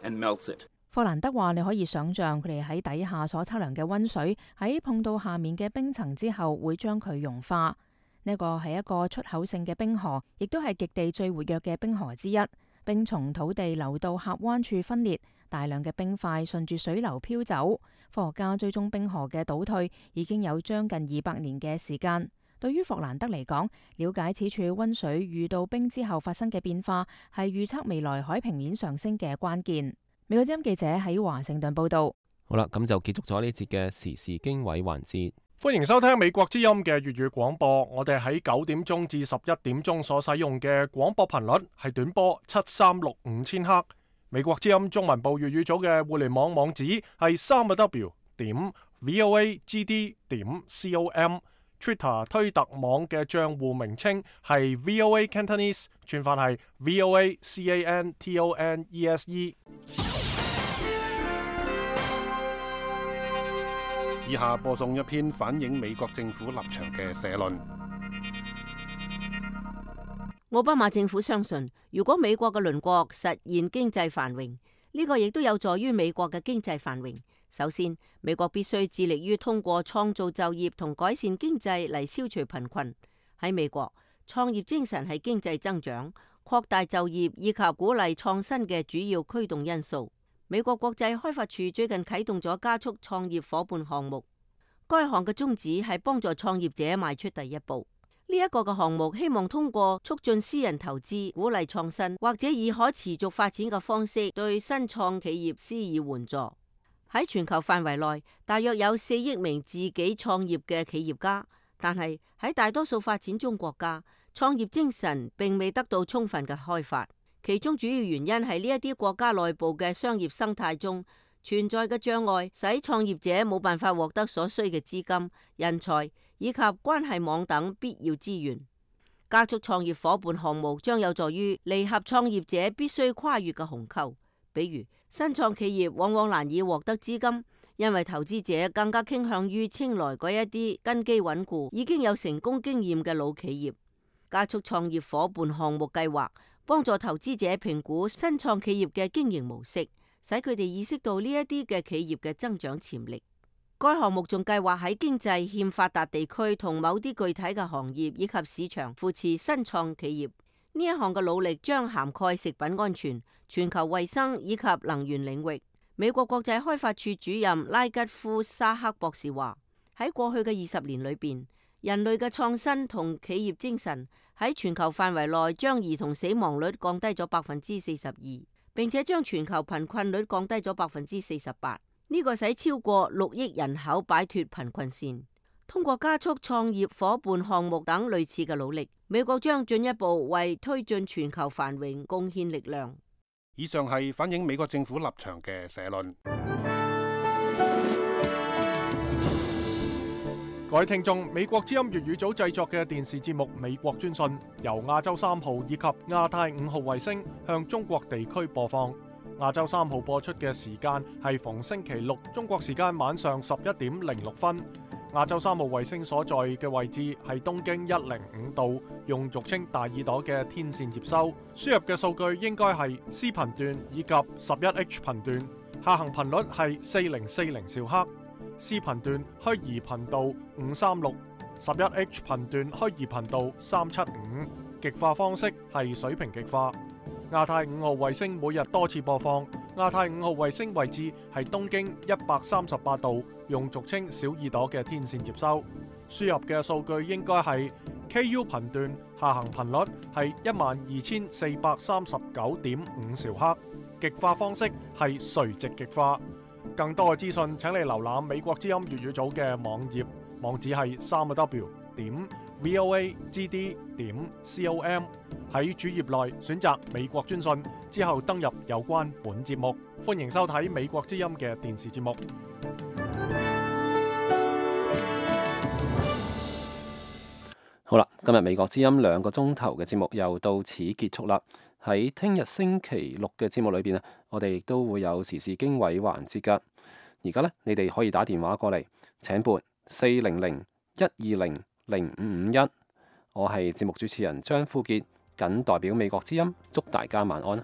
and melts it. 霍蘭德話，你可以想象佢哋喺底下所測量嘅溫水喺碰到下面嘅冰層之後，會將佢融化。呢個係一個出口性嘅冰河，亦都係極地最活躍嘅冰河之一，並從土地流到峽灣處分裂，大量嘅冰塊順住水流飄走。科學家追蹤冰河嘅倒退已經有將近二百年嘅時間。對於佛蘭德嚟講，了解此處溫水遇到冰之後發生嘅變化，係預測未來海平面上升嘅關鍵。美國之音記者喺華盛頓報道。好啦，咁就結束咗呢節嘅時事經緯環節。歡迎收聽美國之音嘅粵語廣播。我哋喺九點鐘至十一點鐘所使用嘅廣播頻率係短波七三六五千赫。美國之音中文部粵語組嘅互聯網網址係三個 W 點 VOAGD 點 COM，Twitter 推特網嘅賬戶名稱係 VOA Cantonese，串法係 VOACANTONESE。以下播送一篇反映美國政府立場嘅社論。奧巴馬政府相信，如果美國嘅鄰國實現經濟繁榮，呢個亦都有助於美國嘅經濟繁榮。首先，美國必須致力於通過創造就業同改善經濟嚟消除貧困。喺美國，創業精神係經濟增長、擴大就業以及鼓勵創新嘅主要驅動因素。美國國際開發署最近啟動咗加速創業夥伴項目，該項嘅宗旨係幫助創業者邁出第一步。呢一個嘅項目，希望通過促進私人投資、鼓勵創新或者以可持續發展嘅方式，對新創企業施以援助。喺全球範圍內，大約有四億名自己創業嘅企業家，但係喺大多數發展中國家，創業精神並未得到充分嘅開發。其中主要原因係呢一啲國家內部嘅商業生態中存在嘅障礙，使創業者冇辦法獲得所需嘅資金、人才。以及關係網等必要資源。加速創業夥伴項目將有助於彌合創業者必須跨越嘅鴻溝。比如，新創企業往往難以獲得資金，因為投資者更加傾向於青睞嗰一啲根基穩固、已經有成功經驗嘅老企業。加速創業夥伴項目計劃，幫助投資者評估新創企業嘅經營模式，使佢哋意識到呢一啲嘅企業嘅增長潛力。該項目仲計劃喺經濟欠發達地區同某啲具體嘅行業以及市場扶持新創企業。呢一項嘅努力將涵蓋食品安全、全球衛生以及能源領域。美國國際開發署主任拉吉夫·沙克博士話：喺過去嘅二十年裏邊，人類嘅創新同企業精神喺全球範圍內將兒童死亡率降低咗百分之四十二，並且將全球貧困率降低咗百分之四十八。呢個使超過六億人口擺脫貧困線，通過加速創業夥伴項目等類似嘅努力，美國將進一步為推進全球繁榮貢獻力量。以上係反映美國政府立場嘅社論。各位聽眾，美國之音粵語組製作嘅電視節目《美國專訊》，由亞洲三號以及亞太五號衛星向中國地區播放。亞洲三號播出嘅時間係逢星期六中國時間晚上十一點零六分。亞洲三號衛星所在嘅位置係東京一零五度，用俗稱大耳朵嘅天線接收。輸入嘅數據應該係 C 頻段以及十一 H 頻段，下行頻率係四零四零兆赫。C 頻段虛擬頻道五三六，十一 H 頻段虛擬頻道三七五。極化方式係水平極化。亞太五號衛星每日多次播放。亞太五號衛星位置係東經一百三十八度，用俗稱小耳朵嘅天線接收。輸入嘅數據應該係 KU 頻段，下行頻率係一萬二千四百三十九點五兆赫，極化方式係垂直極化。更多嘅資訊，請你瀏覽美國之音粵語組嘅網頁，網址係三個 W 點 VOAGD 點 COM。喺主頁內選擇美國專訊之後登入有關本節目。歡迎收睇美國之音嘅電視節目。好啦，今日美國之音兩個鐘頭嘅節目又到此結束啦。喺聽日星期六嘅節目裏邊啊，我哋亦都會有時事經緯環節噶。而家呢，你哋可以打電話過嚟，請撥四零零一二零零五五一。我係節目主持人張富杰。僅代表美國之音，祝大家晚安。